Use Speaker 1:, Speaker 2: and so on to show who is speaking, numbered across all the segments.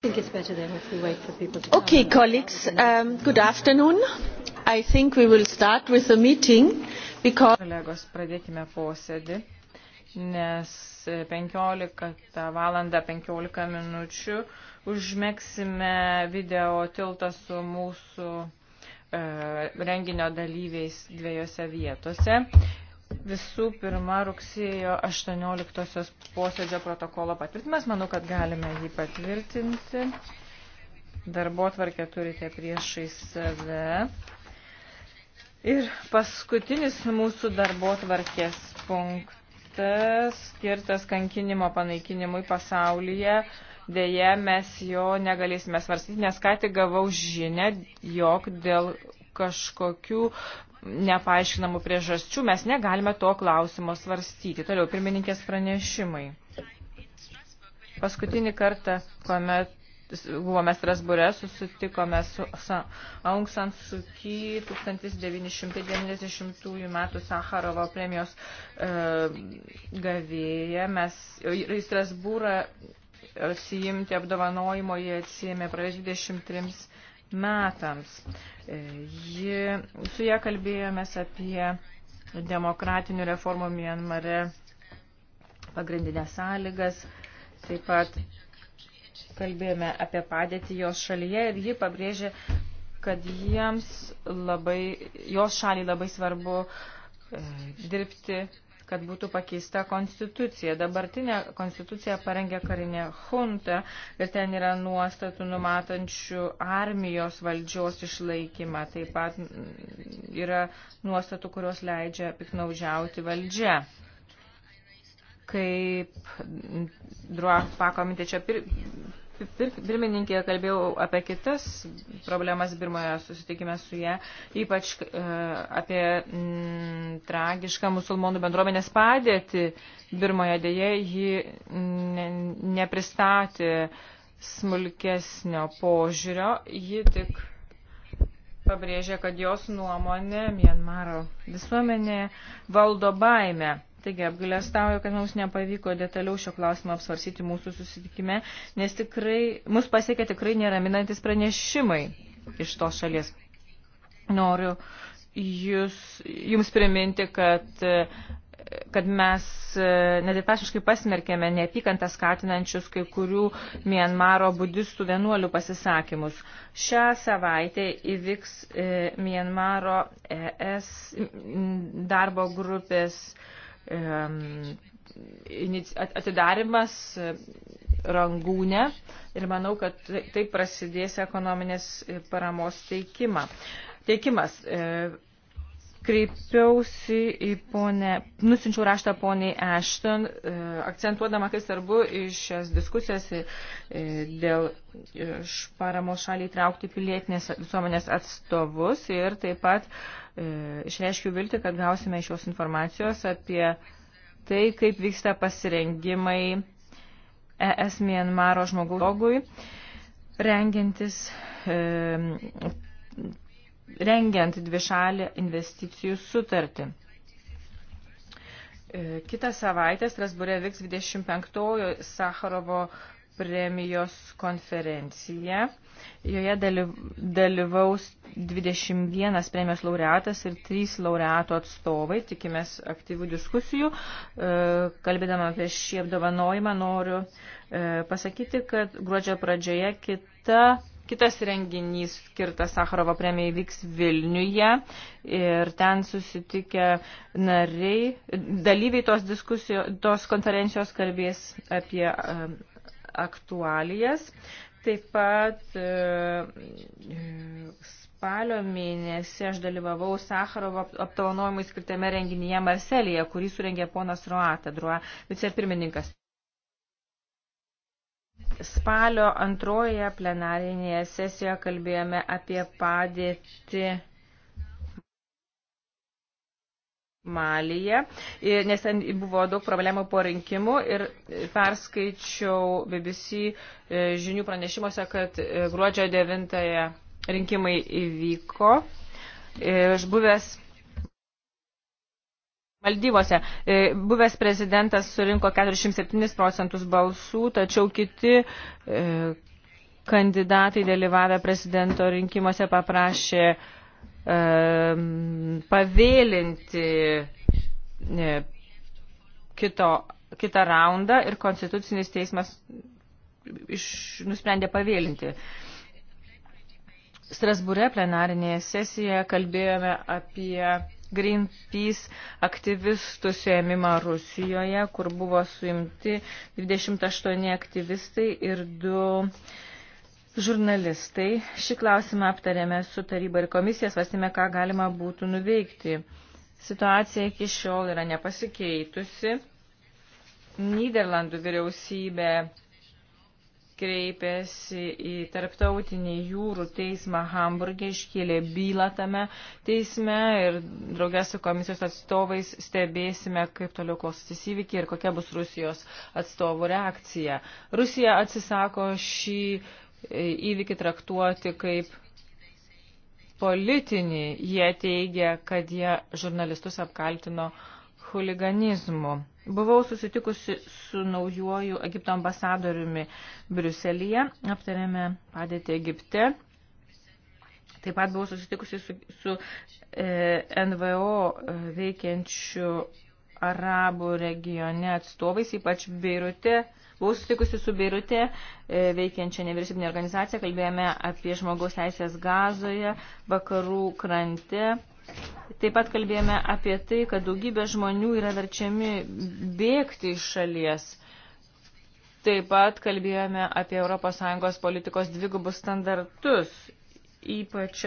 Speaker 1: Okay, colleagues, um, good afternoon. I think we will start with the meeting because.
Speaker 2: Kolegos, pradėkime posėdį, nes 15 valandą 15 minučių užmėgsime video tiltą su mūsų e, renginio dalyviais dviejose vietose. Visų pirma, rugsėjo 18-osios posėdžio protokolo patvirtinimas. Manau, kad galime jį patvirtinti. Darbo tvarkę turite priešai save. Ir paskutinis mūsų darbo tvarkės punktas, skirtas kankinimo panaikinimui pasaulyje. Deja, mes jo negalėsime svarstyti, nes ką tik gavau žinę, jog dėl kažkokių nepaaiškinamų priežasčių mes negalime to klausimo svarstyti. Toliau pirmininkės pranešimai. Paskutinį kartą, kuomet buvome Strasbūre, susitikome su Aung San Suu Kyi 1990 m. Sakharovo premijos e, gavėja. Mes į Strasbūrą atsijimti e, apdovanojimo jie atsijėmė praėjus 23 metams. E, ji, su ją kalbėjomės apie demokratinių reformų Mienmare pagrindinės sąlygas, taip pat kalbėjome apie padėtį jos šalyje ir ji pabrėžė, kad jiems labai, jos šaliai labai svarbu e, dirbti kad būtų pakeista konstitucija. Dabartinė konstitucija parengė karinė junta ir ten yra nuostatų numatančių armijos valdžios išlaikymą. Taip pat yra nuostatų, kurios leidžia piknaudžiauti valdžią kaip Druaf pakomitečio pir, pirmininkė kalbėjau apie kitas problemas Birmoje, susitikime su ją, ypač e, apie m, mm, tragišką musulmonų bendruomenės padėtį Birmoje. Dėje ji ne, nepristatė smulkesnio požiūrio, ji tik pabrėžė, kad jos nuomonė Mienmaro visuomenė valdo baimę Taigi apgailestauju, kad mums nepavyko detaliau šio klausimo apsvarsyti mūsų susitikime, nes tikrai, mus pasiekia tikrai neraminantis pranešimai iš tos šalies. Noriu jūs, jums priminti, kad, kad mes e, nedviprasmiškai pasmerkėme neapykantą skatinančius kai kurių Mienmaro budistų vienuolių pasisakymus. Šią savaitę įvyks e, Mienmaro ES darbo grupės e, atidarimas e, rangūnė ir manau, kad taip tai prasidės ekonominės e, paramos teikima. teikimas. E, kreipiausi į ponę, nusinčiau raštą poniai Ashton, akcentuodama, kaip svarbu iš šias diskusijas dėl paramos šaliai traukti pilietinės visuomenės atstovus ir taip pat uh, E, Išreiškiu vilti, kad gausime iš jos informacijos apie tai, kaip vyksta pasirengimai ES Mienmaro žmogaus logui, rengiantis, e, rengiant dvišalį investicijų sutartį. E, kitą savaitę Strasbūrė vyks 25-ojo Sakharovo premijos konferencija. Joje dalyvaus 21 premijos laureatas ir 3 laureato atstovai. Tikimės aktyvių diskusijų. E, kalbėdama apie šį apdovanojimą noriu e, pasakyti, kad gruodžio pradžioje kita Kitas renginys skirtas Sakarovo premijai vyks Vilniuje ir ten susitikę nariai, dalyviai tos diskusijos, tos konferencijos kalbės apie e, aktualijas. Taip pat e, spalio mėnesį aš dalyvavau Sakarovo aptavanojimui skirtame renginyje Marselėje, kurį surengė ponas Roata, Drua, vicepirmininkas. Spalio antroje plenarinėje sesijoje kalbėjome apie padėtį Malyje, nes ten buvo daug problemų po rinkimų ir perskaičiau BBC e, žinių pranešimuose, kad e, gruodžio 9 rinkimai įvyko. E, aš buvęs Maldyvose buvęs prezidentas surinko 47 procentus balsų, tačiau kiti kandidatai dalyvavę prezidento rinkimuose paprašė Ehm, pavėlinti kito, kitą raundą ir konstitucinis teismas iš, nusprendė pavėlinti. Strasbūre plenarinėje sesijoje kalbėjome apie Greenpeace aktyvistų suėmimą Rusijoje, kur buvo suimti 28 aktyvistai ir du uh, žurnalistai. Šį klausimą aptarėme su taryba ir komisija, svarstėme, ką galima būtų nuveikti. Situacija iki šiol yra nepasikeitusi. Niderlandų vyriausybė kreipėsi į tarptautinį jūrų teismą Hamburgė, iškėlė bylą tame teisme ir draugės su komisijos atstovais stebėsime, kaip toliau klostysis įvykiai ir kokia bus Rusijos atstovų reakcija. Rusija atsisako šį E, įvykį traktuoti kaip politinį. Jie teigia, kad jie žurnalistus apkaltino huliganizmu. Buvau susitikusi su naujuoju Egipto ambasadoriumi Briuselėje, aptarėme padėtį Egipte. Taip pat buvau susitikusi su, su e, NVO e, veikiančiu arabų regione atstovais, ypač Beirute, e, Buvau sutikusi su Beirutė, e, veikiančia nevyriausybinė organizacija, kalbėjome apie žmogaus teisės gazoje, vakarų krante. Taip pat kalbėjome apie tai, kad daugybė žmonių yra verčiami bėgti iš šalies. Taip pat kalbėjome apie ES politikos dvigubus standartus ypač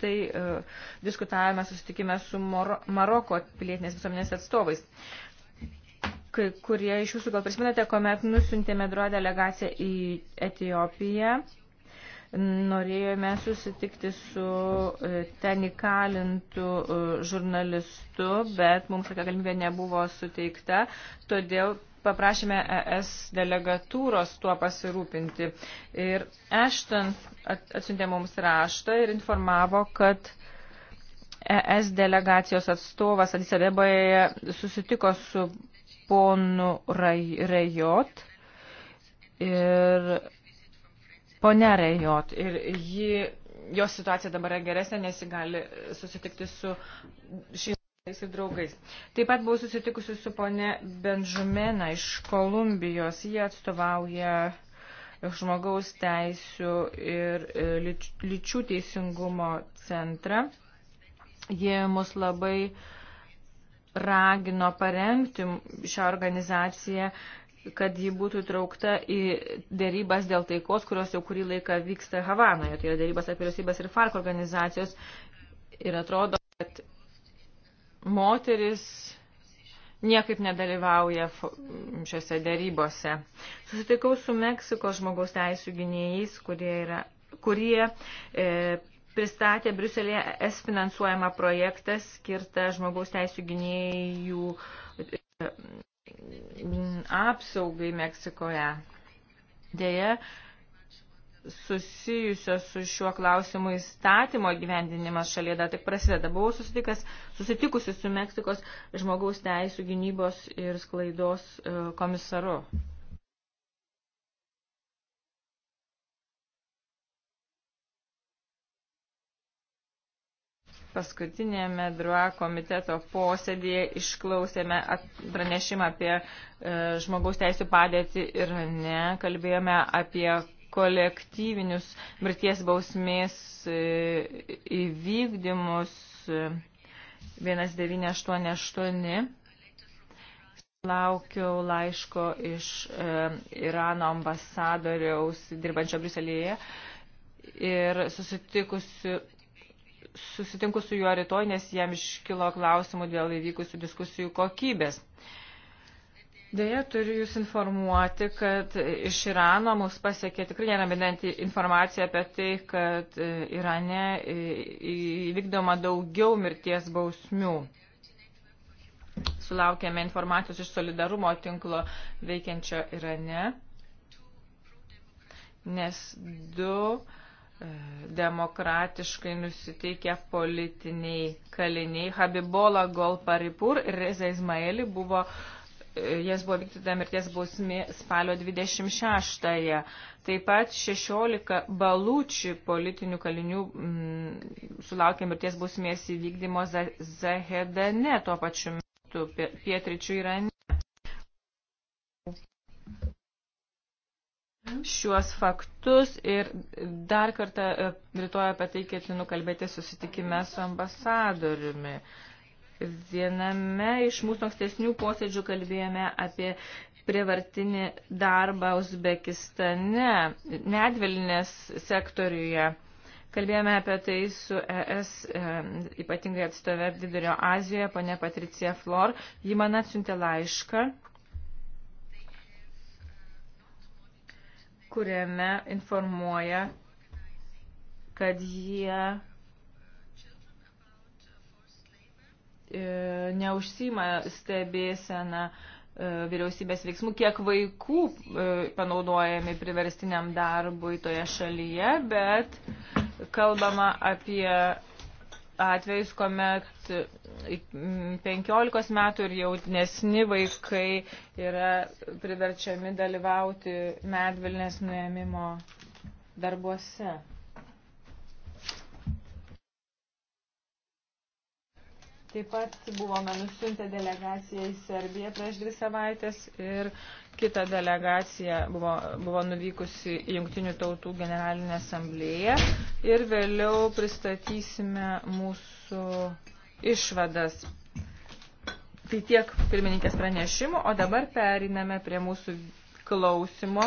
Speaker 2: tai uh, diskutavome susitikime su Moro Maroko pilietinės visuomenės atstovais kai kurie iš jūsų gal prisimenate, kuomet nusintėme druo delegaciją į Etijopiją, norėjome susitikti su e, ten įkalintu e, žurnalistu, bet mums tokia galimybė nebuvo suteikta, todėl paprašėme ES delegatūros tuo pasirūpinti. Ir Ashton atsiuntė mums raštą ir informavo, kad ES delegacijos atstovas Adisabeboje susitiko su ponu Rejot ir ponia Rejot. Ir ji, jos situacija dabar yra geresnė, nes ji gali susitikti su šiais ir draugais. Taip pat buvau susitikusi su ponia Benžumena iš Kolumbijos. Ji atstovauja žmogaus teisų ir e, lyčių teisingumo centrą. Jie mus labai uh, ragino paremti šią organizaciją, kad ji būtų traukta į dėrybas dėl taikos, kurios jau kurį laiką vyksta Havanoje. Tai yra dėrybas apie vyriausybės ir FARC organizacijos. Ir atrodo, kad moteris niekaip nedalyvauja šiuose dėrybose. Susitikau su Meksikos žmogaus teisų gynėjais, kurie yra kurie e, pristatė Briuselėje es finansuojamą projektą skirtą žmogaus teisų gynėjų e, apsaugai Meksikoje. Deja, susijusios su šiuo klausimu įstatymo gyvendinimas šalyje dar tik prasideda. Buvau susitikęs, susitikusi su Meksikos žmogaus teisų gynybos ir sklaidos e, komisaru. paskutinėme DRUA komiteto posėdėje išklausėme pranešimą apie e, žmogaus teisų padėtį ir ne, kalbėjome apie kolektyvinius mirties bausmės e, įvykdymus e, 1988. Laukiu laiško iš e, Irano ambasadoriaus dirbančio Briuselėje ir susitikusiu susitinku su juo rytoj, nes jam iškilo klausimų dėl įvykusių diskusijų kokybės. Deja, turiu Jūs informuoti, kad iš Irano mus pasiekė tikrai neraminanti informacija apie tai, kad e, Irane e, įvykdoma daugiau mirties bausmių. Sulaukėme informacijos iš solidarumo tinklo veikiančio Irane, nes du uh, demokratiškai nusiteikę politiniai kaliniai Habibola Golparipur ir Reza Izmaeli buvo, e, jas buvo vykdyta mirties bausmė spalio 26-ąją. Taip pat 16 balūčių politinių kalinių m, mm, sulaukė mirties bausmės įvykdymo Zahedane tuo pačiu metu pietričių Irane. šiuos faktus ir dar kartą e, rytoj apie tai ketinu kalbėti susitikime su ambasadoriumi. Viename iš mūsų ankstesnių posėdžių kalbėjome apie prievartinį darbą Uzbekistane, nedvilnės sektoriuje. Kalbėjome apie tai su ES e, ypatingai atstove Vidurio Azijoje, ponė Patricija Flor. Ji man atsiuntė laišką kuriame informuoja, kad jie e, neužsima stebėseną e, vyriausybės veiksmų, kiek vaikų e, panaudojami priverstiniam darbui toje šalyje, bet kalbama apie atvejus, kuomet 15 metų ir jaunesni vaikai yra priverčiami dalyvauti medvilnės nuėmimo darbuose. Taip pat buvome nusintę delegaciją į Serbiją prieš dvi savaitės ir uh, Kita delegacija buvo, buvo nuvykusi į Junktinių tautų generalinę asamblėją ir vėliau pristatysime mūsų išvadas. Tai tiek pirmininkės pranešimų, o dabar periname prie mūsų klausimo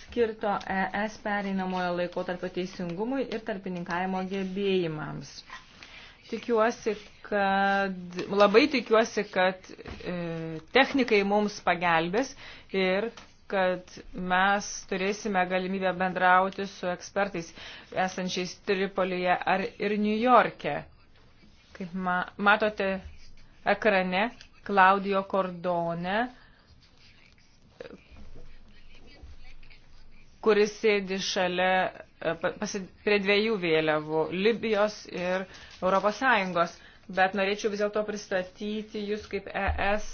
Speaker 2: skirto ES pereinamojo laiko tarp teisingumui ir tarpininkavimo gebėjimams. Tikiuosi, kad labai tikiuosi, kad e, technikai mums pagelbės ir kad mes turėsime galimybę bendrauti su ekspertais esančiais Tripolyje ar ir New York'e. Kaip ma matote ekrane, Klaudijo Kordone, kuris sėdi šalia e, prie dviejų vėliavų - Libijos ir Europos Sąjungos bet norėčiau vis dėlto pristatyti jūs kaip ES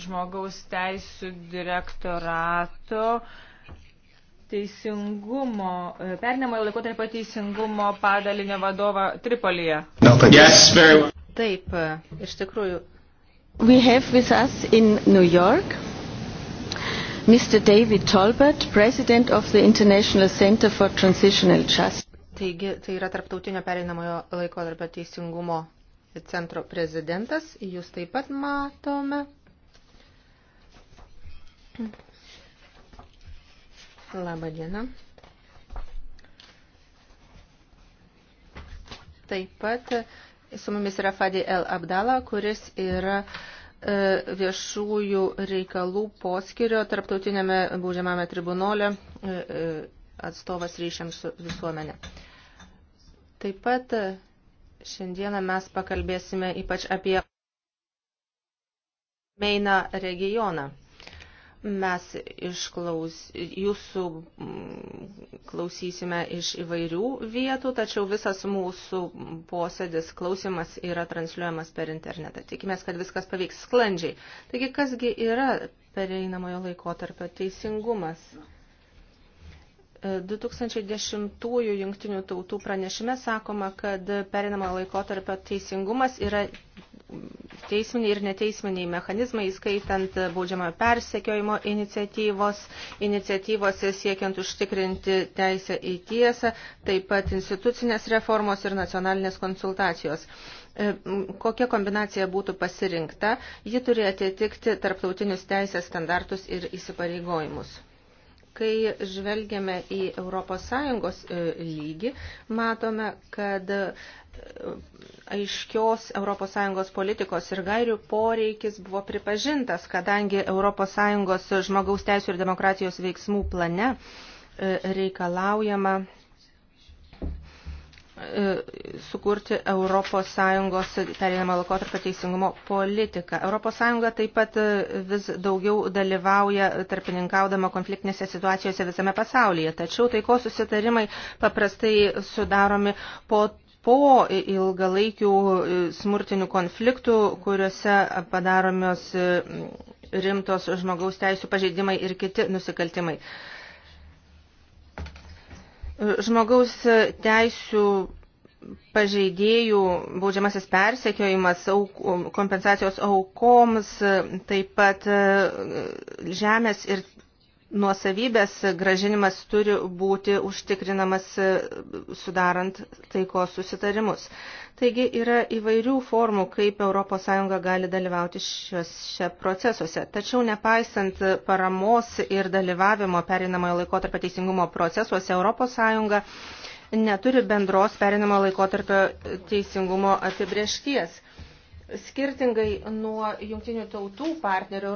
Speaker 2: žmogaus teisų direktorato teisingumo, perinamojo laikotarpio teisingumo
Speaker 3: padalinio vadovą Tripolyje. Yes, very... Taip, iš tikrųjų.
Speaker 1: We have with us in New York Mr. David Tolbert, President of the International Center for Transitional Justice.
Speaker 3: Taigi, tai yra tarptautinio pereinamojo laikotarpio teisingumo centro prezidentas. Jūs taip pat matome. Labą dieną. Taip pat su mumis yra Fadi El Abdala, kuris yra e, viešųjų reikalų poskirio tarptautinėme baudžiamame tribunole e, e, atstovas ryšiams su visuomenė. Taip pat e, šiandieną mes pakalbėsime ypač apie Meina regioną. Mes išklaus, jūsų mm, klausysime iš įvairių vietų, tačiau visas mūsų posėdis klausimas yra transliuojamas per internetą. Tikimės, kad viskas pavyks sklandžiai. Taigi, kasgi yra pereinamojo laikotarpio teisingumas? Na. 2010-ųjų jungtinių tautų pranešime sakoma, kad perinamo laikotarpio teisingumas yra teisminiai ir neteisminiai mechanizmai, įskaitant baudžiamojo persekiojimo iniciatyvos, iniciatyvos siekiant užtikrinti teisę į tiesą, taip pat institucinės reformos ir nacionalinės konsultacijos e, kokia kombinacija būtų pasirinkta, ji turi atitikti tarptautinius teisės standartus ir įsipareigojimus. Kai žvelgiame į ES e, lygį, matome, kad e, aiškios ES politikos ir gairių poreikis buvo pripažintas, kadangi ES žmogaus teisų ir demokratijos veiksmų plane e, reikalaujama E, sukurti ES perinamą laikotarpio teisingumo politiką. ES taip pat e, vis daugiau dalyvauja tarpininkaudama konfliktinėse situacijose visame pasaulyje, tačiau taikos susitarimai paprastai sudaromi po po ilgalaikių e, smurtinių konfliktų, kuriuose padaromios rimtos žmogaus teisų pažeidimai ir kiti nusikaltimai. Žmogaus teisų pažeidėjų baudžiamasis persekiojimas, auk, kompensacijos aukoms, taip pat e, žemės ir nuosavybės gražinimas turi būti užtikrinamas e, sudarant taikos susitarimus. Taigi yra įvairių formų, kaip ES gali dalyvauti šiuose procesuose. Tačiau nepaisant paramos ir dalyvavimo perinamojo laikotarpio teisingumo procesuose, ES neturi bendros perinamojo laikotarpio teisingumo apibriešties. Skirtingai nuo jungtinių tautų partnerių,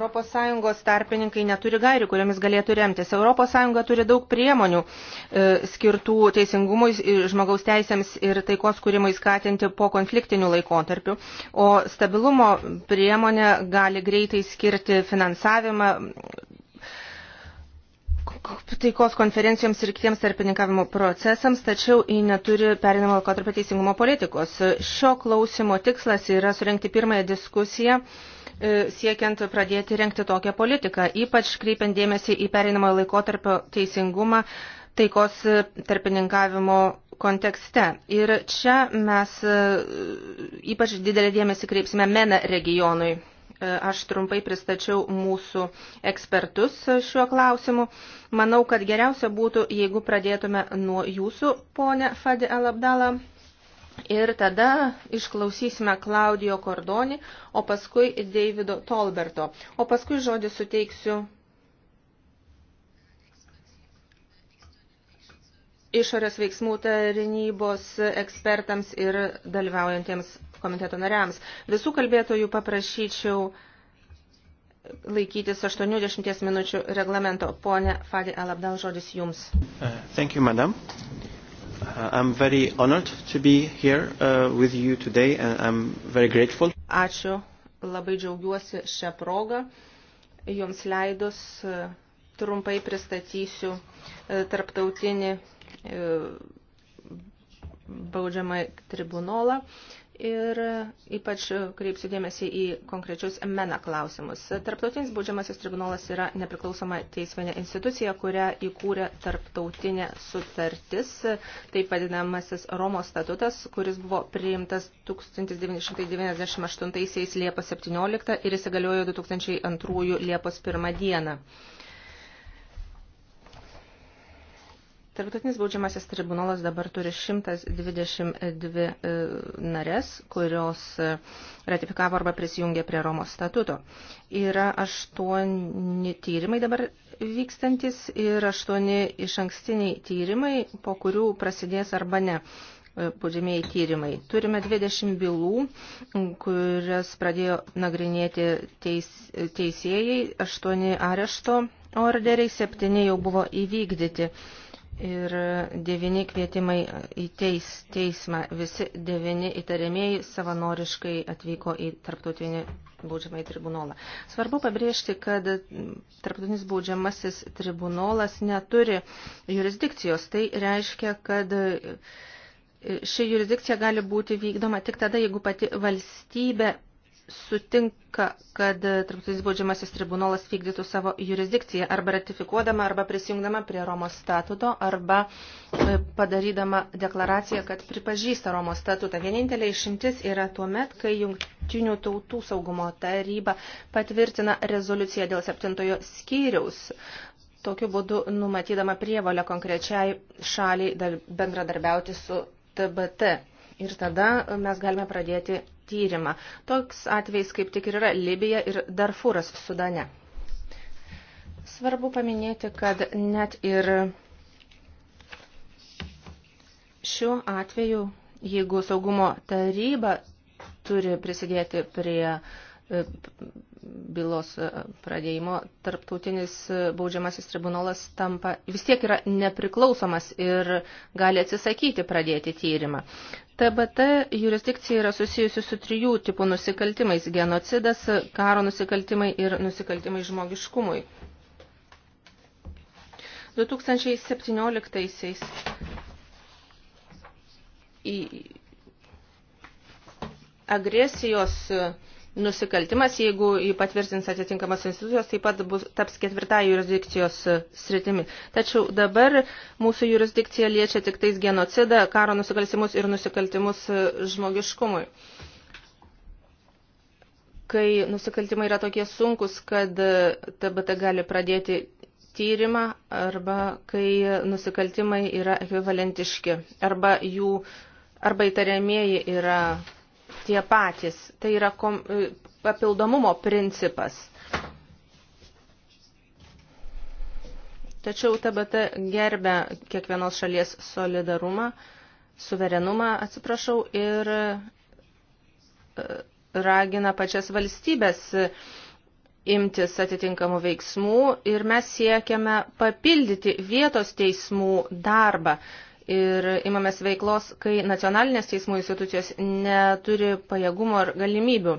Speaker 3: ES tarpininkai neturi gairių, kuriomis galėtų remtis. ES turi daug priemonių e, skirtų teisingumui, e, žmogaus teisėms ir taikos kūrimui skatinti po konfliktinių laikotarpių, o stabilumo priemonė gali greitai skirti finansavimą taikos konferencijoms ir kitiems tarpininkavimo procesams, tačiau ji neturi perinamo laikotarpio teisingumo politikos. Šio klausimo tikslas yra surenkti pirmąją diskusiją e, siekiant pradėti renkti tokią politiką, ypač kreipiant dėmesį į perinamo laikotarpio teisingumą taikos e, tarpininkavimo kontekste. Ir čia mes e, ypač didelį dėmesį kreipsime MENA regionui. Aš trumpai pristačiau mūsų ekspertus šiuo klausimu. Manau, kad geriausia būtų, jeigu pradėtume nuo jūsų, ponė Fadi Alabdala. Ir tada išklausysime Klaudijo Kordonį, o paskui Davido Tolberto. O paskui žodį suteiksiu išorės veiksmų tarnybos ekspertams ir dalyvaujantiems komiteto nariams. Visų kalbėtojų paprašyčiau laikytis 80 minučių reglamento. Pone Fadi Alabdal, žodis jums.
Speaker 1: Uh, thank you, madam. Uh, I'm very honored to be here uh, with you today and I'm very grateful.
Speaker 3: Ačiū, labai džiaugiuosi šią progą. Jums leidus uh, trumpai pristatysiu uh, tarptautinį uh, baudžiamą tribunolą. Ir ypač kreipsiu dėmesį į konkrečius MENA klausimus. Tarptautinis baudžiamasis tribunolas yra nepriklausoma teisminė institucija, kurią įkūrė tarptautinė sutartis, taip vadinamasis Romos statutas, kuris buvo priimtas 1998 Liepos 17 ir įsigaliojo 2002 Liepos 1 dieną. Tarptautinis baudžiamasis tribunolas dabar turi 122 e, narės, kurios e, ratifikavo arba prisijungė prie Romos statuto. Yra aštuoni tyrimai dabar vykstantis ir aštuoni iš ankstiniai tyrimai, po kurių prasidės arba ne e, baudžiamieji tyrimai. Turime 20 bylų, kurias pradėjo nagrinėti teis, teisėjai, 8 arešto orderiai, 7 jau buvo įvykdyti ir devyni kvietimai į teis, teismą. Visi devyni įtariamieji savanoriškai atvyko į tarptautinį baudžiamąjį tribunolą. Svarbu pabrėžti, kad tarptautinis baudžiamasis tribunolas neturi jurisdikcijos. Tai reiškia, kad ši jurisdikcija gali būti vykdoma tik tada, jeigu pati valstybė sutinka, kad Tarptautinis baudžiamasis tribunolas vykdytų savo jurisdikciją arba ratifikuodama, arba prisijungdama prie Romos statuto, arba e, padarydama deklaraciją, kad pripažįsta Romos statutą. Vienintelė išimtis yra tuo met, kai Jungtinių tautų saugumo taryba patvirtina rezoliuciją dėl septintojo skyriaus. Tokiu būdu numatydama prievalę konkrečiai šaliai bendradarbiauti su TBT. Ir tada mes galime pradėti tyrimą. Toks atvejs kaip tik ir yra Libija ir Darfūras Sudane. Svarbu paminėti, kad net ir šiuo atveju, jeigu saugumo taryba turi prisidėti prie e, bylos e, pradėjimo tarptautinis e, baudžiamasis tribunolas tampa vis tiek yra nepriklausomas ir gali atsisakyti pradėti tyrimą. TBT jurisdikcija yra susijusi su trijų tipų nusikaltimais – genocidas, karo nusikaltimai ir nusikaltimai žmogiškumui. 2017 agresijos nusikaltimas, jeigu jį patvirtins atitinkamos institucijos, taip pat bus, taps ketvirtąją jurisdikcijos e, sritimi. Tačiau dabar mūsų jurisdikcija liečia tik tais genocidą, karo nusikaltimus ir nusikaltimus e, žmogiškumui. Kai nusikaltimai yra tokie sunkus, kad TBT e, gali pradėti tyrimą arba kai nusikaltimai yra ekvivalentiški arba jų arba įtariamieji yra tie patys. Tai yra kom, e, papildomumo principas. Tačiau TBT gerbia kiekvienos šalies solidarumą, suverenumą, atsiprašau, ir e, ragina pačias valstybės imtis atitinkamų veiksmų ir mes siekiame papildyti vietos teismų darbą ir imamės veiklos, kai nacionalinės teismų institucijos neturi pajėgumo ar galimybių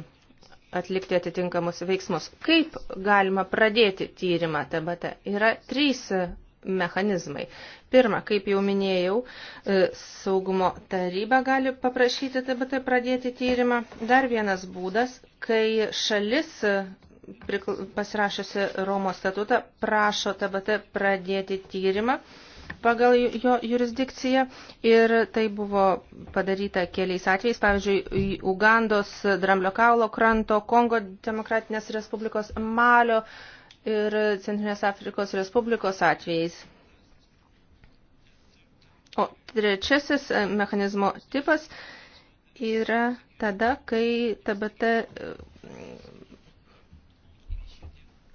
Speaker 3: atlikti atitinkamus veiksmus. Kaip galima pradėti tyrimą TBT? Yra trys mechanizmai. Pirma, kaip jau minėjau, e, saugumo taryba gali paprašyti TBT pradėti tyrimą. Dar vienas būdas, kai šalis e, pasirašiusi Romos statutą prašo TBT pradėti tyrimą pagal jo jurisdikciją ir tai buvo padaryta keliais atvejais, pavyzdžiui, Ugandos, Dramblio kaulo kranto, Kongo demokratinės respublikos, Malio ir Centrinės Afrikos respublikos atvejais. O trečiasis e, mechanizmo tipas yra tada, kai TBT e,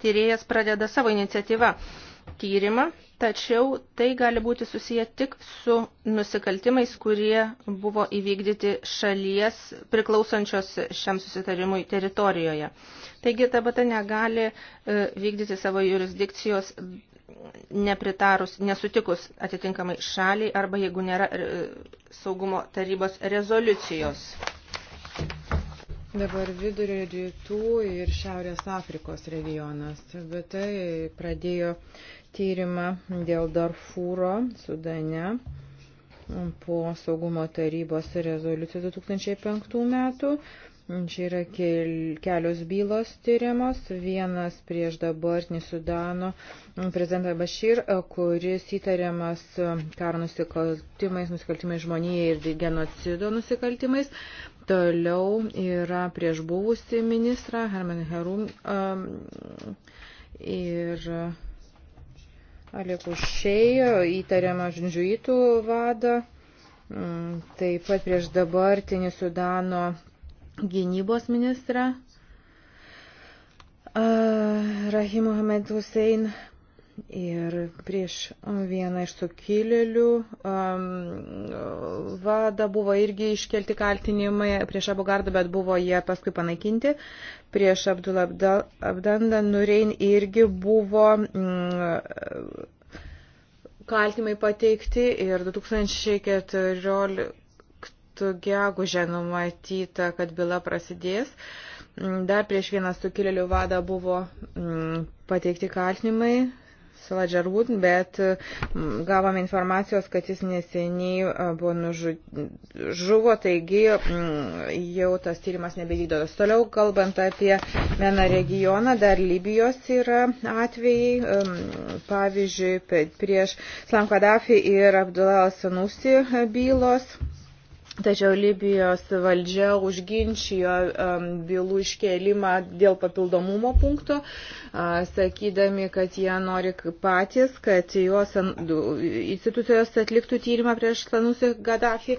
Speaker 3: tyrėjas pradeda savo iniciatyvą tyrimą, tačiau tai gali būti susiję tik su nusikaltimais, kurie buvo įvykdyti šalies priklausančios šiam susitarimui teritorijoje. Taigi TBT negali e, vykdyti savo jurisdikcijos nepritarus, nesutikus atitinkamai šaliai arba jeigu nėra e, saugumo tarybos rezoliucijos.
Speaker 4: Dabar vidurio rytų ir Šiaurės Afrikos regionas. CBT pradėjo tyrimą dėl Darfūro Sudane po saugumo tarybos rezoliucijos 2005 metų. Čia yra kelios bylos tyriamos. Vienas prieš dabartinį Sudano prezidentą Bashir, kuris įtariamas karo nusikaltimais, nusikaltimais žmonijai ir genocido nusikaltimais. Toliau yra prieš buvusi ministrą Herman Herum um, ir Alekušiai įtariamą žinžuitų vadą, mm, taip pat prieš dabartinį Sudano gynybos ministrą uh, Rahim Mohamed Hussein, Ir prieš vieną iš sukilėlių um, vadą buvo irgi iškelti kaltinimai prieš Abu Gardą, bet buvo jie paskui panaikinti. Prieš Abdul Abdandą Nurein irgi buvo. Um, mm, Kaltimai pateikti ir 2014 gegužę numatyta, kad byla prasidės. Mm, dar prieš vieną sukilėlių vadą buvo mm, pateikti kaltinimai Saladžarvud, bet mm, gavom informacijos, kad jis neseniai e, buvo nužuvo, taigi mm, jau tas tyrimas nebevykdotas. Toliau, kalbant apie Mena regioną, dar Libijos yra atvejai, mm, pavyzdžiui, prieš Slam Kadafi ir Abdullah Sanusi bylos. Tačiau Libijos valdžia užginčijo um, bylų iškėlimą dėl papildomumo punkto, sakydami, kad jie nori patys, kad juos institucijos atliktų tyrimą prieš Sanusi Gaddafi.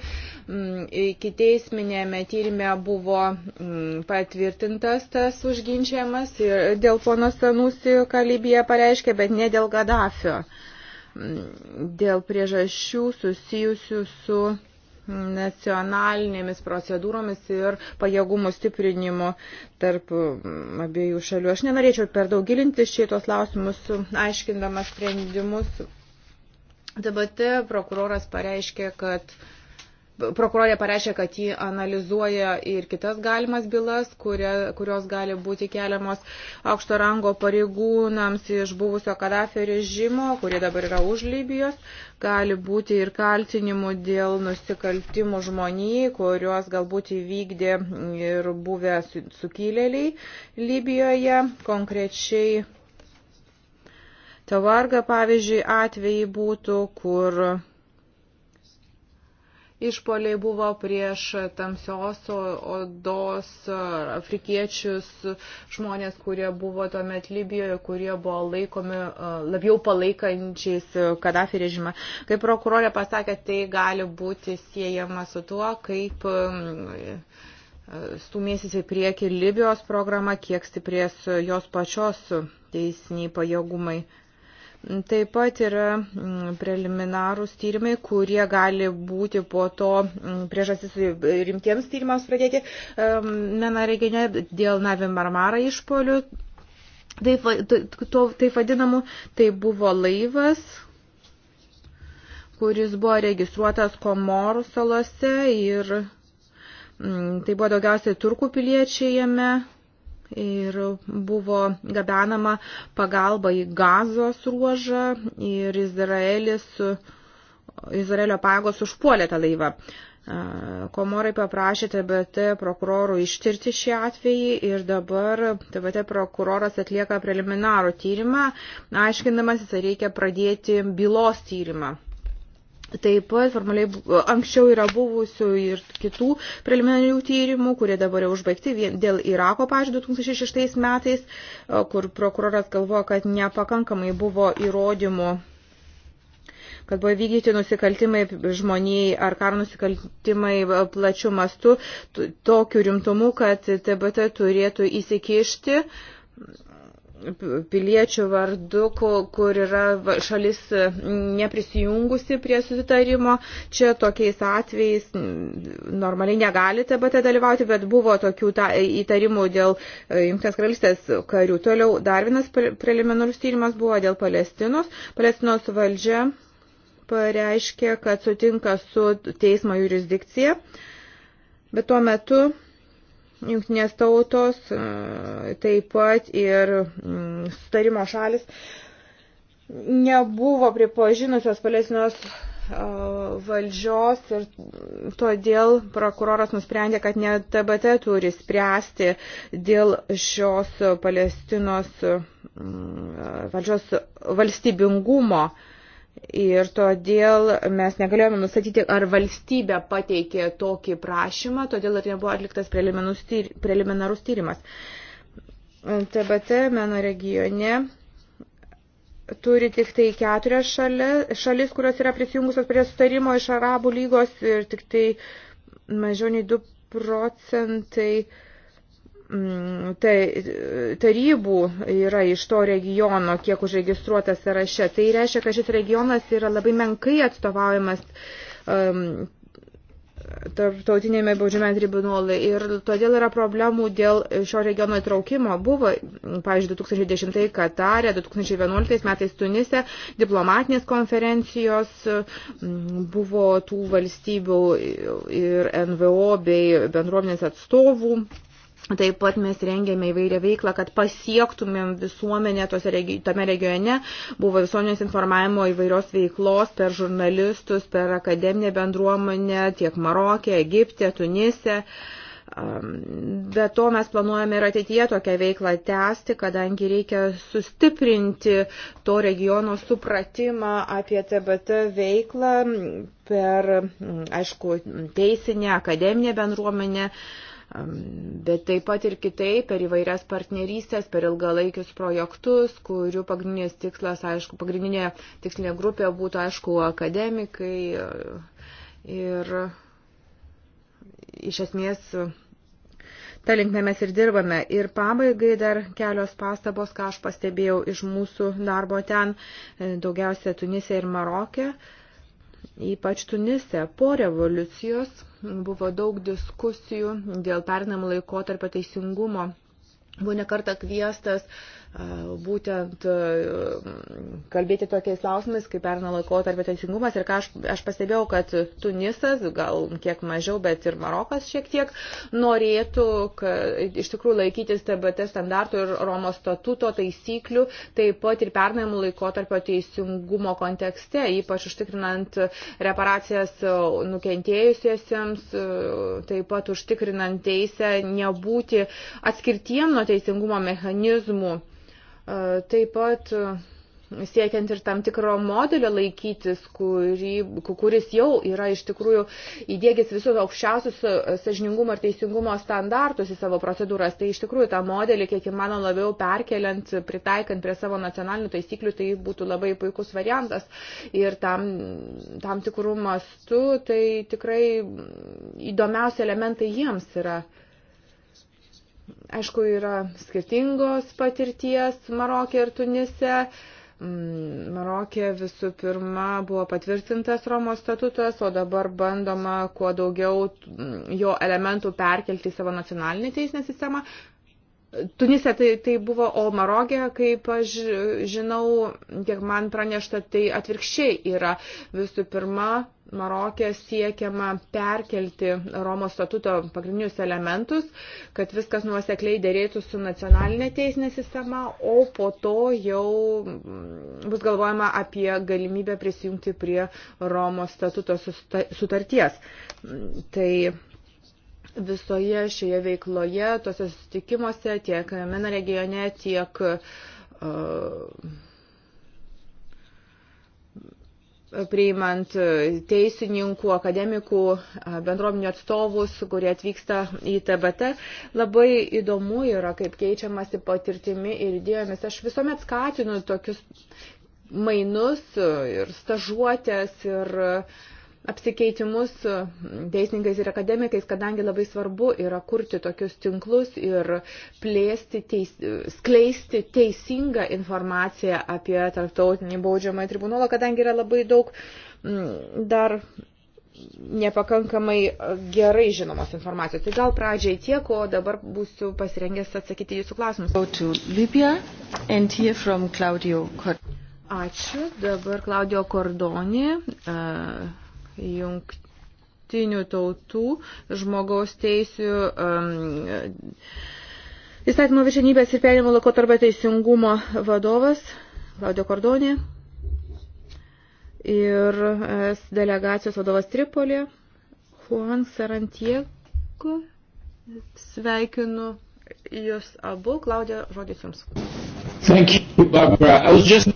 Speaker 4: Mm, Iki teisminėme tyrimė buvo mm, patvirtintas tas užginčiamas ir dėl pono Sanusi, ką Libija pareiškė, bet ne dėl Gaddafio.
Speaker 3: Mm,
Speaker 4: dėl priežasčių susijusių su nacionalinėmis procedūromis ir pajėgumų stiprinimu tarp mm, abiejų šalių. Aš nenorėčiau per daug gilintis šitos klausimus, aiškindamas sprendimus. DBT prokuroras pareiškė, kad Prokurorė pareiškė, kad jį analizuoja ir kitas galimas bylas, kurie, kurios gali būti keliamos aukšto rango pareigūnams iš buvusio Kadafio režimo, kurie dabar yra už Libijos. Gali būti ir kaltinimų dėl nusikaltimų žmonijai, kuriuos galbūt įvykdė ir buvę sukilėliai Libijoje, konkrečiai Tavarga, pavyzdžiui, atvejai būtų, kur išpoliai buvo prieš tamsios odos afrikiečius, žmonės, kurie buvo tuomet Libijoje, kurie buvo laikomi e, labiau palaikančiais Kadafi režimą. Kaip prokurorė pasakė, tai gali būti siejama su tuo, kaip e, stumėsis į priekį Libijos programa, kiek stiprės jos pačios teisiniai pajėgumai. Taip pat yra mm, preliminarūs tyrimai, kurie gali būti po to mm, priežastis rimtiems tyrimams pradėti Menareginė dėl Navi Marmara išpolių. Taip, to, taip vadinamu, tai buvo laivas, kuris buvo registruotas Komorų salose ir mm, tai buvo daugiausiai turkų piliečiai jame ir buvo gabenama pagalba į gazos ruožą ir Izraelis, Izraelio pagos užpuolė tą laivą. Komorai paprašė TBT prokurorų ištirti šį atvejį ir dabar TBT prokuroras atlieka preliminarų tyrimą, aiškindamasis, reikia pradėti bylos tyrimą. Taip pat formaliai anksčiau yra buvusių ir kitų preliminarių tyrimų, kurie dabar jau užbaigti dėl Irako, pažiūrėjau, 2006 metais, kur prokuroras galvoja, kad nepakankamai buvo įrodymų kad buvo vykdyti nusikaltimai žmonijai ar karo nusikaltimai e, plačių mastų tokiu rimtumu, kad TBT turėtų įsikišti piliečių vardu, kur yra šalis neprisijungusi prie susitarimo. Čia tokiais atvejais normaliai negalite BT dalyvauti, bet buvo tokių ta, įtarimų dėl e, Junktinės karalystės karių. Toliau dar vienas preliminarus tyrimas buvo dėl Palestinos. Palestinos valdžia pareiškė, kad sutinka su teismo jurisdikcija, bet tuo metu jungtinės tautos, e, taip pat ir mm, sutarimo šalis nebuvo pripažinusios Palestinos e, valdžios ir todėl prokuroras nusprendė, kad ne TBT turi spręsti dėl šios Palestinos mm, e, valdžios valstybingumo. Ir todėl mes negalėjome nustatyti, ar valstybė pateikė tokį prašymą, todėl ir nebuvo atliktas preliminarus tyrimas. TBT meno regione turi tik tai keturias šalis, šalis, kurios yra prisijungusios prie sutarimo iš Arabų lygos ir tik tai mažiau nei 2 procentai uh, Mm, tarybų yra iš to regiono, kiek užregistruota sąraše. Tai reiškia, kad šis regionas yra labai menkai atstovaujamas um, tarptautinėme baudžiame tribunolai ir todėl yra problemų dėl šio regiono įtraukimo. Buvo, pavyzdžiui, 2010 Katarė, 2011 metais Tunise diplomatinės konferencijos mm, buvo tų valstybių ir NVO bei bendruomenės atstovų. Taip pat mes rengėme įvairią veiklą, kad pasiektumėm visuomenę regi tame regione. Buvo visuomenės informavimo įvairios veiklos per žurnalistus, per akademinę bendruomenę tiek Marokė, Egipte, Tunise. Be to mes planuojame ir ateityje tokią veiklą tęsti, kadangi reikia sustiprinti to regiono supratimą apie TBT veiklą per, aišku, teisinę, akademinę bendruomenę bet taip pat ir kitaip per įvairias partnerystės, per ilgalaikius projektus, kurių pagrindinės tikslas, aišku, pagrindinė tikslinė grupė būtų, aišku, akademikai e, ir iš esmės Ta linkme mes ir dirbame. Ir pabaigai dar kelios pastabos, ką aš pastebėjau iš mūsų darbo ten, e, daugiausia Tunise ir Marokė. Uh, ypač Tunise. Po revoliucijos buvo daug diskusijų dėl pernam laikotarpio teisingumo. Buvo nekarta kviestas uh, būtent kalbėti tokiais klausimais, kaip perna laikotarpio teisingumas ir ką aš, aš pastebėjau, kad Tunisas, gal kiek mažiau, bet ir Marokas šiek tiek norėtų kad, iš tikrųjų laikytis TBT standartų ir Romos statuto taisyklių, taip pat ir pernamų laikotarpio teisingumo kontekste, ypač užtikrinant reparacijas nukentėjusiesiems, taip pat užtikrinant teisę nebūti atskirtiem nuo teisingumo mechanizmų Taip pat siekiant ir tam tikro modelio laikytis, kurį, kuris jau yra iš tikrųjų įdėgęs visus aukščiausius sažiningumo ir teisingumo standartus į savo procedūras. Tai iš tikrųjų tą modelį, kiek įmanoma labiau perkeliant, pritaikant prie savo nacionalinių taisyklių, tai būtų labai puikus variantas. Ir tam, tam tikrų mastų tai tikrai įdomiausi elementai jiems yra aišku, yra skirtingos patirties Marokė ir Tunise. Mm, Marokė visų pirma buvo patvirtintas Romos statutas, o dabar bandoma kuo daugiau mm, jo elementų perkelti į savo nacionalinį teisinę sistemą. Tunise tai, tai buvo, o Marokė, kaip aš žinau, kiek man pranešta, tai atvirkščiai yra visų pirma Marokė siekiama perkelti Romos statuto pagrindinius elementus, kad viskas nuosekliai dėrėtų su nacionalinė teisinė sistema, o po to jau mm, bus galvojama apie galimybę prisijungti prie Romos statuto sutarties. Tai visoje šioje veikloje, tose susitikimuose, tiek Mena regione, tiek uh, priimant teisininkų, akademikų, bendruomenių atstovus, kurie atvyksta į TBT. Labai įdomu yra, kaip keičiamasi patirtimi ir idėjomis. Aš visuomet skatinu tokius mainus ir stažuotės ir uh, apsikeitimus teisininkais ir akademikais, kadangi labai svarbu yra kurti tokius tinklus ir plėsti, teis, skleisti teisingą informaciją apie tarptautinį baudžiamą tribunolą, kadangi yra labai daug mm, dar nepakankamai gerai žinomos informacijos. Tai gal pradžiai tiek, o dabar būsiu pasirengęs atsakyti jūsų klausimus. Ačiū. Dabar Klaudijo Kordonė. Uh, jungtinių tautų žmogaus teisių. Um, Įstatymo viršenybės ir perėmimo lako tarp teisingumo vadovas Claudio Kordonė ir es delegacijos vadovas Tripolė Juan Sarantiego. Sveikinu Jūs abu. Claudio, žodis Jums.
Speaker 5: Thank you, Barbara. I was just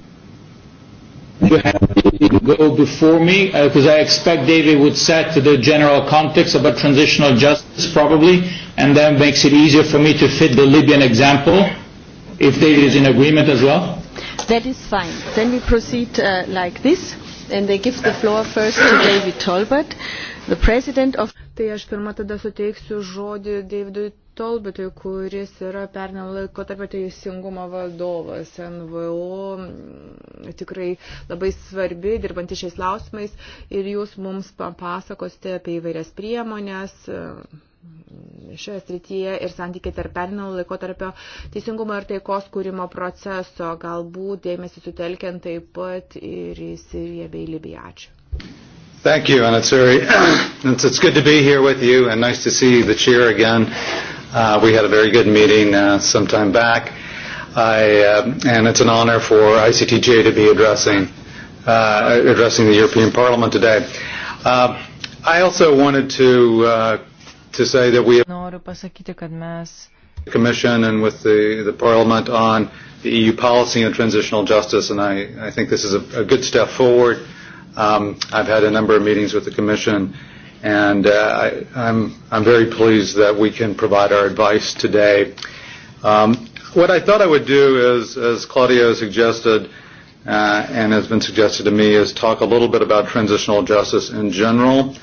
Speaker 5: you have to go before me because uh, I expect David would set the general context about transitional justice probably and then makes it easier for me to fit the Libyan example if David is in agreement as well.
Speaker 1: That is fine. Then we proceed uh, like this and they give the floor first to David Tolbert, the president of... Tai aš pirmą
Speaker 4: tada suteiksiu žodį Davidui Tolbitui, kuris yra pernam laiko tarp teisingumo vadovas NVO, mm, tikrai labai svarbi, dirbanti šiais klausimais ir jūs mums papasakosite apie įvairias priemonės mm, šioje srityje ir santykiai tarp perinamo laikotarpio teisingumo ir taikos kūrimo proceso, galbūt dėmesį sutelkiant taip pat ir į Siriją bei Libiją. Ačiū.
Speaker 6: Thank you, and it's very, it's, it's good to be here with you, and nice to see the chair again. Uh, we had a very good meeting uh, some time back. I, uh, and it's an honor for ICTJ to be addressing, uh, addressing the European Parliament today. Uh, I also wanted to, uh, to say that we
Speaker 2: Noriu pasakyti, kad mes
Speaker 6: Commission and with the, the Parliament on the EU policy on transitional justice, and I, I think this is a, a good step forward. Um, I've had a number of meetings with the Commission uh, and uh, I, I'm, I'm very pleased that we can provide our advice today. Um, what I thought I would do is, as Claudio suggested, uh, and has been suggested to me, is talk a little bit about transitional justice in general,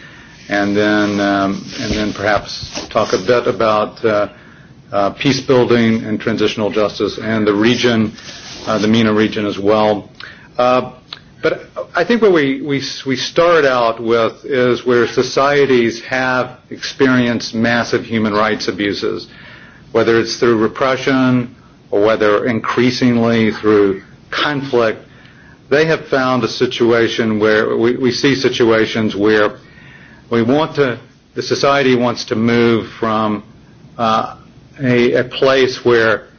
Speaker 6: and then um, and then perhaps talk a bit about uh, uh, peace building and transitional justice and the region, uh, the MENA region as well. Uh, But I think what we, we, we start out with is where societies have experienced massive human rights abuses, whether it's through repression or whether increasingly through conflict. They have found a situation where we, we see situations where we want to, the society wants to move from uh, a, a place where,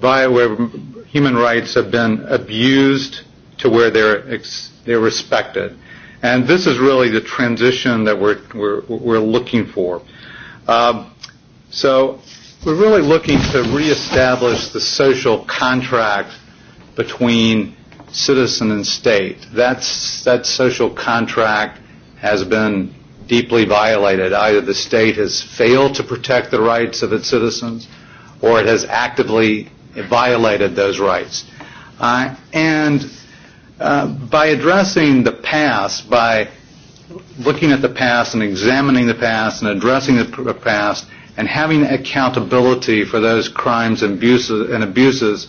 Speaker 6: by, where human rights have been abused – to where they're ex- they're respected. And this is really the transition that we're we're we're looking for. Um, so we're really looking to reestablish the social contract between citizen and state. That's that social contract has been deeply violated. Either the state has failed to protect the rights of its citizens, or it has actively violated those rights. Uh, and Uh, by addressing the past, by looking at the past and examining the past and addressing the past and having accountability for those crimes and abuses, and abuses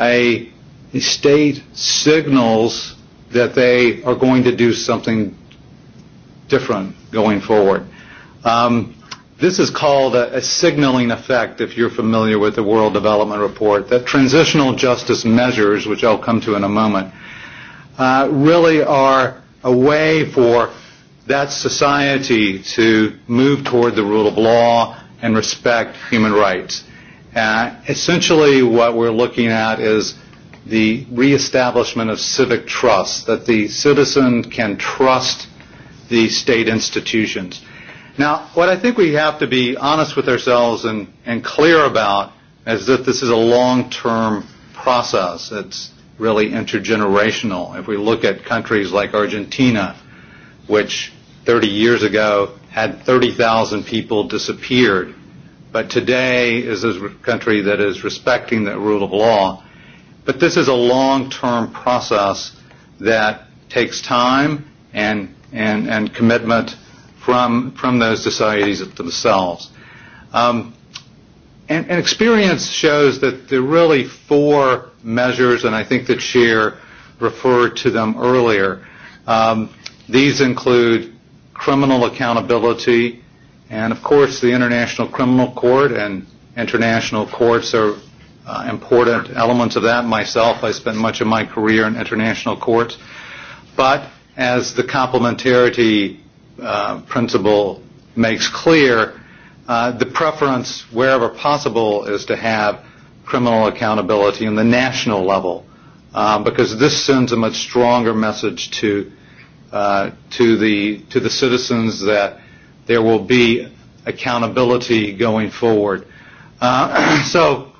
Speaker 6: a, a state signals that they are going to do something different going forward. Um, this is called a, a signaling effect, if you're familiar with the World Development Report, that transitional justice measures, which I'll come to in a moment, uh, uh, really are a way for that society to move toward the rule of law and respect human rights. Uh, essentially, what we're looking at is the reestablishment of civic trust, that the citizen can trust the state institutions. Now, what I think we have to be honest with ourselves and, and clear about is that this is a long-term process. It's really intergenerational. If we look at countries like Argentina, which 30 years ago had 30,000 people disappeared, but today is a country that is respecting the rule of law. But this is a long-term process that takes time and, and, and commitment from, from those societies themselves. Um, And, and experience shows that there are really four measures, and I think that Shear referred to them earlier. Um, these include criminal accountability, and of course the International Criminal Court and international courts are uh, important elements of that. Myself, I spent much of my career in international courts. But as the complementarity uh, principle makes clear, Uh, the preference, wherever possible, is to have criminal accountability in the national level, um, because this sends a much stronger message to uh, to the to the citizens that there will be accountability going forward. Uh, so,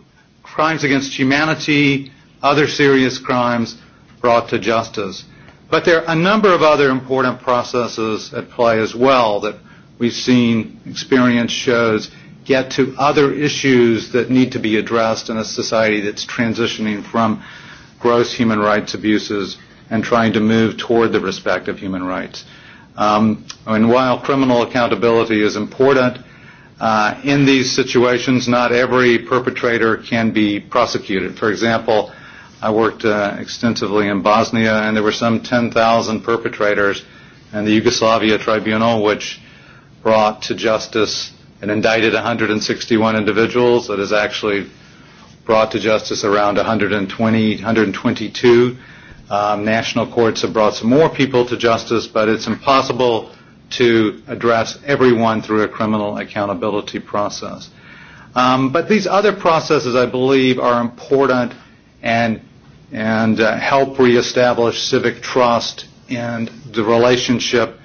Speaker 6: crimes against humanity, other serious crimes brought to justice. But there are a number of other important processes at play as well that we've seen experience shows get to other issues that need to be addressed in a society that's transitioning from gross human rights abuses and trying to move toward the respect of human rights. Um, and while criminal accountability is important, uh, in these situations, not every perpetrator can be prosecuted. For example, I worked uh, extensively in Bosnia, and there were some 10,000 perpetrators, and the Yugoslavia Tribunal, which brought to justice and indicted 161 individuals. It has actually brought to justice around 120, 122. Um, national courts have brought some more people to justice, but it's impossible to address everyone through a criminal accountability process. Um, but these other processes, I believe, are important and and uh, help reestablish civic trust and the relationship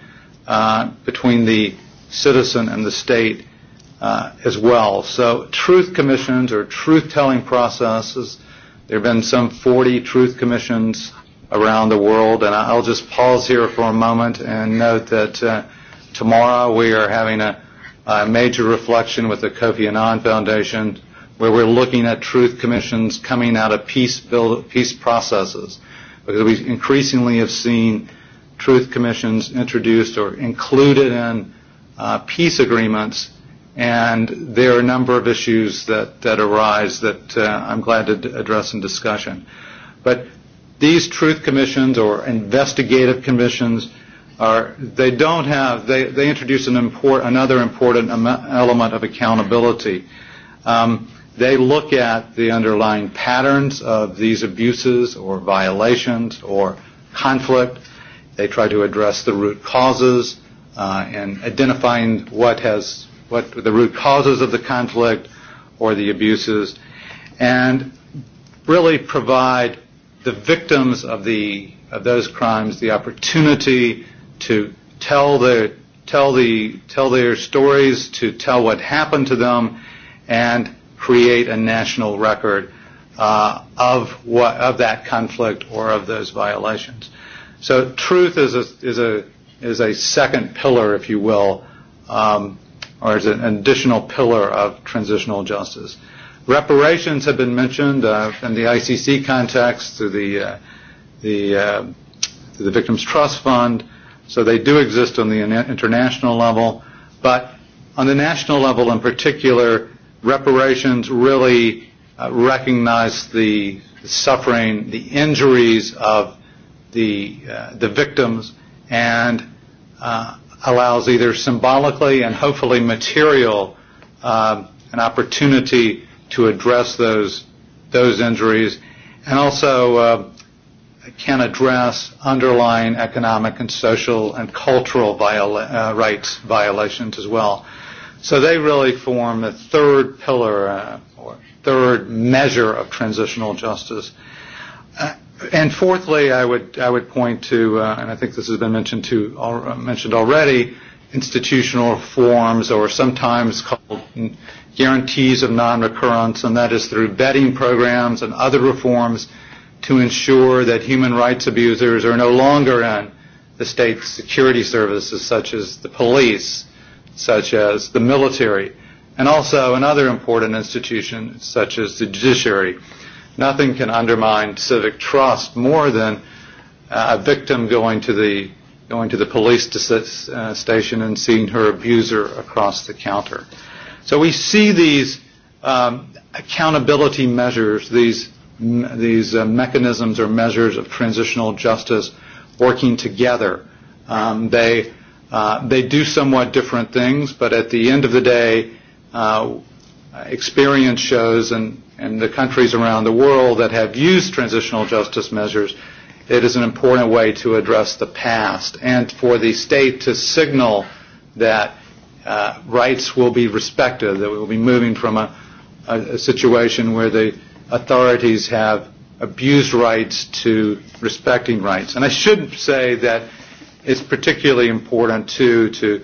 Speaker 6: uh, between the citizen and the state uh, as well. So truth commissions or truth-telling processes, there have been some 40 truth commissions around the world, and I'll just pause here for a moment and note that uh, tomorrow we are having a, a major reflection with the Kofi Annan Foundation where we're looking at truth commissions coming out of peace, build, peace processes because we increasingly have seen truth commissions introduced or included in uh, peace agreements. And there are a number of issues that, that arise that uh, I'm glad to d- address in discussion. But these truth commissions or investigative commissions are, they don't have, they, they introduce an import, another important element of accountability. Um, they look at the underlying patterns of these abuses or violations or conflict. They try to address the root causes uh, and identifying what has what the root causes of the conflict or the abuses, and really provide the victims of the of those crimes the opportunity to tell their tell the tell their stories, to tell what happened to them, and create a national record uh, of what of that conflict or of those violations. So truth is a is a is a second pillar, if you will, um, or is an additional pillar of transitional justice. Reparations have been mentioned uh, in the ICC context through the uh, the uh, through the Victims Trust Fund, so they do exist on the international level, but on the national level, in particular, reparations really uh, recognize the suffering, the injuries of the uh, the victims, and uh, allows either symbolically and hopefully material um, an opportunity to address those those injuries, and also uh, can address underlying economic and social and cultural viola- uh, rights violations as well. So they really form the third pillar uh, or third measure of transitional justice. Uh, And fourthly, I would, I would point to, uh, and I think this has been mentioned, to, al- uh, mentioned already, institutional reforms or sometimes called guarantees of non-recurrence, and that is through vetting programs and other reforms to ensure that human rights abusers are no longer in the state security services such as the police, such as the military, and also in other important institutions such as the judiciary. Uh, Nothing can undermine civic trust more than uh, a victim going to the going to the police to, uh, station and seeing her abuser across the counter. So we see these um, accountability measures, these these uh, mechanisms or measures of transitional justice working together. Um, they uh, they do somewhat different things, but at the end of the day, uh, experience shows and, and the countries around the world that have used transitional justice measures, it is an important way to address the past and for the state to signal that uh, rights will be respected, that we will be moving from a, a, a situation where the authorities have abused rights to respecting rights. And I should say that it's particularly important, too, to,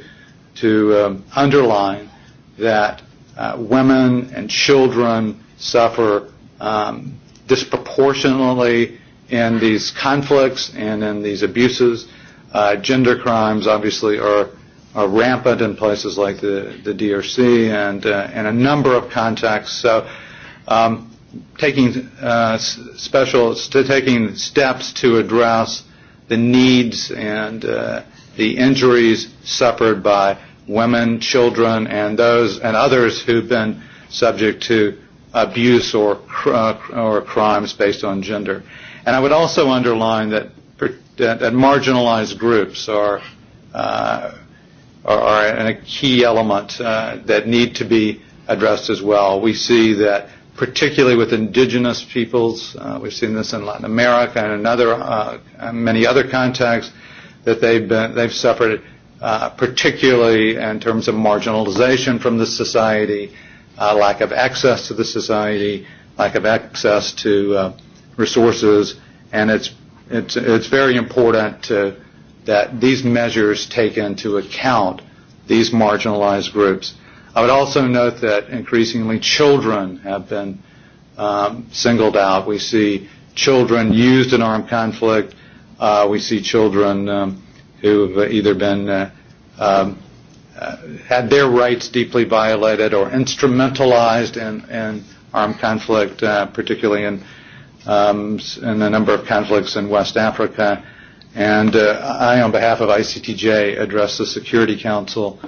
Speaker 6: to um, underline that uh, women and children suffer um, disproportionately in these conflicts and in these abuses. Uh, gender crimes obviously are, are rampant in places like the, the DRC and uh, in a number of contexts. So um, taking uh, special st- taking steps to address the needs and uh, the injuries suffered by women, children, and those and others who've been subject to abuse or cr- uh, or crimes based on gender. And I would also underline that that, that marginalized groups are. Uh, are, are a key element uh, that need to be addressed as well. We see that particularly with indigenous peoples, uh, we've seen this in Latin America and in other, uh, many other contexts, that they've, been, they've suffered uh, particularly in terms of marginalization from the society, uh, lack of access to the society, lack of access to uh, resources, and it's it's it's very important to, that these measures take into account these marginalized groups. I would also note that increasingly children have been um, singled out. We see children used in armed conflict. Uh, we see children um, who've either been uh, um, uh, had their rights deeply violated or instrumentalized in, in armed conflict, uh, particularly in um, in a number of conflicts in West Africa. And uh, I, on behalf of ICTJ, addressed the Security Council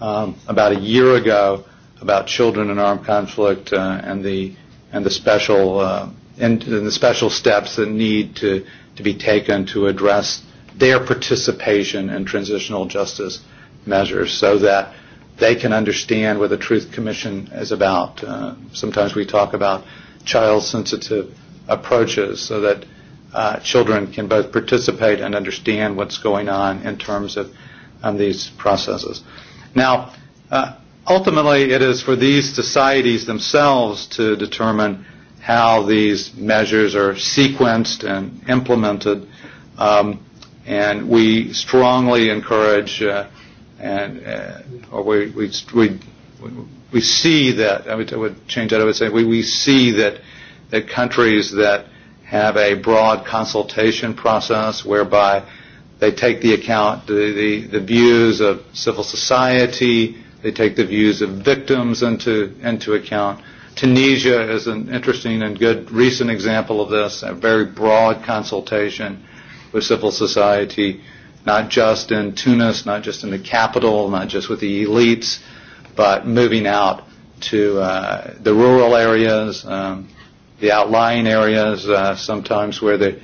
Speaker 6: um, about a year ago about children in armed conflict uh, and the and the special uh, and, and the special steps that need to to be taken to address their participation in transitional justice measures so that they can understand what the Truth Commission is about. Uh, sometimes we talk about child-sensitive approaches so that uh, children can both participate and understand what's going on in terms of um, these processes. Now, uh, ultimately, it is for these societies themselves to determine how these measures are sequenced and implemented. Um, and we strongly encourage uh, and uh, or we we we we see that I would, I would change that I would say we we see that that countries that have a broad consultation process whereby they take the account the, the, the views of civil society, they take the views of victims into into account. Tunisia is an interesting and good recent example of this, a very broad consultation with civil society, not just in Tunis, not just in the capital, not just with the elites, but moving out to uh, the rural areas, um, the outlying areas, uh, sometimes where the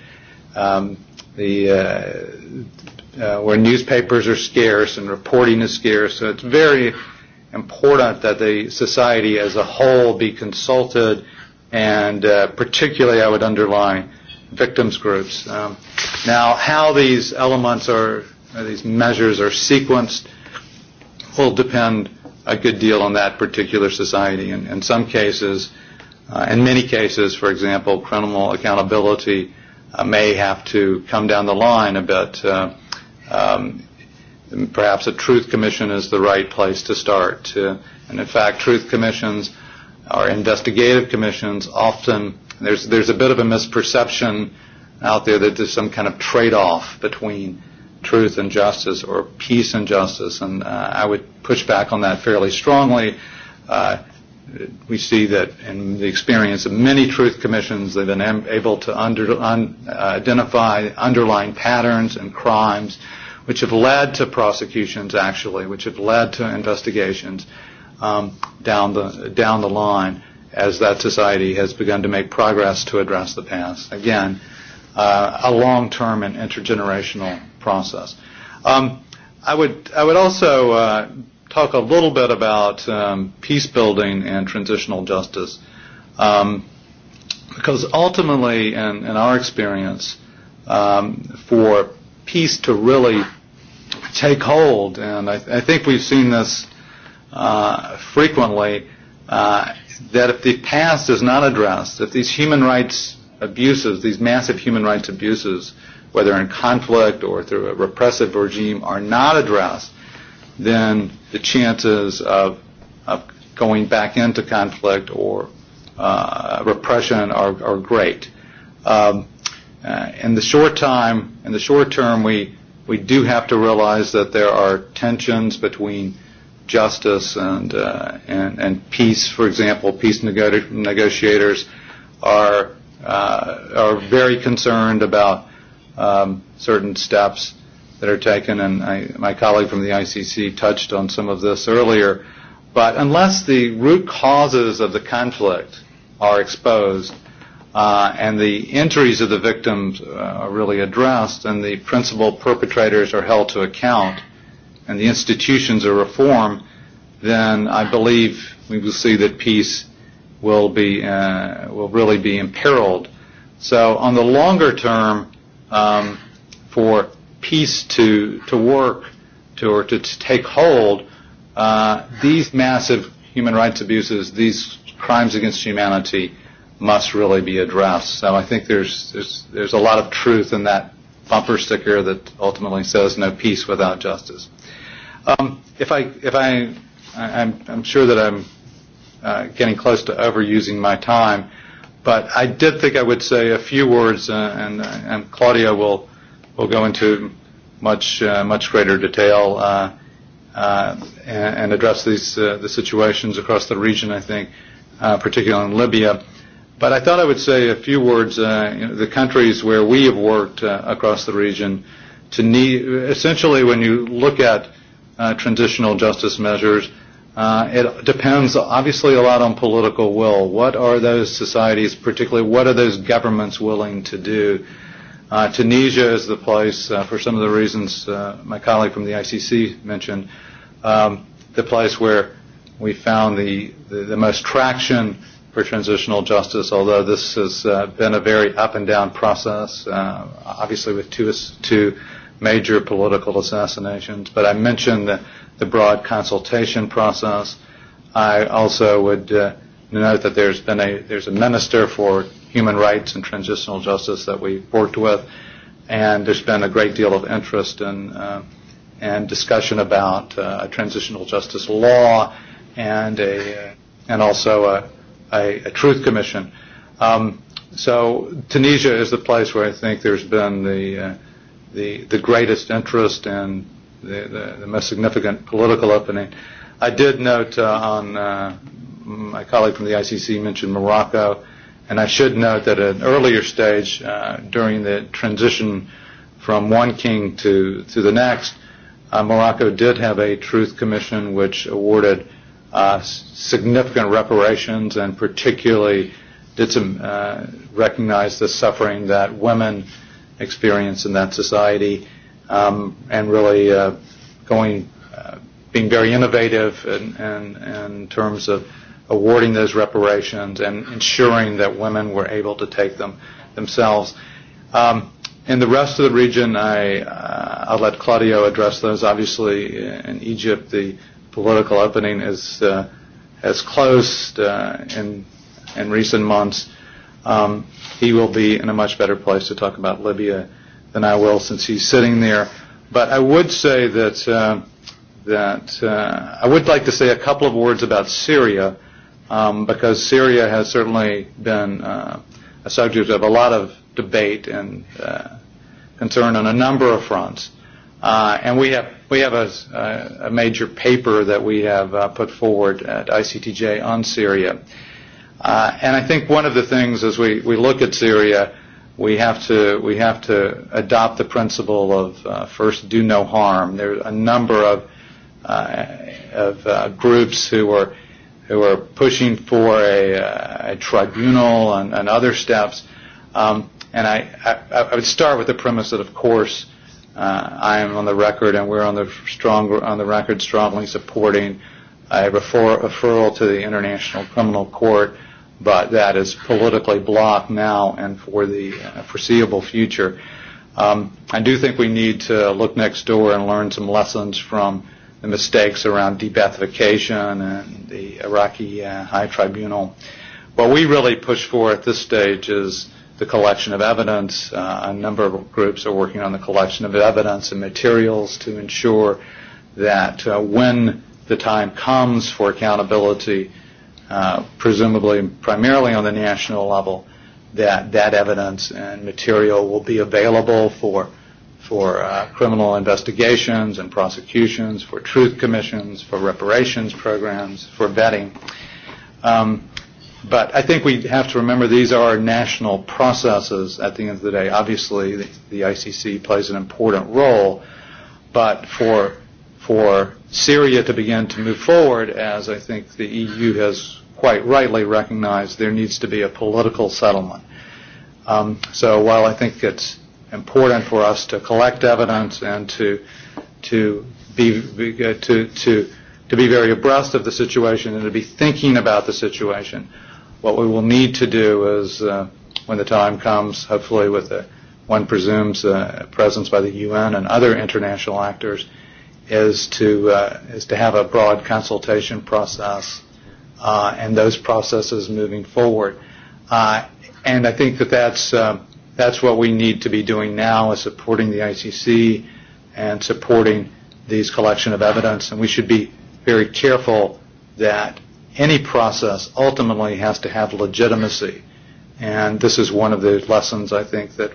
Speaker 6: um, the uh, uh, where newspapers are scarce and reporting is scarce. So it's very important that the society as a whole be consulted, and uh, particularly I would underline victims groups. Um, now, how these elements are, or these measures are sequenced will depend a good deal on that particular society. In, in some cases, uh, in many cases, for example, criminal accountability uh, may have to come down the line a bit. Uh, um, perhaps a truth commission is the right place to start. Uh, and in fact, truth commissions or investigative commissions often There's, there's a bit of a misperception out there that there's some kind of trade-off between truth and justice or peace and justice, and uh, I would push back on that fairly strongly. Uh, we see that in the experience of many truth commissions, they've been am- able to under, un- identify underlying patterns and crimes which have led to prosecutions actually, which have led to investigations um, down the down the line as that society has begun to make progress to address the past. Again, uh, a long-term and intergenerational process. Um, I would I would also uh, talk a little bit about um, peace building and transitional justice, um, because ultimately, in, in our experience, um, for peace to really take hold, and I, th- I think we've seen this uh, frequently uh, that if the past is not addressed, if these human rights abuses, these massive human rights abuses, whether in conflict or through a repressive regime, are not addressed, then the chances of, of going back into conflict or uh, repression are, are great. Um, uh, in the short time, in the short term, we we do have to realize that there are tensions between uh, justice and, uh, and, and peace, for example, peace nego- negotiators are, uh, are very concerned about um, certain steps that are taken, and I, my colleague from the ICC touched on some of this earlier. But unless the root causes of the conflict are exposed uh, and the injuries of the victims uh, are really addressed and the principal perpetrators are held to account, and the institutions are reformed, then I believe we will see that peace will be uh, will really be imperiled. So on the longer term, um, for peace to to work to or to, to take hold, uh, these massive human rights abuses, these crimes against humanity, must really be addressed. So I think there's there's there's a lot of truth in that bumper sticker that ultimately says no peace without justice. Um, if I, if I, I I'm, I'm sure that I'm uh, getting close to overusing my time, but I did think I would say a few words, uh, and, uh, and Claudia will will go into much uh, much greater detail uh, uh, and, and address these uh, the situations across the region. I think, uh, particularly in Libya. But I thought I would say a few words. Uh, you know, the countries where we have worked uh, across the region, to need, essentially, when you look at uh, transitional justice measures. Uh, it depends obviously a lot on political will. What are those societies, particularly what are those governments willing to do? Uh, Tunisia is the place, uh, for some of the reasons uh, my colleague from the ICC mentioned, um, the place where we found the, the, the most traction for transitional justice, although this has uh, been a very up and down process, uh, obviously with two, two uh, major political assassinations. But I mentioned the, the broad consultation process. I also would uh, note that there's been a there's a minister for human rights and transitional justice that we've worked with, and there's been a great deal of interest and in, uh, and discussion about uh, a transitional justice law and a uh, and also a, a, a truth commission. Um, so Tunisia is the place where I think there's been the uh, the, the greatest interest and the, the, the most significant political opening. I did note uh, on uh, my colleague from the ICC mentioned Morocco, and I should note that at an earlier stage uh, during the transition from one king to, to the next, uh, Morocco did have a truth commission which awarded uh, significant reparations and particularly did some uh, recognize the suffering that women uh, experience in that society, um, and really uh, going, uh, being very innovative in, in, in terms of awarding those reparations and ensuring that women were able to take them themselves. Um, in the rest of the region, I, uh, I'll let Claudio address those. Obviously, in Egypt, the political opening is, uh, has closed uh, in, in recent months um, he will be in a much better place to talk about Libya than I will since he's sitting there. But I would say that, uh, that uh, I would like to say a couple of words about Syria um, because Syria has certainly been uh, a subject of a lot of debate and uh, concern on a number of fronts. Uh, and we have we have a, a major paper that we have uh, put forward at ICTJ on Syria. Uh, Uh, and I think one of the things as we, we look at Syria, we have to we have to adopt the principle of uh, first do no harm. There are a number of uh, of uh, groups who are who are pushing for a, uh, a tribunal and, and other steps. Um, and I, I, I would start with the premise that, of course, uh, I am on the record, and we're on the strong on the record strongly supporting a refer, referral to the International Criminal Court. Uh, but that is politically blocked now and for the foreseeable future. Um, I do think we need to look next door and learn some lessons from the mistakes around debathification and the Iraqi uh, High Tribunal. What we really push for at this stage is the collection of evidence. Uh, a number of groups are working on the collection of evidence and materials to ensure that uh, when the time comes for accountability, uh, uh, presumably primarily on the national level, that that evidence and material will be available for for uh, criminal investigations and prosecutions, for truth commissions, for reparations programs, for vetting. Um, but I think we have to remember these are national processes at the end of the day. Obviously, the, the ICC plays an important role, but for for Syria to begin to move forward, as I think the EU has quite rightly recognized, there needs to be a political settlement. Um, so while I think it's important for us to collect evidence and to to be, be uh, to to to be very abreast of the situation and to be thinking about the situation, what we will need to do is, uh, when the time comes, hopefully with the, one presumes uh, presence by the UN and other international actors, uh, is to uh, is to have a broad consultation process uh, and those processes moving forward. Uh, and I think that that's uh, that's what we need to be doing now is supporting the ICC and supporting these collection of evidence. And we should be very careful that any process ultimately has to have legitimacy. And this is one of the lessons I think that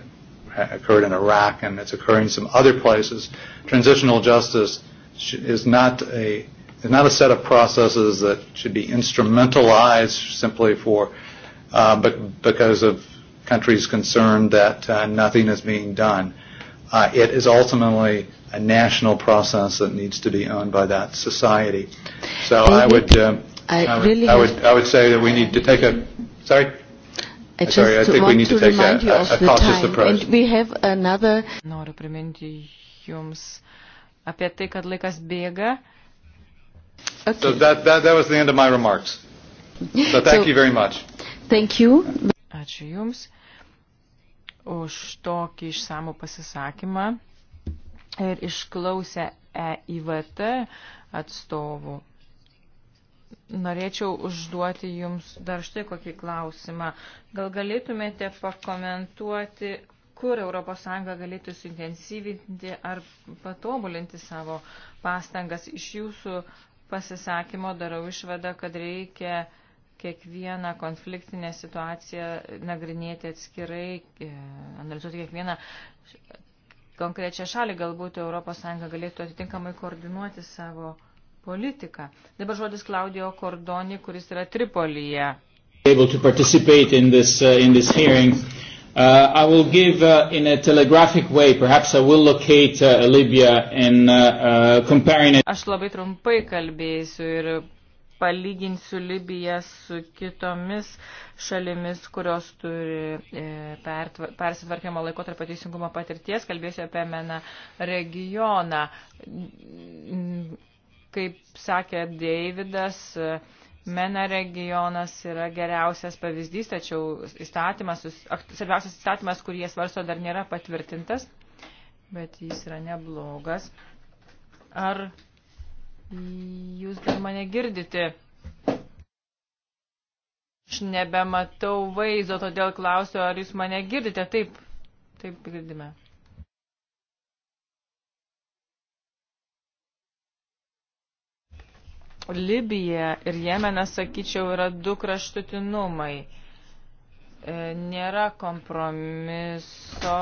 Speaker 6: occurred in Iraq and it's occurring some other places. Transitional justice sh- is not a is not a set of processes that should be instrumentalized simply for uh, but because of countries concerned that uh, nothing is being done. Uh, it is ultimately a national process that needs to be owned by that society. So David, I would, uh, I, I would, really I would, I would say that we need to take a. Sorry. I just Sorry, I think want we need to, to take remind a, you of a, a the time. Approach. And we
Speaker 1: have another... Noriu
Speaker 2: priminti jums apie tai, kad laikas bėga. Okay. So
Speaker 6: that, that, that was the end of my remarks. So thank so, you very much.
Speaker 2: Thank you. Ačiū Jums už tokį išsamų pasisakymą ir išklausę EIVT atstovų norėčiau užduoti Jums dar štai kokį klausimą. Gal galėtumėte pakomentuoti, kur ES galėtų suintensyvinti ar patobulinti savo pastangas. Iš Jūsų pasisakymo darau išvadą, kad reikia kiekvieną konfliktinę situaciją nagrinėti atskirai, e, analizuoti kiekvieną konkrečią šalį, galbūt ES galėtų atitinkamai koordinuoti savo politiką. Dabar žodis Klaudijo Kordoni, kuris yra Tripolyje.
Speaker 5: able to participate in this, uh, in this hearing. Uh, I will give uh, in a telegraphic way, perhaps I will locate uh, Libya and uh, uh, comparing it. Aš
Speaker 2: labai trumpai kalbėsiu ir palyginsiu Libiją su kitomis šalimis, kurios turi e, persitvarkymo laikotarpio teisingumo patirties. Kalbėsiu apie meną regioną. M, Kaip sakė Deividas, MENA regionas yra geriausias pavyzdys, tačiau įstatymas, svarbiausias įstatymas, kurį jie svarsto, dar nėra patvirtintas, bet jis yra neblogas. Ar jūs dar mane girdite? Aš nebematau vaizdo, todėl klausiu, ar jūs mane girdite? Taip, taip girdime. Libija ir Jemenas, sakyčiau, yra du kraštutinumai. E, nėra kompromiso,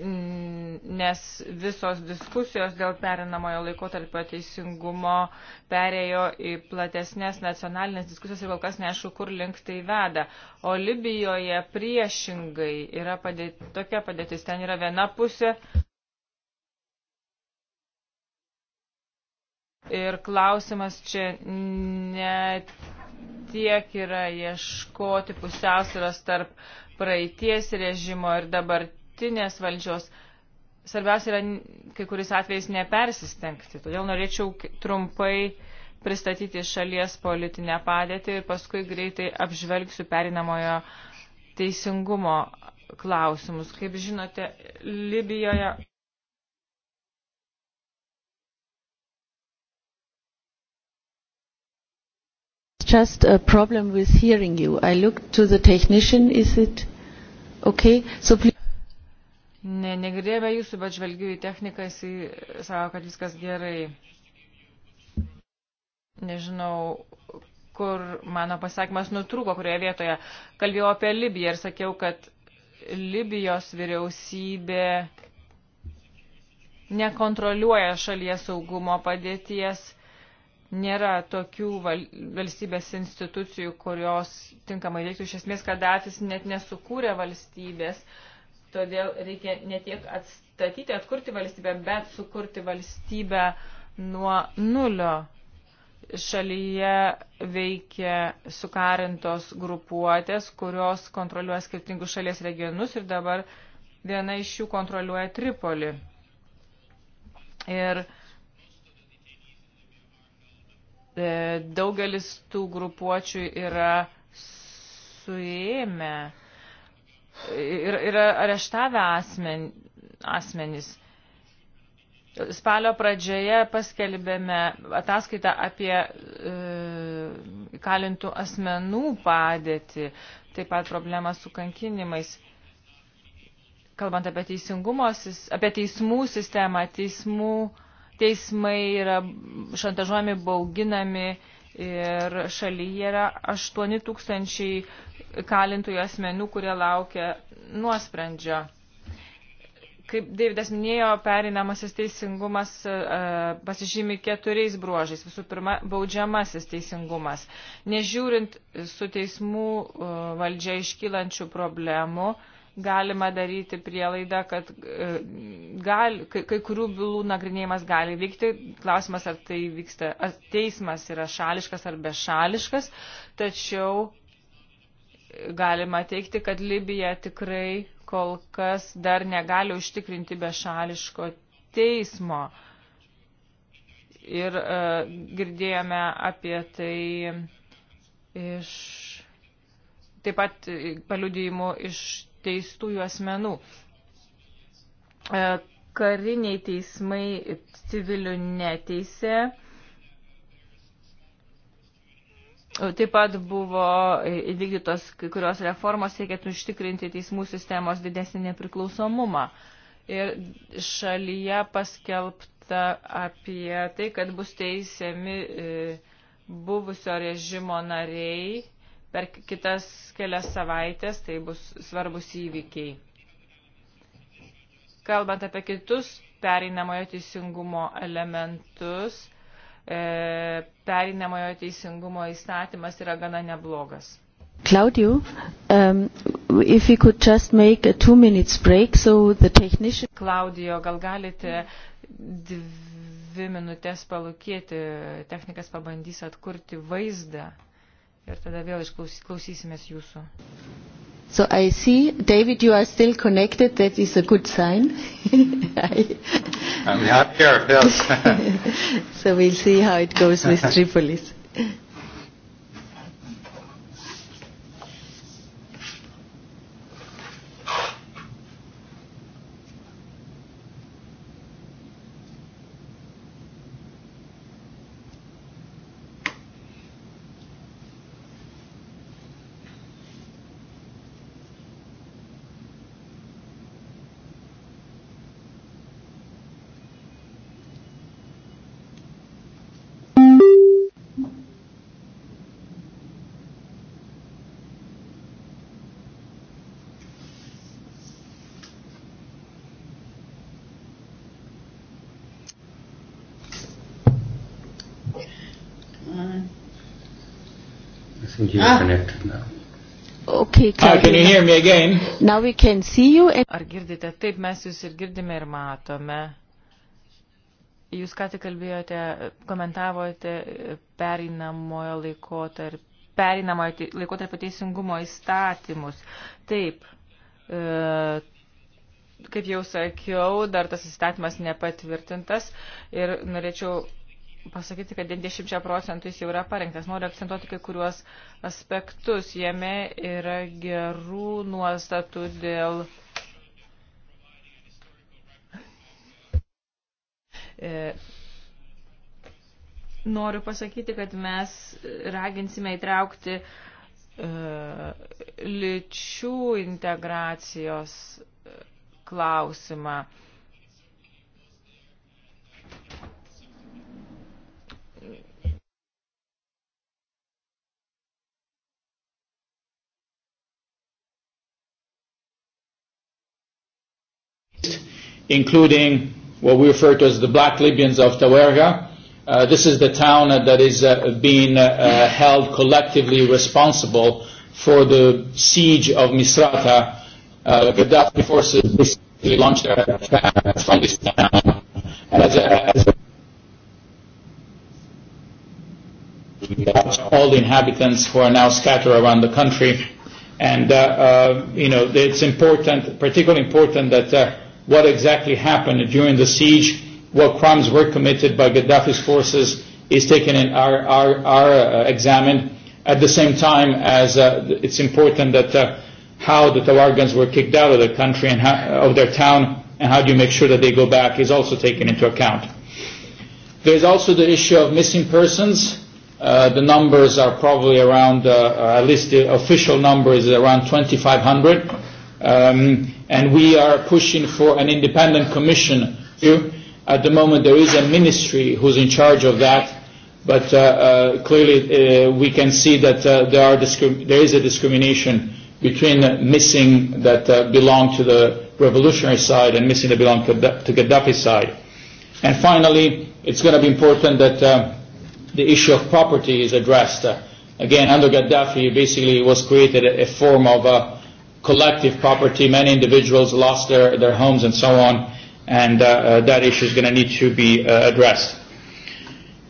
Speaker 2: nes visos diskusijos dėl perinamojo laikotarpio teisingumo perėjo į platesnės nacionalinės diskusijos ir kol kas neaišku, kur link tai veda. O Libijoje priešingai yra padėti, tokia padėtis. Ten yra viena pusė Ir klausimas čia ne tiek yra ieškoti pusiausvėros tarp praeities režimo ir dabartinės valdžios. Svarbiausia yra kai kuris atvejais nepersistengti. Todėl norėčiau trumpai pristatyti šalies politinę padėtį ir paskui greitai apžvelgsiu perinamojo teisingumo klausimus. Kaip žinote, Libijoje
Speaker 1: Just a problem with hearing you. I looked to the technician. Is it okay? So please.
Speaker 2: Ne, negirdėjome jūsų, bet žvelgiu į techniką, jis sako, kad viskas gerai. Nežinau, kur mano pasakymas nutrūko, kurioje vietoje. Kalbėjau apie Libiją ir sakiau, kad Libijos vyriausybė nekontroliuoja šalies saugumo padėties Nėra tokių val, valstybės institucijų, kurios tinkamai veiktų. Iš esmės, Kadafis net nesukūrė valstybės, todėl reikia ne tiek atstatyti, atkurti valstybę, bet sukurti valstybę nuo nulio šalyje veikia sukarintos grupuotės, kurios kontroliuoja skirtingus šalies regionus ir dabar viena iš jų kontroliuoja Tripolį. Ir E, daugelis tų grupuočių yra suėmę ir yra areštavę asmen, asmenys. Spalio pradžioje paskelbėme ataskaitą apie e, kalintų asmenų padėtį, taip pat problemą su kankinimais. Kalbant apie, apie teismų sistemą, teismų e, teismai yra šantažuojami, bauginami ir šalyje yra 8 tūkstančiai kalintųjų asmenų, kurie laukia nuosprendžio. Kaip Davidas minėjo, perinamasis teisingumas e, pasižymi keturiais bruožais. Visų pirma, baudžiamasis teisingumas. Nežiūrint su teismų e, valdžia iškylančių problemų, e, galima daryti prielaidą, kad e, gal, kai, kai kurių bylų nagrinėjimas gali vykti. Klausimas, ar tai vyksta, ar teismas yra šališkas ar bešališkas, tačiau e, galima teikti, kad Libija tikrai kol kas dar negali užtikrinti bešališko teismo. Ir uh, girdėjome apie tai iš taip pat paliudėjimų iš teistųjų asmenų. E, kariniai teismai civilių neteisė. Taip pat buvo įvykdytos kai kurios reformos siekiant užtikrinti teismų sistemos didesnį nepriklausomumą. Ir šalyje paskelbta apie tai, kad bus teisiami e, buvusio režimo nariai Per kitas kelias savaitės tai bus svarbus įvykiai. Kalbant apie kitus pereinamojo teisingumo elementus, e, pereinamojo teisingumo įstatymas yra gana neblogas.
Speaker 1: Claudio, um, if you could just make a two minutes break so the technician...
Speaker 2: Claudio, gal galite dvi minutės palūkėti, technikas pabandys atkurti vaizdą ir tada vėl išklausysimės jūsų.
Speaker 1: So I see, David, you are still connected. That is a good sign.
Speaker 6: I... I'm not here, yes.
Speaker 1: so we'll see how it goes with Tripolis. you ah. connected now. Okay, can, ah, can you hear me again? Now we can see you. And... Ar
Speaker 2: girdite? Taip, mes jūs ir girdime ir matome. Jūs ką tik kalbėjote, komentavote pereinamojo laikotarpio pereinamojo laikotarpio teisingumo įstatymus. Taip, e, kaip jau sakiau, dar tas įstatymas nepatvirtintas ir norėčiau pasakyti, kad 10 procentų jis jau yra parengtas. Noriu akcentuoti kai kuriuos aspektus. Jame yra gerų nuostatų dėl e, Noriu pasakyti, kad mes raginsime įtraukti e, lyčių integracijos klausimą.
Speaker 5: including what we refer to as the Black Libyans of Tawerga. Uh, this is the town uh, that is uh, being uh, held collectively responsible for the siege of Misrata. Uh, Gaddafi forces basically launched their attack from this town as a, as a all the inhabitants who are now scattered around the country. And, uh, uh, you know, it's important, particularly important that uh, what exactly happened during the siege, what crimes were committed by Gaddafi's forces is taken and are, are, are uh, examined at the same time as uh, it's important that uh, how the Tawargans were kicked out of the country and how, uh, of their town and how do you make sure that they go back is also taken into account. There's also the issue of missing persons. Uh, the numbers are probably around, uh, uh at least the official number is around 2,500 Um, and we are pushing for an independent commission. At the moment, there is a ministry who's in charge of that, but uh, uh, clearly uh, we can see that uh, there, are discrim- there is a discrimination between uh, missing that uh, belong to the revolutionary side and missing that belong to, to Gaddafi side. And finally, it's going to be important that uh, the issue of property is addressed. Uh, again, under Gaddafi, basically, was created a, a form of uh, collective property. Many individuals lost their, their homes and so on, and uh, uh, that issue is going to need to be uh, addressed.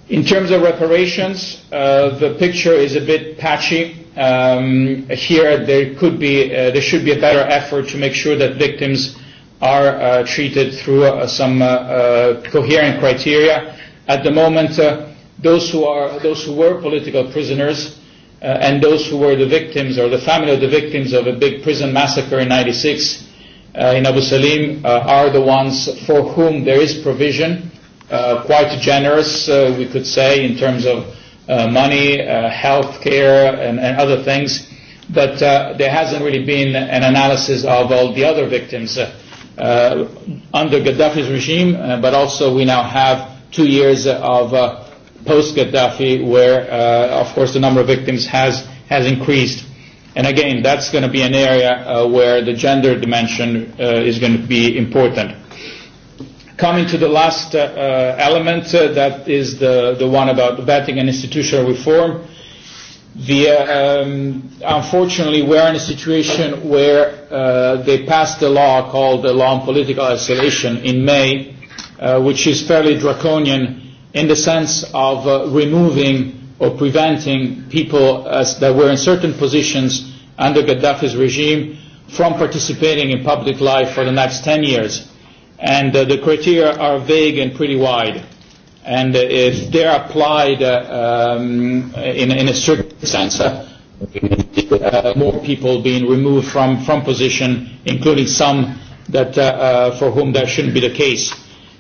Speaker 5: In terms of reparations, uh, the picture is a bit patchy. Um, here, there could be, uh, there should be a better effort to make sure that victims are uh, treated through uh, some uh, uh, coherent criteria. At the moment, uh, those who are those who were political prisoners uh, and those who were the victims or the family of the victims of a big prison massacre in 96 uh, in Abu Salim uh, are the ones for whom there is provision, uh, quite generous, uh, we could say, in terms of uh, money, uh, health care, and, and other things. But uh, there hasn't really been an analysis of all the other victims uh, uh, under Gaddafi's regime, uh, but also we now have two years of uh, post-Gaddafi, where, uh, of course, the number of victims has, has increased. And again, that's going to be an area uh, where the gender dimension uh, is going to be important. Coming to the last uh, uh, element, uh, that is the, the one about vetting and institutional reform. The, uh, um, unfortunately, we're in a situation where uh, they passed a law called the Law on Political Isolation in May, uh, which is fairly draconian uh, in the sense of uh, removing or preventing people as, that were in certain positions under Gaddafi's regime from participating in public life for the next 10 years. And uh, the criteria are vague and pretty wide. And uh, if they're applied uh, um, in, in a strict sense, uh, uh, more people being removed from, from position, including some that, uh, uh, for whom that shouldn't be the case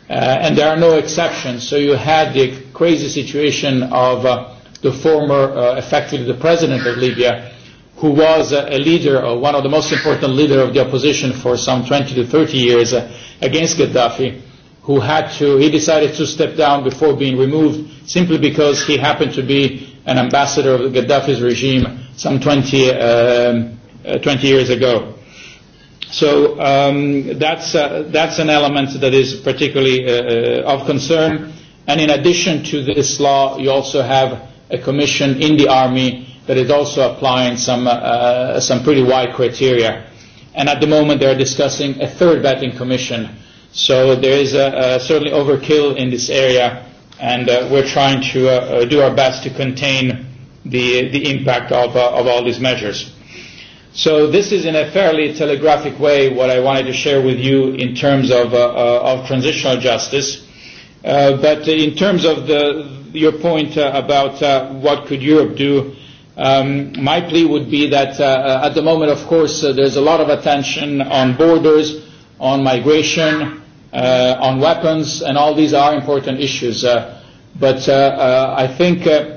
Speaker 5: uh, and there are no exceptions. So you had the crazy situation of uh, the former, uh, effectively the president of Libya, who was uh, a leader, or uh, one of the most important leader of the opposition for some 20 to 30 years uh, against Gaddafi, who had to, he decided to step down before being removed simply because he happened to be an ambassador of Gaddafi's regime some 20, um, uh, 20 years ago. So um, that's, uh, that's an element that is particularly uh, uh, of concern. And in addition to this law, you also have a commission in the army that is also applying some, uh, uh some pretty wide criteria. And at the moment, they are discussing a third vetting commission. So there is a, a certainly overkill in this area, and uh, we're trying to uh, uh do our best to contain the, the impact of, uh, of all these measures. So this is in a fairly telegraphic way what I wanted to share with you in terms of, uh, uh, of transitional justice. Uh, but in terms of the, your point uh, about uh, what could Europe do, um, my plea would be that uh, uh at the moment, of course, uh, there's a lot of attention on borders, on migration, uh, on weapons, and all these are important issues. Uh, but uh, uh, I think uh,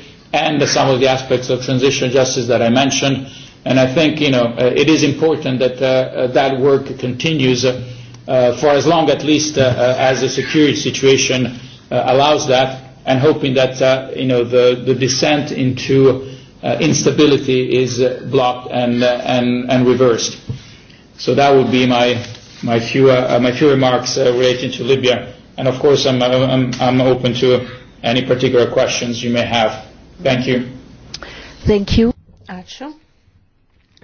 Speaker 5: and some of the aspects of transitional justice that I mentioned. And I think you know uh, it is important that uh, uh, that work continues uh, uh, for as long, at least, uh, uh, as the security situation uh, allows that, and hoping that uh, you know the, the descent into uh, instability is uh, blocked and, uh, and and reversed. So that would be my my few uh, uh my few remarks uh, relating to Libya. And of course, I'm uh, I'm, I'm open to any particular questions you may have. Thank
Speaker 1: you. Thank you. Ačiū.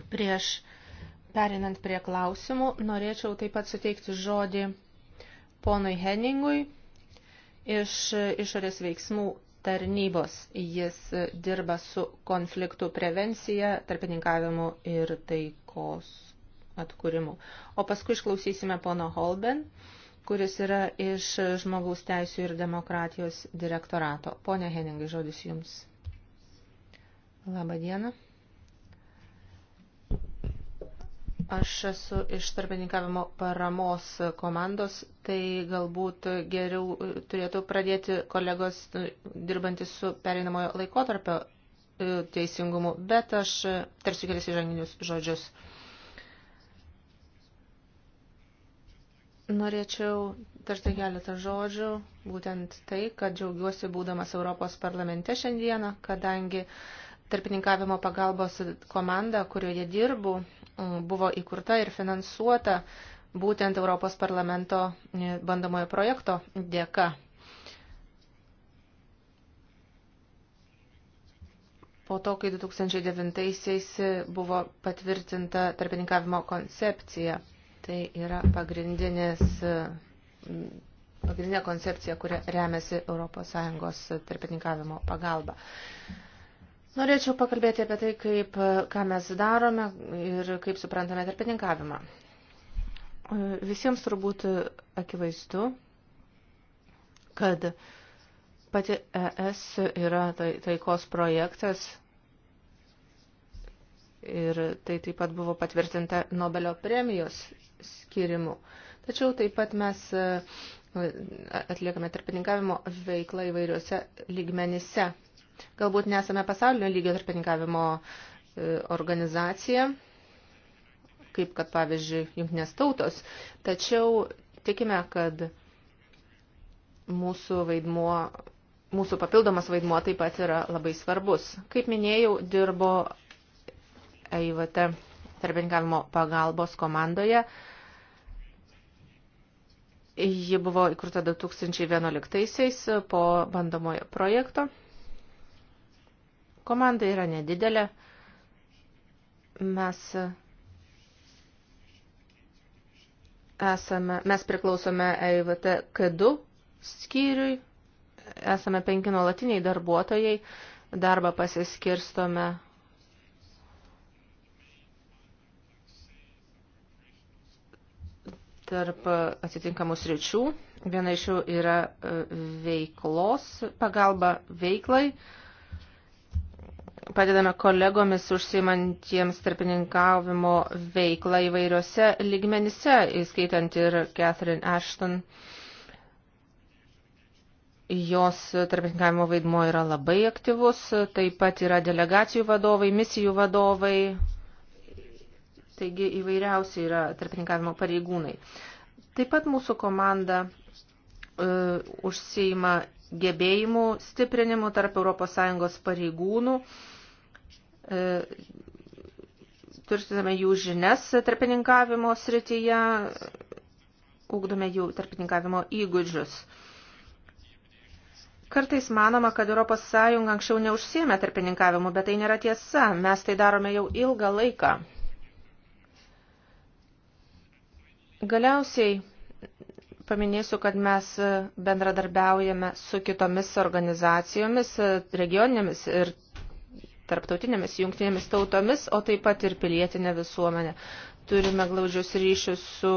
Speaker 3: Prieš perinant prie klausimų, norėčiau taip pat suteikti žodį ponui Henningui iš išorės veiksmų tarnybos. Jis dirba su konfliktų prevencija, tarpininkavimu ir taikos atkūrimu. O paskui išklausysime pono Holben, kuris yra iš žmogaus teisų ir demokratijos direktorato. Pone Heningai, žodis jums. Labą dieną. Aš esu iš tarpininkavimo paramos komandos, tai galbūt geriau e, turėtų pradėti kolegos e, dirbantys su pereinamojo laikotarpio e, teisingumu, bet aš tarsiu kelis įžanginius žodžius. Norėčiau tarti keletą žodžių, būtent tai, kad džiaugiuosi būdamas Europos parlamente šiandieną, kadangi uh, tarpininkavimo pagalbos komanda, kurioje dirbu, mm, buvo įkurta ir finansuota būtent Europos parlamento e, bandomojo projekto dėka. Po to, kai 2009-aisiais buvo patvirtinta tarpininkavimo koncepcija, tai yra pagrindinės, e, pagrindinė koncepcija, kuria remiasi ES tarpininkavimo pagalba. Norėčiau pakalbėti apie tai, kaip, ką mes darome ir kaip suprantame tarpininkavimą. Visiems turbūt akivaizdu, kad pati ES yra taikos projektas ir tai taip pat buvo patvirtinta Nobelio premijos skirimu. Tačiau taip pat mes e, atliekame tarpininkavimo veiklą įvairiuose lygmenyse Galbūt nesame pasaulinio lygio tarpininkavimo e, organizacija, kaip kad pavyzdžiui jungtinės tautos, tačiau tikime, kad mūsų vaidmuo mūsų papildomas vaidmuo taip pat yra labai svarbus. Kaip minėjau, dirbo EIVT tarpininkavimo pagalbos komandoje. Ji buvo įkurta 2011 po bandomojo projekto. Komanda yra nedidelė. Mes esame, mes priklausome EIVT K2 skyriui, esame penki nuolatiniai darbuotojai, darbą pasiskirstome tarp atitinkamų sričių. Viena iš jų yra e, veiklos, pagalba veiklai, padedame kolegomis užsimantiems tarpininkavimo veiklą įvairiose lygmenyse, įskaitant ir Catherine Ashton. Jos tarpininkavimo vaidmo yra labai aktyvus, taip pat yra delegacijų vadovai, misijų vadovai, taigi įvairiausi yra tarpininkavimo pareigūnai. Taip pat mūsų komanda uh, e, užsieima gebėjimų stiprinimu tarp ES pareigūnų. Uh, E, turtiname jų žinias tarpininkavimo srityje, ugdome jų tarpininkavimo įgūdžius. Kartais manoma, kad ES anksčiau neužsiemė tarpininkavimu, bet tai nėra tiesa. Mes tai darome jau ilgą laiką. Galiausiai paminėsiu, kad mes bendradarbiaujame su kitomis organizacijomis, regioninėmis ir tarptautinėmis jungtinėmis tautomis, o taip pat ir pilietinė visuomenė. Turime glaudžius ryšius su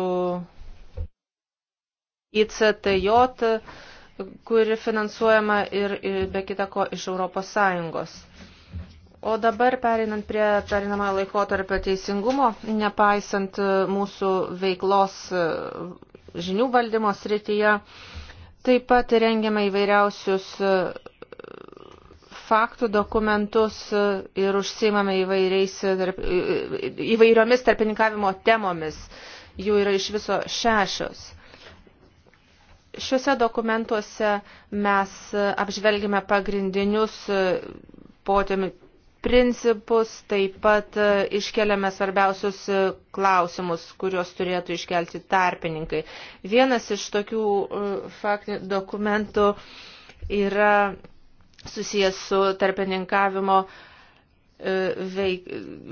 Speaker 3: ICTJ, kuri finansuojama ir, ir be kitako iš Europos Sąjungos. O dabar pereinant prie perinamojo laikotarpio teisingumo, nepaisant mūsų veiklos e, žinių valdymo srityje, taip pat rengiame įvairiausius e, faktų dokumentus e, ir užsimame e, e, įvairiomis tarpininkavimo temomis. Jų yra iš viso šešios. Šiuose dokumentuose mes apžvelgime pagrindinius potėmių principus, taip pat iškeliame svarbiausius klausimus, kuriuos turėtų iškelti tarpininkai. Vienas iš tokių faktinių dokumentų yra susijęs su tarpininkavimo e, veik,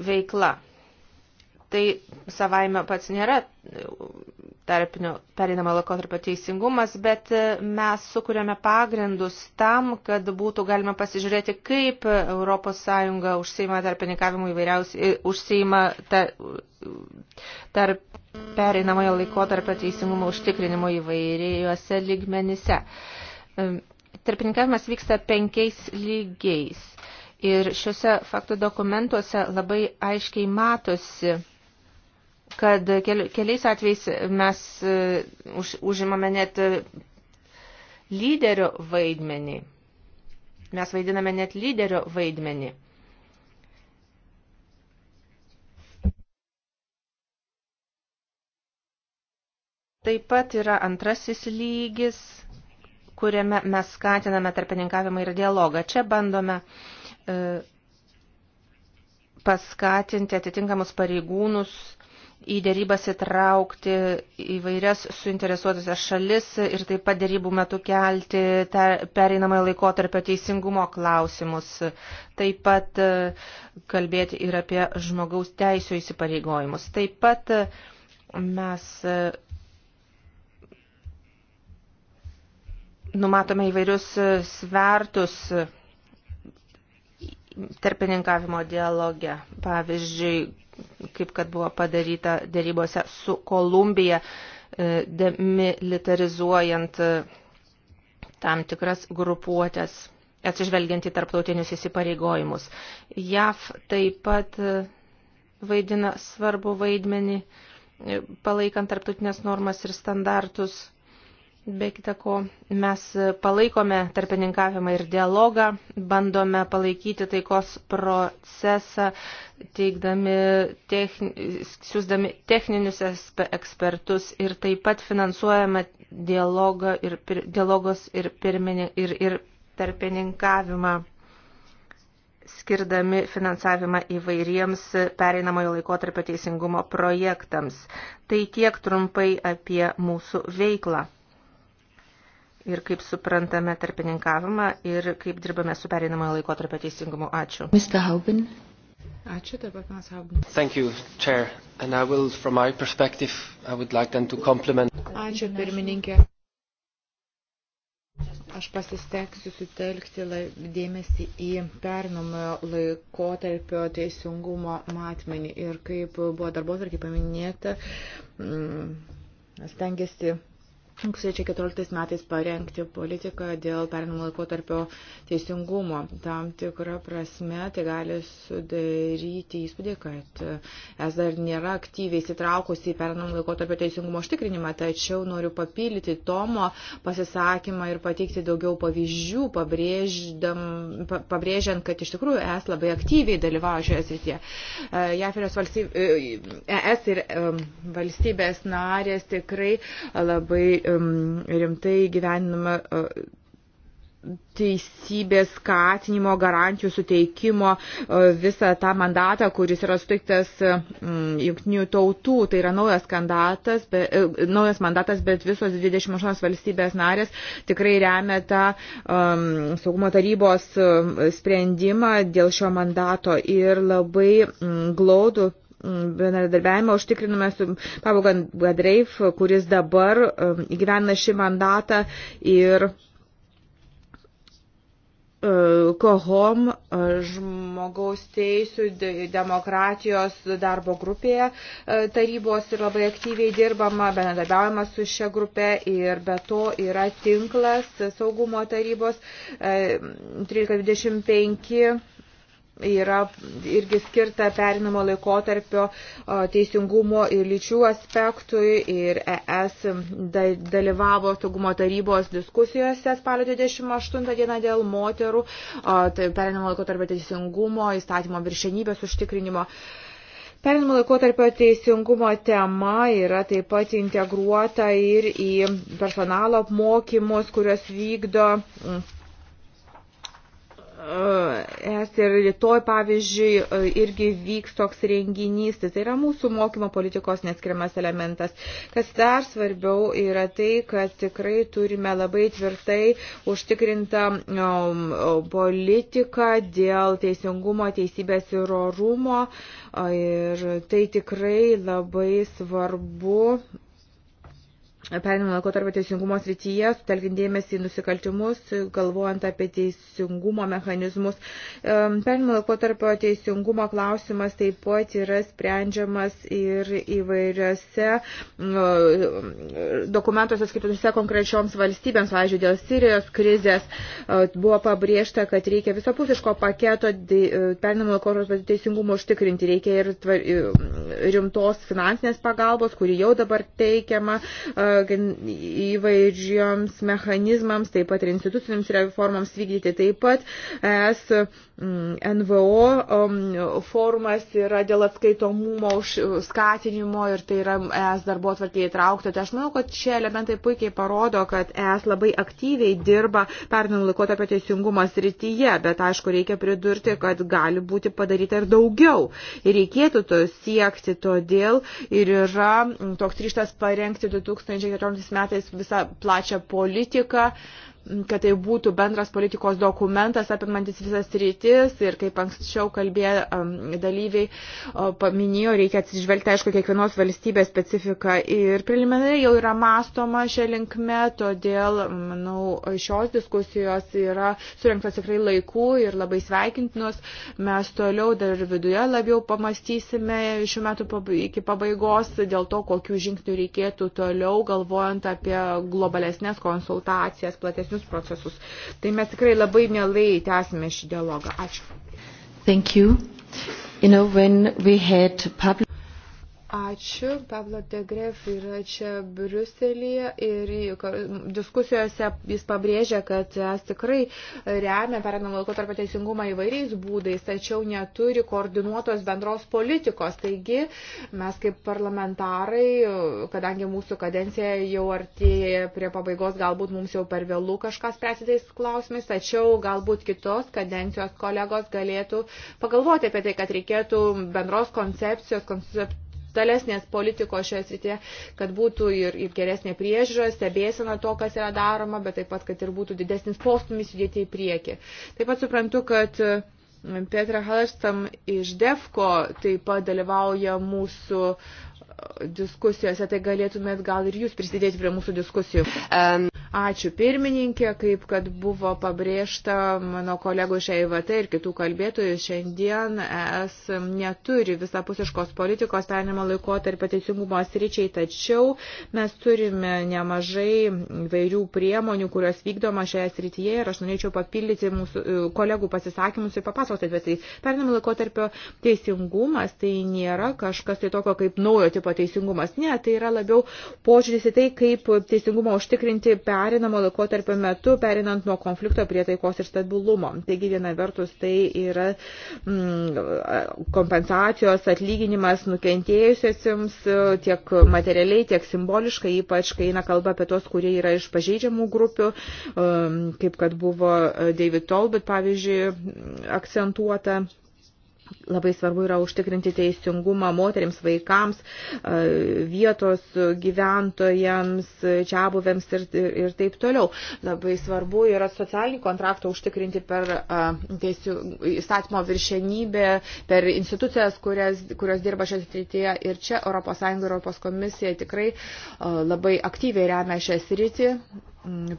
Speaker 3: veikla. Tai savaime pats nėra e, tarpinio perinamo laikotarpio teisingumas, bet e, mes sukūrėme pagrindus tam, kad būtų galima pasižiūrėti, kaip ES užseima tarpininkavimu įvairiausiai, užseima tar, tarp perinamojo laikotarpio teisingumo užtikrinimo įvairiuose lygmenyse tarpininkavimas vyksta penkiais lygiais. Ir šiuose faktų dokumentuose labai aiškiai matosi, kad keliais atvejais mes e, už, užimame net e, lyderio vaidmenį. Mes vaidiname net lyderio vaidmenį. Taip pat yra antrasis lygis, kuriame mes skatiname tarpininkavimą ir dialogą. Čia bandome e, paskatinti atitinkamus pareigūnus į dėrybas įtraukti įvairias suinteresuotusias šalis ir taip pat dėrybų metu kelti pereinamąją laikotarpio teisingumo klausimus. Taip pat e, kalbėti ir apie žmogaus teisų įsipareigojimus. Taip pat e, mes numatome įvairius svertus tarpininkavimo dialoge. Pavyzdžiui, kaip kad buvo padaryta dėrybose su Kolumbija, e, demilitarizuojant e, tam tikras grupuotės, atsižvelgiant į tarptautinius įsipareigojimus. JAF taip pat e, vaidina svarbu vaidmenį, palaikant tarptautinės normas ir standartus Be kita ko, mes palaikome tarpininkavimą ir dialogą, bandome palaikyti taikos procesą, teikdami, techni, siūsdami techninius ekspertus ir taip pat finansuojame dialogą ir, dialogos ir, pirmini, ir, ir tarpininkavimą, skirdami finansavimą įvairiems pereinamojo laikotarpio teisingumo projektams. Tai tiek trumpai apie mūsų veiklą ir kaip suprantame tarpininkavimą ir kaip dirbame su pereinamojo laiko tarp teisingumu. Ačiū.
Speaker 1: Mr. Hauben. Ačiū, dabar panas Hauben. Thank you, Chair. And I will, from my perspective, I would like then to compliment.
Speaker 4: Ačiū, pirmininkė. Aš pasisteksiu sutelkti dėmesį į pernamojo laikotarpio teisingumo matmenį ir kaip buvo darbo tarkiai paminėta, mm, stengiasi 2014 metais parengti politiką dėl perinamo laikotarpio teisingumo. Tam tikrą prasme tai gali sudaryti įspūdį, kad es dar nėra aktyviai įsitraukusi į perinamo laikotarpio teisingumo užtikrinimą, tačiau noriu papildyti Tomo pasisakymą ir pateikti daugiau pavyzdžių, pabrėžiant, kad iš tikrųjų es labai aktyviai dalyvauja šioje srityje. E, Valstybė, e, e, es ir valstybės narės tikrai labai rimtai gyvenama e, teisybės skatinimo, garantijų suteikimo e, visą tą mandatą, kuris yra suteiktas e, jungtinių tautų. Tai yra naujas, kandatas, be, naujas mandatas, bet visos 28 valstybės narės tikrai remia tą um, saugumo tarybos sprendimą dėl šio mandato ir labai um, glaudų bendradarbiavimą užtikrinome su Pavogan Gadreif, kuris dabar um, įgyvena šį mandatą ir uh, Kohom uh, žmogaus teisų demokratijos darbo grupėje uh, tarybos ir labai aktyviai dirbama, bendradarbiaujama su šia grupė ir be to yra tinklas saugumo tarybos 1325 yra irgi skirta perinamo laikotarpio teisingumo ir lyčių aspektui ir ES dalyvavo saugumo tarybos diskusijose spalio 28 dieną dėl moterų tai perinamo laikotarpio teisingumo, įstatymo viršenybės užtikrinimo. Perinimo laikotarpio teisingumo tema yra taip pat integruota ir į personalo apmokymus, kuriuos vykdo E, es ir rytoj, pavyzdžiui, e, irgi vyks toks renginys. Tai, tai yra mūsų mokymo politikos neskiriamas elementas. Kas dar svarbiau yra tai, kad tikrai turime labai tvirtai užtikrintą e, politiką dėl teisingumo, teisybės ir orumo. Ir tai tikrai labai svarbu Perinimo laikotarpio teisingumo srityje, sutelkint dėmesį į nusikaltimus, galvojant apie teisingumo mechanizmus. Perinimo laikotarpio teisingumo klausimas taip pat yra sprendžiamas ir įvairiose dokumentuose skirtuose konkrečioms valstybėms, pavyzdžiui, dėl Sirijos krizės e, buvo pabrėžta, kad reikia visapusiško paketo e, perinimo laikotarpio teisingumo užtikrinti, reikia ir rimtos finansinės pagalbos, kuri jau dabar teikiama e, įvairioms mechanizmams, taip pat ir institucinėms reformams vykdyti. Taip pat es Mm, NVO um, forumas yra dėl atskaitomumo už skatinimo ir tai yra ES darbo atvarkiai įtraukta. Tai aš manau, kad šie elementai puikiai parodo, kad ES labai aktyviai dirba pernai laikotarpio teisingumo srityje, bet aišku, reikia pridurti, kad gali būti padaryta ir daugiau. Ir reikėtų to siekti, todėl ir yra mm, toks ryštas parengti 2014 metais visą plačią politiką kad tai būtų bendras politikos dokumentas apimantis visas rytis ir kaip anksčiau kalbėjo dalyviai paminėjo, reikia atsižvelgti, aišku, kiekvienos valstybės specifiką ir preliminariai jau yra mastoma šią linkme, todėl, manau, šios diskusijos yra surinktas tikrai laikų ir labai sveikintinos. Mes toliau dar viduje labiau pamastysime šių metų iki pabaigos dėl to, kokių žingsnių reikėtų toliau, galvojant apie globalesnės konsultacijas, platesnius visus procesus. Tai mes tikrai labai mielai tęsime šį dialogą. Ačiū.
Speaker 1: Thank you. You know, when we had public...
Speaker 4: Ačiū. Pablo Tegref yra čia Briuselėje ir diskusijose jis pabrėžia, kad es tikrai remia perinamą laikotarpio teisingumą įvairiais būdais, tačiau neturi koordinuotos bendros politikos. Taigi mes kaip parlamentarai, kadangi mūsų kadencija jau artėja prie pabaigos, galbūt mums jau per vėlų kažką spręsti tais klausimais, tačiau galbūt kitos kadencijos kolegos galėtų pagalvoti apie tai, kad reikėtų bendros koncepcijos, koncepcijos tolesnės politikos šioje srityje, kad būtų ir, ir geresnė priežiūra, stebėsena to, kas yra daroma, bet taip pat, kad ir būtų didesnis postumis judėti į priekį. Taip pat suprantu, kad e, Petra Halerstam iš DEFCO taip pat dalyvauja mūsų uh, diskusijose, tai galėtumėt gal ir jūs prisidėti prie mūsų diskusijų. Um. Ačiū pirmininkė, kaip kad buvo pabrėžta mano kolegų iš EIVT ir kitų kalbėtojų, šiandien ES neturi visapusiškos politikos perėmimo laiko tarp teisingumo sričiai, tačiau mes turime nemažai vairių priemonių, kurios vykdoma šioje srityje ir aš norėčiau papildyti mūsų e, kolegų pasisakymus ir papasakoti apie tai. Perėmimo laiko tarp teisingumas tai nėra kažkas tai tokio kaip naujo tipo principo teisingumas. Ne, tai yra labiau požiūris į tai, kaip teisingumą užtikrinti perinamo laikotarpio metu, perinant nuo konflikto prie taikos ir stabilumo. Taigi viena vertus tai yra mm, kompensacijos atlyginimas nukentėjusiesiems tiek materialiai, tiek simboliškai, ypač kai eina kalba apie tos, kurie yra iš pažeidžiamų grupių, mm, kaip kad buvo David Tolbit, pavyzdžiui, akcentuota. Labai svarbu yra užtikrinti teisingumą moteriams, vaikams, e, vietos gyventojams, čia buvėms ir, ir taip toliau. Labai svarbu yra socialinį kontraktą užtikrinti per e, teisių, įstatymo viršenybę, per institucijas, kurias, kurios dirba šią srityje. Ir čia ES ir ES komisija tikrai e, labai aktyviai remia šią sritį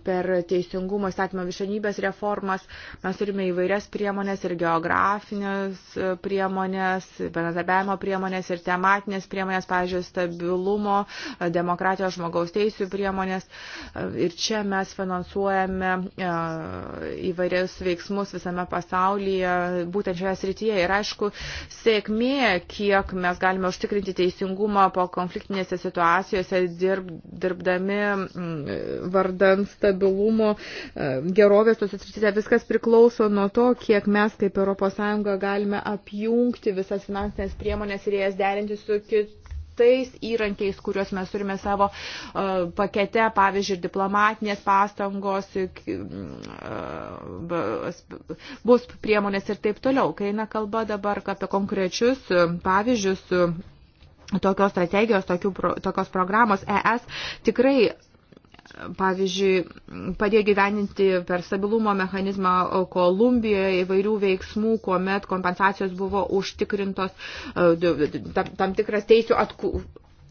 Speaker 4: per teisingumo įstatymo viršenybės reformas. Mes turime įvairias priemonės ir geografinės e, priemonės, bendradarbiavimo priemonės ir tematinės priemonės, pavyzdžiui, stabilumo, e, demokratijos žmogaus teisų priemonės. E, ir čia mes finansuojame įvairius veiksmus visame pasaulyje, būtent šioje srityje. Ir aišku, sėkmė, kiek mes galime užtikrinti teisingumą po konfliktinėse situacijose, dirb, dirbdami vardan siekiant stabilumo, e, gerovės tose srityse. Viskas priklauso nuo to, kiek mes kaip ES galime apjungti visas finansinės priemonės ir jas derinti su kitais įrankiais, kuriuos mes turime savo e, pakete, pavyzdžiui, diplomatinės pastangos, e, bus priemonės ir taip toliau. Kai eina kalba dabar apie konkrečius pavyzdžius, tokios strategijos, tokių, tokios programos ES tikrai pavyzdžiui, padėjo gyveninti per stabilumo mechanizmą Kolumbijoje įvairių veiksmų, kuomet kompensacijos buvo užtikrintos, e, tam tikras teisų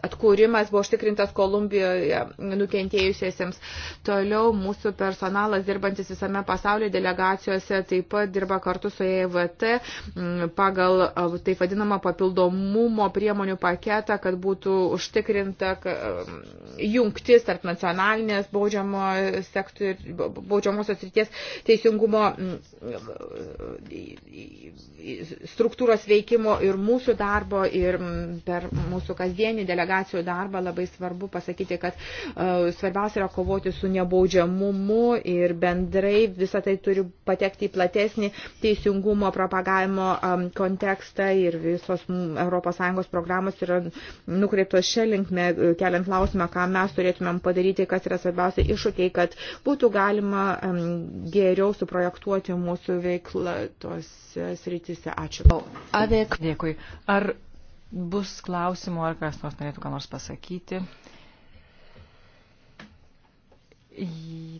Speaker 4: atkūrimas buvo užtikrintas Kolumbijoje nukentėjusiesiems. Toliau mūsų personalas dirbantis visame pasaulyje delegacijose taip pat dirba kartu su EVT mm, pagal taip vadinamą papildomumo priemonių paketą, kad būtų užtikrinta jungtis tarp nacionalinės baudžiamo sektor, baudžiamosios ryties teisingumo struktūros veikimo ir mūsų darbo ir per mūsų kasdienį delegaciją delegacijų darbą, labai svarbu pasakyti, kad e, svarbiausia yra kovoti su nebaudžiamumu ir bendrai visą tai turi patekti į platesnį teisingumo propagavimo kontekstą ir visos ES programos yra nukreiptos šią linkmę, e, keliant klausimą, ką mes turėtumėm padaryti, kas yra svarbiausia iššūkiai, kad būtų galima geriau suprojektuoti mūsų veiklą tos sritise.
Speaker 2: Ačiū. Avėk. Dėkui. Ar bus klausimų, ar kas nors norėtų ką nors pasakyti.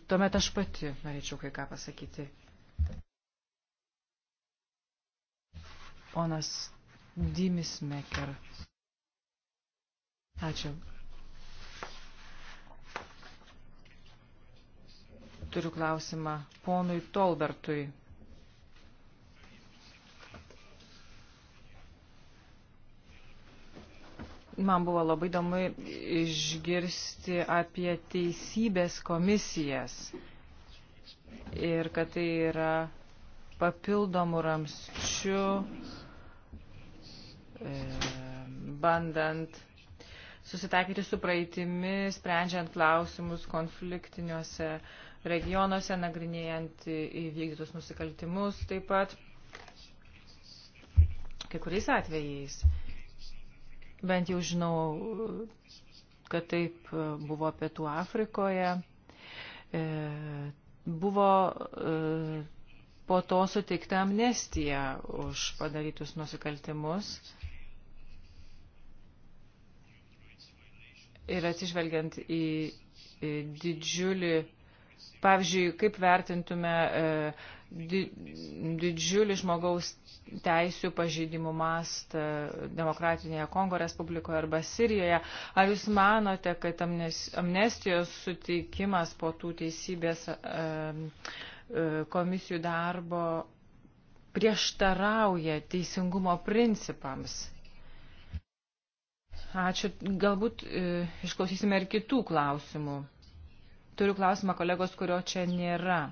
Speaker 2: Tuomet aš pati norėčiau kai ką pasakyti. Ponas Dimis Meker. Ačiū. Turiu klausimą ponui Tolbertui. Man buvo labai įdomu išgirsti apie teisybės komisijas ir kad tai yra papildomų ramščių, e, bandant susitaikyti su praeitimi, sprendžiant klausimus konfliktiniuose regionuose, nagrinėjant įvykdytus nusikaltimus taip pat. Kai kuriais atvejais Bent jau žinau, kad taip buvo Pietų Afrikoje. E, buvo e, po to suteikta amnestija už padarytus nusikaltimus. Ir atsižvelgiant į didžiulį, pavyzdžiui, kaip vertintume e, didžiulį žmogaus teisių pažeidimų mastą Demokratinėje Kongo Respublikoje arba Sirijoje. Ar Jūs manote, kad amnestijos suteikimas po tų teisybės e, komisijų darbo prieštarauja teisingumo principams? Ačiū. Galbūt e, išklausysime ir kitų klausimų. Turiu klausimą kolegos, kurio čia nėra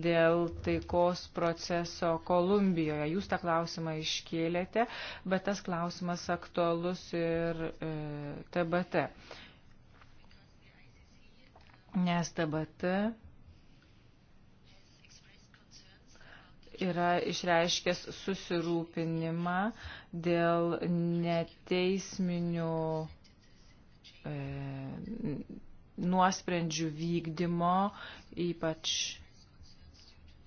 Speaker 2: dėl taikos proceso Kolumbijoje. Jūs tą klausimą iškėlėte, bet tas klausimas aktualus ir e, TBT. Nes TBT yra išreiškęs susirūpinimą dėl neteisminių e, nuosprendžių vykdymo, ypač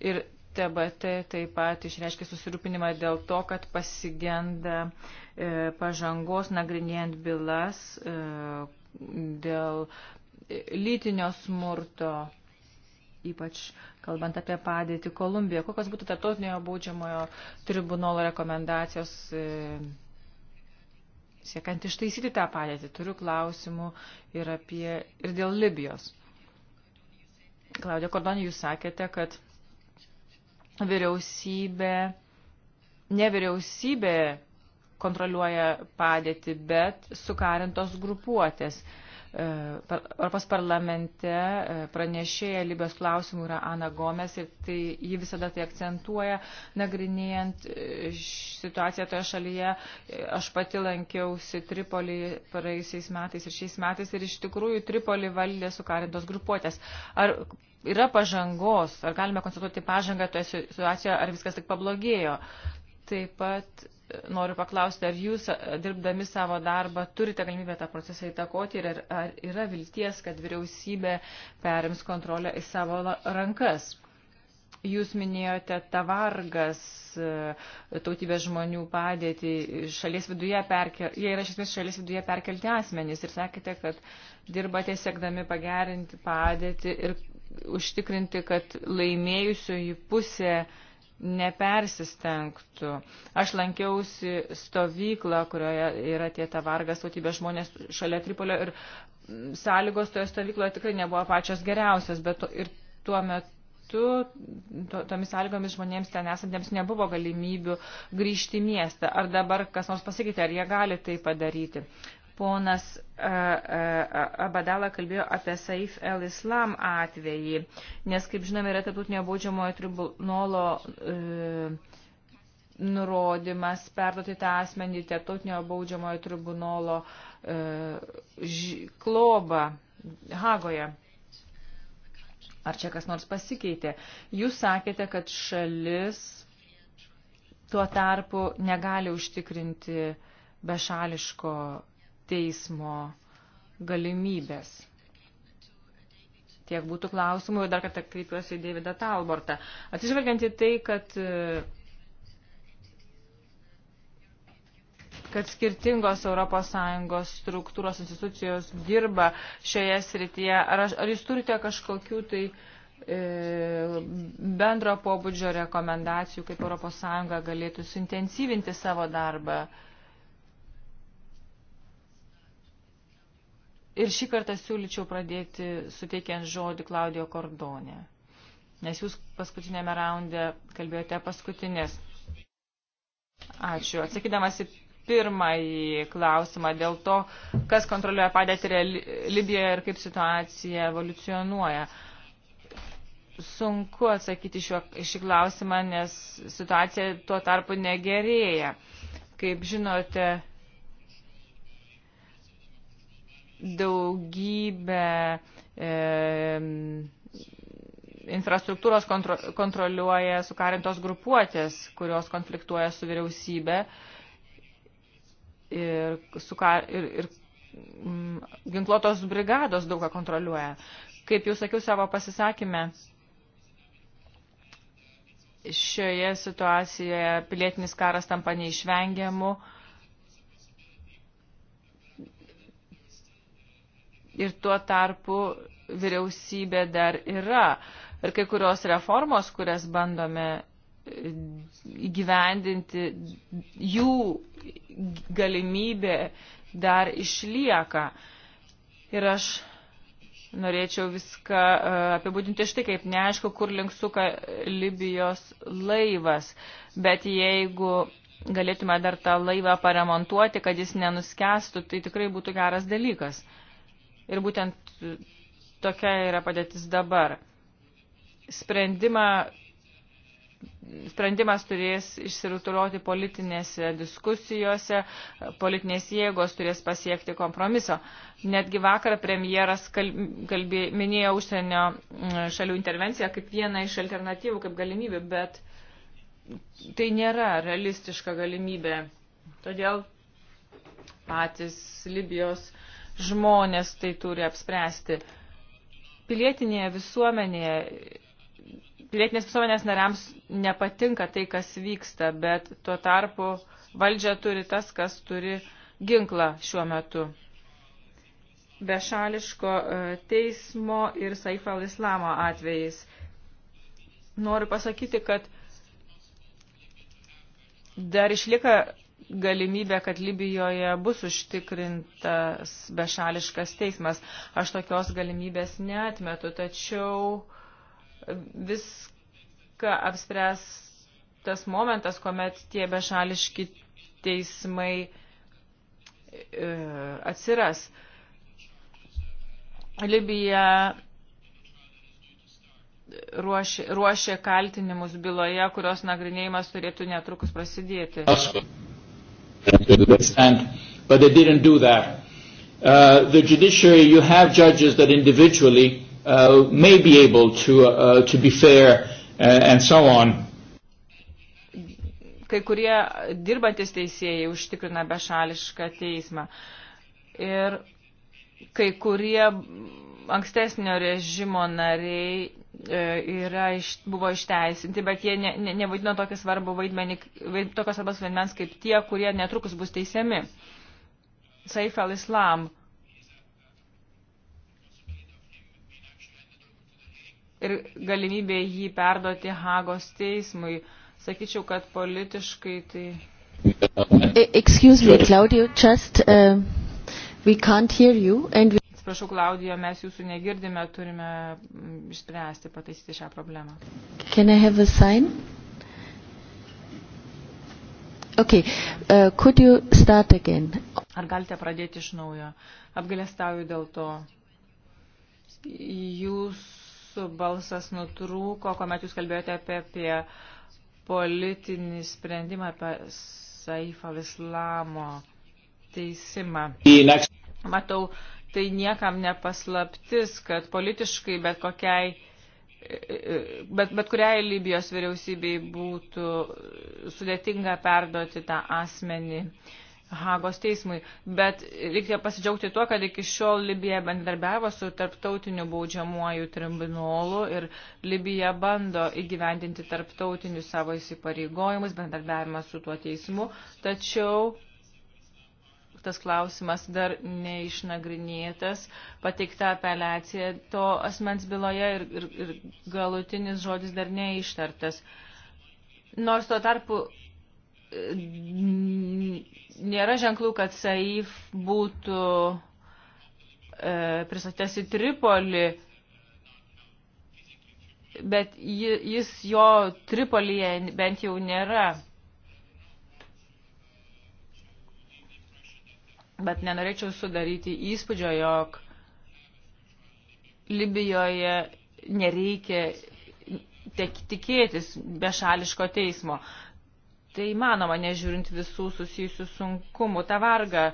Speaker 2: Ir TBT taip pat išreiškė susirūpinimą dėl to, kad pasigenda e, pažangos nagrinėjant bylas e, dėl lytinio smurto, ypač kalbant apie padėtį Kolumbiją. Kokios būtų tarptautinio baudžiamojo tribunolo rekomendacijos e, siekiant ištaisyti tą padėtį? Turiu klausimų ir, apie, ir dėl Libijos. Klaudija Kordonė, jūs sakėte, kad vyriausybė, ne vyriausybė kontroliuoja padėtį, bet sukarintos grupuotės. E, Europos parlamente e, pranešėja Libijos klausimų yra Ana Gomes ir tai, ji visada tai akcentuoja, nagrinėjant e, situaciją toje šalyje. Aš pati lankiausi Tripolį praėjusiais metais ir šiais metais ir iš tikrųjų Tripolį valdė sukarintos grupuotės. Ar yra pažangos, ar galime konstatuoti pažangą toje situacijoje, ar viskas tik pablogėjo? Taip pat e, noriu paklausti, ar jūs, dirbdami savo darbą, turite galimybę tą procesą įtakoti ir ar, ar yra vilties, kad vyriausybė perims kontrolę į savo rankas? Jūs minėjote tavargas e, tautybės žmonių padėtį, šalies viduje perkel, jie yra iš esmės šalies viduje perkelti asmenys ir sakėte, kad dirbate siekdami pagerinti padėtį ir užtikrinti, kad laimėjusioji pusė uh, nepersistengtų. Aš lankiausi stovyklą, kurioje yra tie tavargas tautybės žmonės šalia Tripolio ir mm, sąlygos toje stovykloje tikrai nebuvo pačios geriausios, bet to, ir tuo metu to, tomis sąlygomis žmonėms ten esantiems nebuvo galimybių grįžti į miestą. Ar dabar kas nors pasikeitė, ar jie gali tai padaryti? Ponas Abadala kalbėjo apie Saif El Islam atvejį, nes, kaip žinome, yra tarptautinio baudžiamojo tribunolo e, nurodymas perduoti tą asmenį tarptautinio baudžiamojo tribunolo e, ž, klobą Hagoje. Ar čia kas nors pasikeitė? Jūs sakėte, kad šalis tuo tarpu negali užtikrinti bešališko teismo galimybės. Tiek būtų klausimų, ir dar kartą kreipiuosi į Davidą Talbortą. Atsižvelgiant į tai, kad, kad skirtingos ES struktūros institucijos dirba šioje srityje, ar, ar jūs turite kažkokių tai e, bendro pobūdžio rekomendacijų, kaip ES galėtų suintensyvinti savo darbą? E, Ir šį kartą siūlyčiau pradėti suteikiant žodį Klaudijo Kordonė, nes jūs paskutinėme raunde kalbėjote paskutinės. Ačiū. Atsakydamas į pirmąjį klausimą dėl to, kas kontroliuoja padėtį Libijoje ir kaip situacija evoliucionuoja. Sunku atsakyti šiuo, šį klausimą, nes situacija tuo tarpu negerėja. Kaip žinote, daugybę e, infrastruktūros kontro, kontroliuoja sukarintos grupuotės, kurios konfliktuoja su vyriausybė ir, su kar, ir, ir mm, ginkluotos brigados daug ką kontroliuoja. Kaip jau sakiau savo pasisakymę, šioje situacijoje pilietinis karas tampa neišvengiamu. E, ir tuo tarpu vyriausybė dar yra. Ir kai kurios reformos, kurias bandome e, įgyvendinti, jų galimybė dar išlieka. Ir aš norėčiau viską e, apibūdinti štai kaip neaišku, kur link suka Libijos laivas. Bet jeigu galėtume dar tą laivą paremontuoti, kad jis nenuskestų, tai tikrai būtų geras dalykas. Ir būtent tokia yra padėtis dabar. Sprendimą, sprendimas turės išsirutuliuoti politinėse diskusijose, politinės jėgos turės pasiekti kompromiso. Netgi vakar premjeras kalbė, minėjo užsienio mm, šalių intervenciją kaip vieną iš alternatyvų, kaip galimybę, bet tai nėra realistiška galimybė. Todėl patys Libijos uh, žmonės tai turi apspręsti. Pilietinėje visuomenėje, pilietinės visuomenės nariams nepatinka tai, kas vyksta, bet tuo tarpu valdžia turi tas, kas turi ginklą šiuo metu. Bešališko e, teismo ir Saif al-Islamo atvejais. Noriu pasakyti, kad dar išlieka galimybė, kad Libijoje bus užtikrintas bešališkas teismas. Aš tokios galimybės neatmetu, tačiau viską apspręs tas momentas, kuomet tie bešališki teismai e, atsiras. Libija ruošė, ruošė kaltinimus byloje, kurios nagrinėjimas turėtų netrukus prasidėti.
Speaker 5: Aš to the extent, but they didn't do that. Uh, the judiciary, you have judges that individually uh, may be able to, uh, to be fair uh, and so on.
Speaker 2: Kai kurie dirbantis teisėjai užtikrina bešališką teismą. Ir kai kurie ankstesnio režimo nariai e, yra, iš, buvo išteisinti, bet jie ne, ne, nevadino tokį svarbų vaidmenį, tokios svarbos vaidmens kaip tie, kurie netrukus bus teisiami. Saif al-Islam. Ir galimybė jį perduoti Hagos teismui. Sakyčiau, kad politiškai tai.
Speaker 1: E, excuse me, Claudio, just uh, we can't hear you and we.
Speaker 2: Atsiprašau, Klaudijo, mes jūsų negirdime, turime mm, išspręsti, pataisyti šią problemą.
Speaker 1: Can I have a sign? Okay, uh, could you start again?
Speaker 2: Ar galite pradėti iš naujo? Apgalėstauju dėl to. Jūsų balsas nutrūko, kuomet jūs kalbėjote apie, apie politinį sprendimą, apie Saif al-Islamo teisimą. Matau, uh, tai niekam nepaslaptis, kad politiškai bet kokiai bet, bet kuriai Libijos vyriausybei būtų sudėtinga perduoti tą asmenį Hagos teismui. Bet reikia pasidžiaugti tuo, kad iki šiol Libija bendarbiavo su tarptautiniu baudžiamuoju tribunolu ir Libija bando įgyvendinti tarptautinius savo įsipareigojimus, bendarbiavimą su tuo teismu, tačiau tas klausimas dar neišnagrinėtas, pateikta apeliacija to asmens byloje ir, ir, ir galutinis žodis dar neištartas. Nors tuo tarpu e, nėra ženklų, kad Saif būtų e, pristatęs į Tripolį, bet jis jo Tripolyje bent jau nėra. bet nenorėčiau sudaryti įspūdžio, jog Libijoje nereikia tikėtis bešališko teismo. Tai manoma, nežiūrint visų susijusių sunkumų. Tavarga,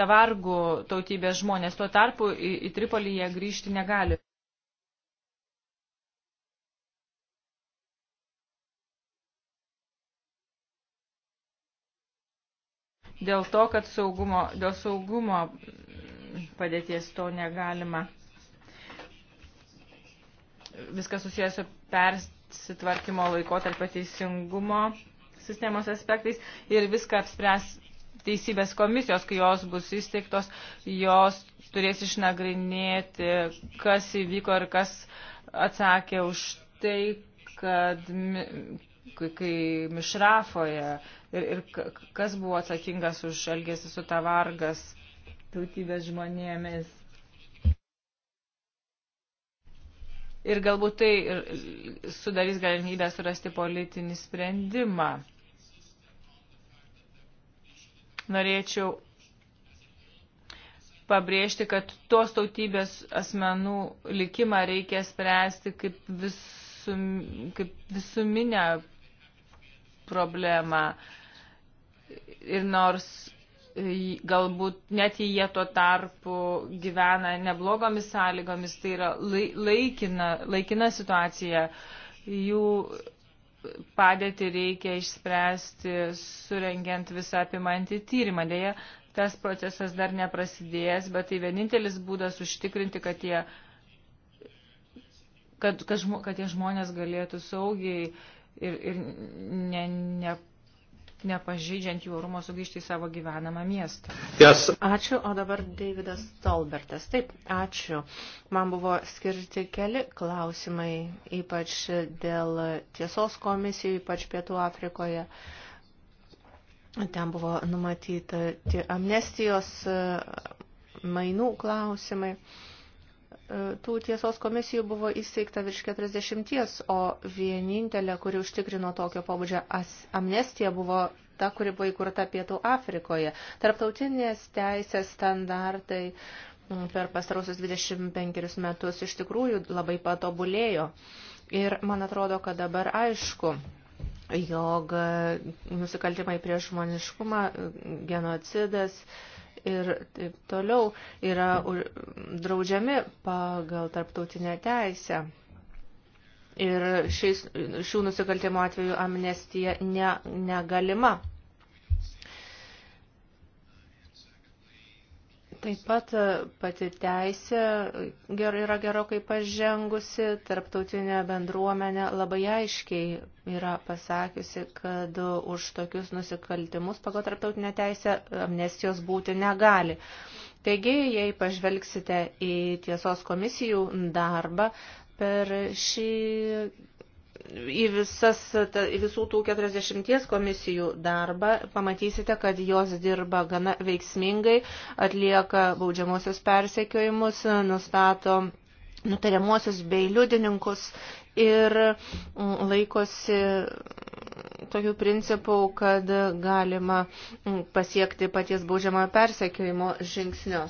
Speaker 2: tavargų tautybės žmonės tuo tarpu į, į Tripolį jie grįžti negali. dėl to, kad saugumo, dėl saugumo padėties to negalima. Viskas susijęs su persitvarkymo laikotarpio teisingumo sistemos aspektais ir viską apspręs teisybės komisijos, kai jos bus įsteigtos, jos turės išnagrinėti, kas įvyko ir kas atsakė už tai, kad kai, kai mišrafoje ir, ir kas buvo atsakingas už elgesį su tavargas tautybės žmonėmis. Ir galbūt tai sudarys galimybę surasti politinį sprendimą. Norėčiau pabrėžti, kad tos tautybės asmenų likimą reikia spręsti kaip, visum, kaip visuminę problemą. Ir nors e, galbūt net jei jie tuo tarpu gyvena neblogomis sąlygomis, tai yra laikina, laikina situacija, jų padėti reikia išspręsti, surengiant visą apimantį tyrimą. Deja, tas procesas dar neprasidėjęs, bet tai vienintelis būdas užtikrinti, kad tie, kad, kad, kad, kad tie žmonės galėtų saugiai ir, ir ne, ne, nepažydžiant jų orumo sugrįžti į savo gyvenamą miestą. Yes. Ačiū, o dabar
Speaker 3: Davidas Tolbertas. Taip, ačiū. Man buvo skirti keli klausimai, ypač dėl tiesos komisijų, ypač Pietų Afrikoje. Ten buvo numatyta amnestijos e, mainų klausimai. Uh, tų tiesos komisijų buvo įsteigta virš 40, o vienintelė, kuri užtikrino tokio pobūdžio amnestiją, buvo ta, kuri buvo įkurta Pietų Afrikoje. Tarptautinės teisės standartai mm, per pastarosius 25 metus iš tikrųjų labai patobulėjo. Ir man atrodo, kad dabar aišku, jog nusikaltimai prieš žmoniškumą, genocidas ir taip toliau yra draudžiami pagal tarptautinę teisę. Ir šiais, šių nusikaltimo atveju amnestija ne, negalima. Taip pat e, pati teisė yra gerokai pažengusi, tarptautinė bendruomenė labai aiškiai yra pasakiusi, kad už tokius nusikaltimus pagal tarptautinę teisę amnestijos būti negali. Taigi, jei pažvelgsite į tiesos komisijų darbą, per šį į, visas, į visų tų 40 komisijų darbą pamatysite, kad jos dirba gana veiksmingai, atlieka baudžiamosios persekiojimus, nustato nutariamuosius bei liudininkus ir mm, laikosi tokių principų, kad galima mm, pasiekti paties baudžiamojo persekiojimo žingsnio.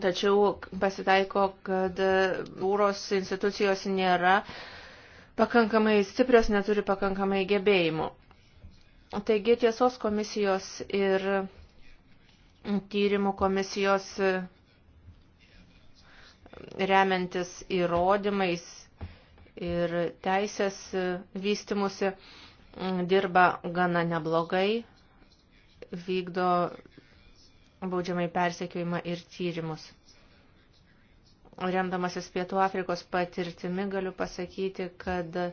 Speaker 3: Tačiau pasitaiko, kad būros mm, institucijos nėra uh, pakankamai stiprios, neturi pakankamai gebėjimų. Taigi tiesos komisijos ir tyrimų komisijos e, remiantis įrodymais ir teisės e, vystimusi dirba gana neblogai, vykdo baudžiamai persekiojimą ir tyrimus remdamasis Pietų Afrikos patirtimi, galiu pasakyti, kad e,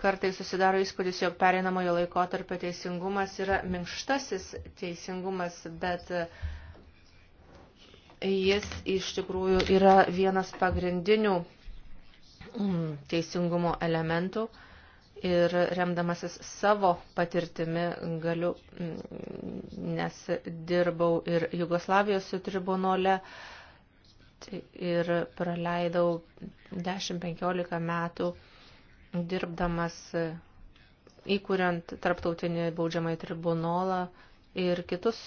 Speaker 3: kartai susidaro įspūdis, jog pereinamojo laikotarpio teisingumas yra minkštasis teisingumas, bet e, jis iš tikrųjų yra vienas pagrindinių mm, teisingumo elementų ir remdamasis savo patirtimi galiu, mm, nes dirbau ir Jugoslavijos tribunole, ir praleidau 10-15 metų dirbdamas įkuriant tarptautinį baudžiamąjį tribunolą ir kitus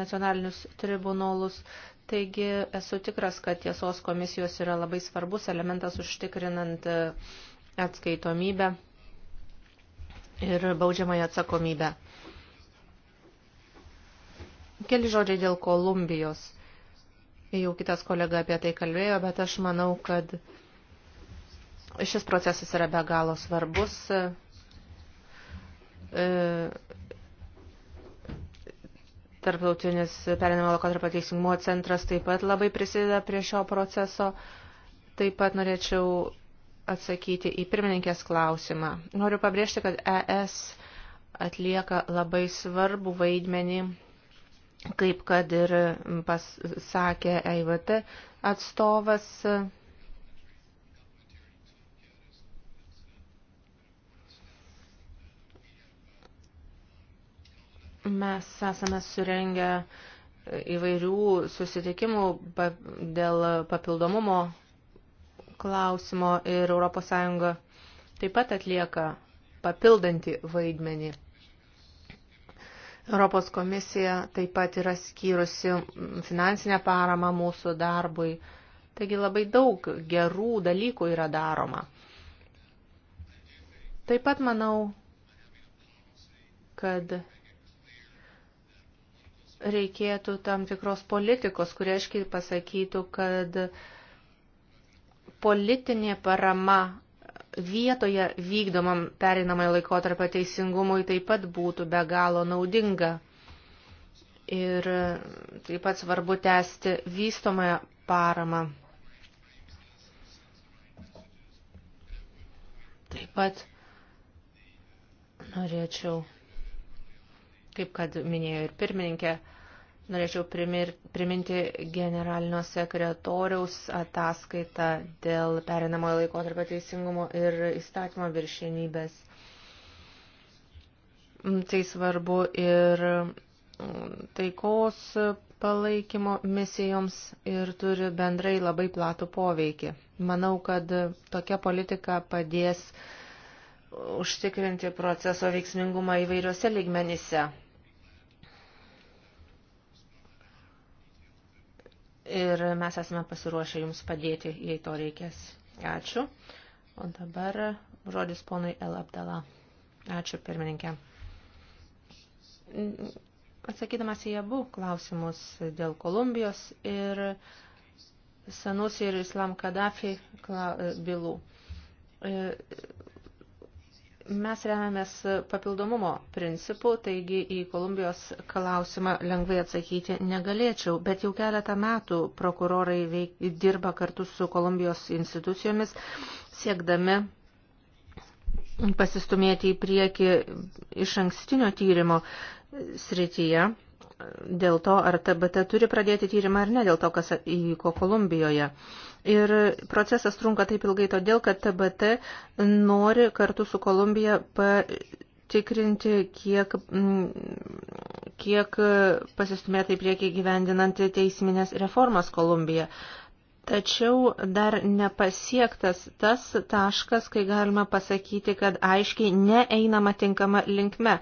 Speaker 3: nacionalinius tribunolus. Taigi esu tikras, kad tiesos komisijos yra labai svarbus elementas užtikrinant atskaitomybę ir baudžiamąją atsakomybę. Keli žodžiai dėl Kolumbijos. Jau kitas kolega apie tai kalbėjo, bet aš manau, kad šis procesas yra be galo svarbus. E, tarptautinis perinimo laikotarpio teisingumo centras taip pat labai prisideda prie šio proceso. Taip pat norėčiau atsakyti į pirmininkės klausimą. Noriu pabrėžti, kad ES atlieka labai svarbų vaidmenį kaip kad ir pasakė EIVT atstovas. Mes esame surengę įvairių susitikimų dėl papildomumo klausimo ir ES taip pat atlieka papildantį vaidmenį. Europos komisija taip pat yra skyrusi finansinę paramą mūsų darbui. Taigi labai daug gerų dalykų yra daroma. Taip pat manau, kad reikėtų tam tikros politikos, kurie aiškiai pasakytų, kad politinė parama vietoje vykdomam pereinamai laikotarpio teisingumui taip pat būtų be galo naudinga. Ir taip pat svarbu tęsti vystomąją paramą. Taip pat norėčiau, kaip kad minėjo ir pirmininkė, Norėčiau priminti generalinio sekretoriaus ataskaitą dėl perinamojo laikotarpio teisingumo ir įstatymo viršienybės. Mm, tai svarbu ir mm, taikos palaikymo misijoms ir turi bendrai labai platų poveikį. Manau, kad tokia politika padės užtikrinti proceso veiksmingumą įvairiose lygmenyse ir mes esame pasiruošę jums padėti, jei to reikės. Ačiū. O dabar žodis ponui El Abdala. Ačiū, pirmininkė. Atsakydamas į abu klausimus dėl Kolumbijos ir Sanusi ir Islam Kadafi e, bylų. E, Mes remiamės papildomumo principu, taigi į Kolumbijos klausimą lengvai atsakyti negalėčiau, bet jau keletą metų prokurorai veik, dirba kartu su Kolumbijos institucijomis, siekdami pasistumėti į priekį iš ankstinio tyrimo srityje dėl to, ar TBT turi pradėti tyrimą ar ne, dėl to, kas įvyko Kolumbijoje. Uh, Ir procesas trunka taip ilgai todėl, kad TBT nori kartu su Kolumbija patikrinti, kiek, mm, kiek pasistumėta į priekį gyvendinant teisminės reformas Kolumbiją. Tačiau dar nepasiektas tas taškas, kai galima pasakyti, kad aiškiai neeinama tinkama linkme,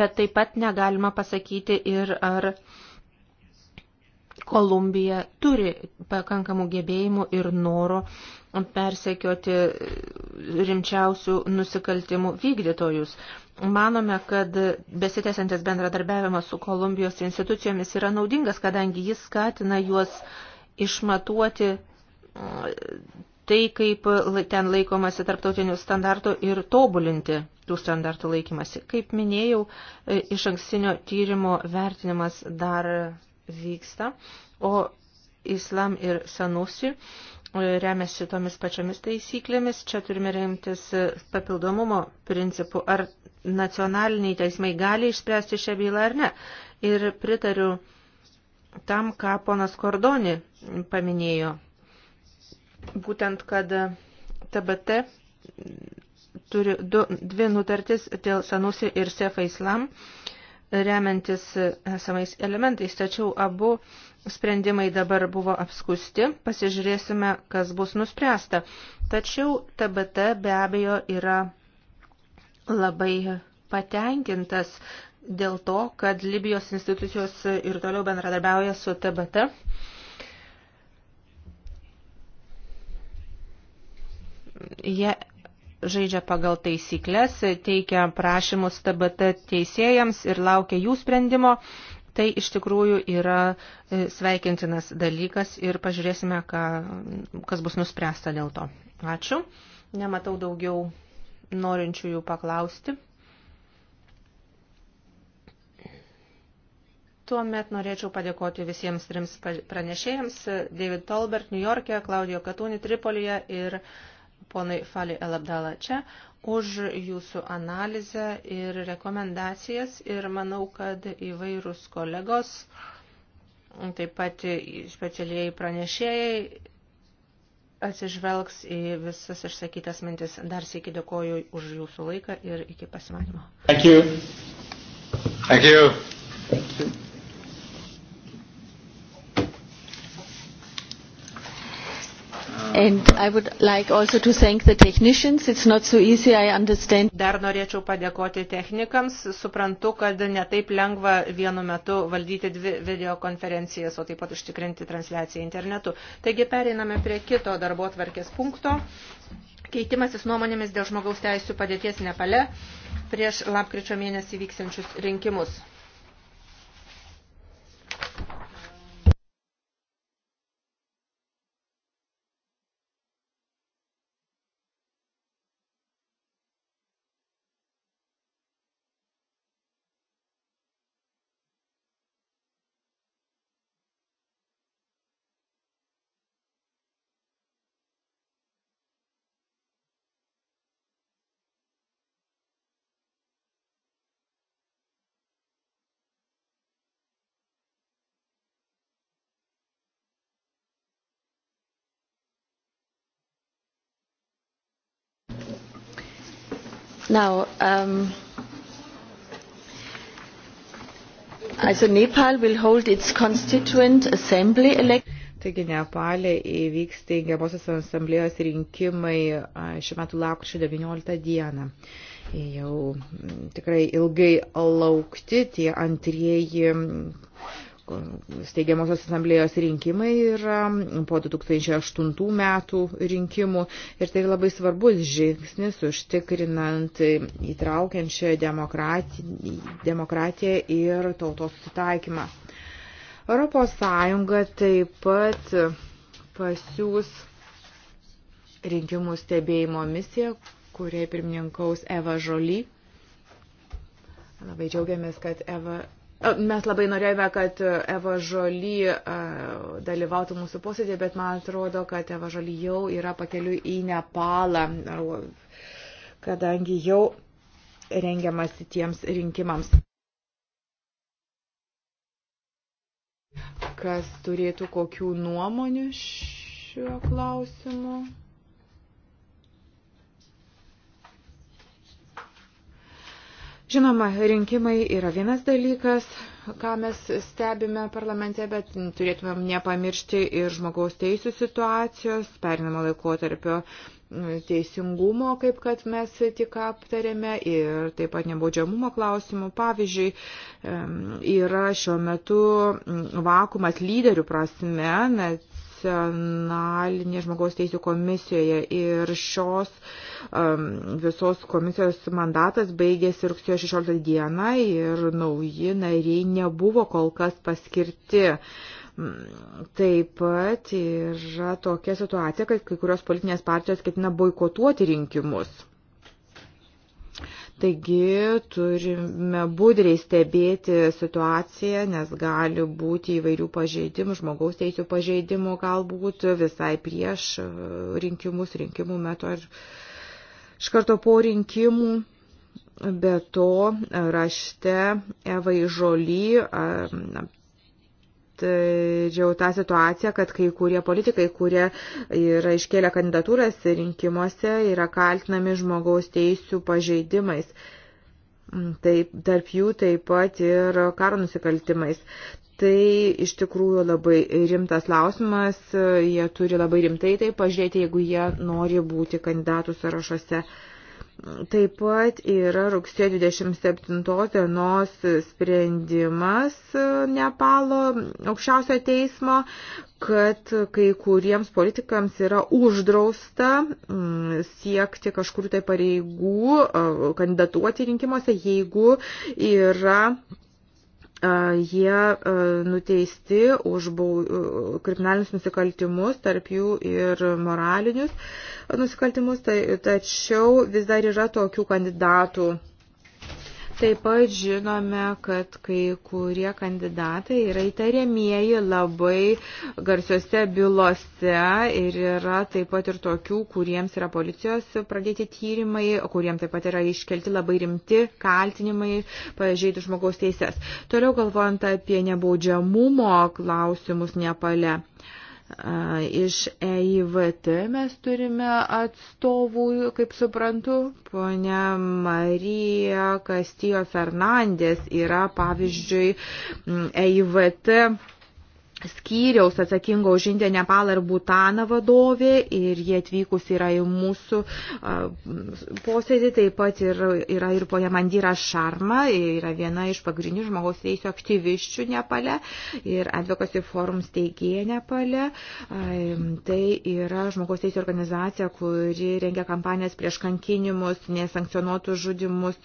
Speaker 3: bet taip pat negalima pasakyti ir ar uh, Kolumbija turi pakankamų gebėjimų ir noro persekioti rimčiausių nusikaltimų vykdytojus. Manome, kad besitęsiantis bendradarbiavimas su Kolumbijos institucijomis yra naudingas, kadangi jis skatina juos išmatuoti mm, tai, kaip ten laikomasi tarptautinių standartų ir tobulinti tų standartų laikymasi. Kaip minėjau, e, iš ankstinio tyrimo vertinimas dar vyksta, o Islam ir Sanusi e, remiasi tomis pačiomis taisyklėmis. Čia turime remtis papildomumo principu, ar nacionaliniai teismai gali išspręsti šią bylą ar ne. Ir pritariu tam, ką ponas Kordoni paminėjo. Būtent, kad TBT turi du, dvi nutartis dėl Sanusi ir Sefa Islam remiantis esamais elementais, tačiau abu sprendimai dabar buvo apskusti, pasižiūrėsime, kas bus nuspręsta. Tačiau TBT be abejo yra labai patenkintas dėl to, kad Libijos institucijos ir toliau bendradarbiauja su TBT. Jie ja žaidžia pagal taisyklės, teikia prašymus TBT teisėjams ir laukia jų sprendimo. Tai iš tikrųjų yra e, sveikintinas dalykas ir pažiūrėsime, ką, kas bus nuspręsta dėl to. Ačiū. Nematau daugiau norinčiųjų paklausti. Tuomet norėčiau padėkoti visiems trims pranešėjams – David Tolbert, New York'e, Klaudijo Katūni, Tripolyje ir ponai Fali Elabdala čia už jūsų analizę ir rekomendacijas ir manau, kad įvairūs kolegos, taip pat specialiai pranešėjai atsižvelgs į visas išsakytas mintis. Dar sėki dėkoju už jūsų laiką ir iki pasimatymo.
Speaker 1: Thank you. Thank you. Thank you. And I would like also to thank the technicians. It's not so easy, I understand.
Speaker 3: Dar norėčiau padėkoti technikams. Suprantu, kad netaip lengva vienu metu valdyti dvi videokonferencijas, o taip pat užtikrinti transliaciją internetu. Taigi pereiname prie kito darbo tvarkės punkto. Keitimasis nuomonėmis dėl žmogaus teisų padėties Nepale prieš lapkričio mėnesį vyksiančius rinkimus.
Speaker 1: Now, um, also Nepal will hold its constituent assembly election. Taigi Nepalė įvyks teigiamosios asamblėjos
Speaker 4: rinkimai šiuo metu lapkričio 19 dieną. Jau tikrai ilgai laukti tie antrieji steigiamosios asamblėjos rinkimai yra po 2008 metų rinkimų ir tai labai svarbus žingsnis užtikrinant įtraukiančią demokratiją, demokratiją ir tautos sutaikymą. Europos Sąjunga taip pat pasiūs rinkimų stebėjimo misiją, kuriai pirmininkaus Eva Žoly. Labai džiaugiamės, kad Eva Mes labai norėjome, kad Eva Žoly dalyvautų mūsų posėdėje, bet man atrodo, kad Eva Žoly jau yra pakeliu į Nepalą, kadangi jau rengiamasi tiems rinkimams. Kas turėtų kokių nuomonių šiuo klausimu? Žinoma, rinkimai yra vienas dalykas, ką mes stebime parlamente, bet turėtumėm nepamiršti ir žmogaus teisų situacijos, perinamo laikotarpio teisingumo, kaip kad mes tik aptarėme, ir taip pat nebaudžiamumo klausimų. Pavyzdžiui, yra šiuo metu vakumas lyderių prasme, nes nacionalinė žmogaus teisų komisijoje ir šios um, visos komisijos mandatas baigėsi rugsėjo 16 dieną ir nauji nariai nebuvo kol kas paskirti. Mm, taip pat yra tokia situacija, kad kai kurios politinės partijos ketina boikotuoti rinkimus. Taigi turime budriai stebėti situaciją, nes gali būti įvairių pažeidimų, žmogaus teisų pažeidimų galbūt visai prieš e, rinkimus, rinkimų metu ar iš karto po rinkimų. Be to rašte Eva Ižoly aptaidžiau tą situaciją, kad kai kurie politikai, kurie yra iškėlę kandidatūras rinkimuose, yra kaltinami žmogaus teisų pažeidimais. Mm, taip, tarp jų taip pat ir karo nusikaltimais. Tai iš tikrųjų labai rimtas klausimas, jie turi labai rimtai tai pažiūrėti, jeigu jie nori būti kandidatų sąrašuose. Uh, Taip pat yra rugsėjo 27 dienos sprendimas Nepalo aukščiausio teismo, kad kai kuriems politikams yra uždrausta mm, siekti kažkur tai pareigų, kandidatuoti rinkimuose, jeigu yra jie nuteisti už kriminalinius nusikaltimus, tarp jų ir moralinius nusikaltimus, tai, tačiau vis dar yra tokių kandidatų Taip pat žinome, kad kai kurie kandidatai yra įtariamieji labai garsiuose bylose ir yra taip pat ir tokių, kuriems yra policijos pradėti tyrimai, kuriems taip pat yra iškelti labai rimti kaltinimai pažeidų žmogaus teises. Toliau galvojant apie nebaudžiamumo klausimus Nepale. Uh, Iš EIVT mes turime atstovų, kaip suprantu, ponia Marija Kastijo Fernandės yra, pavyzdžiui, EIVT skyriaus atsakingo už Indiją, Nepalą ir Butaną vadovė ir jie atvykus yra į mūsų posėdį, taip pat ir, yra ir poja Mandira Šarma, yra viena iš pagrindinių žmogaus teisų aktyviščių Nepale ir Advocacy Forum steigėja Nepale. Tai yra žmogaus teisų organizacija, kuri rengia kampanijas prieš kankinimus, nesankcionuotus žudimus,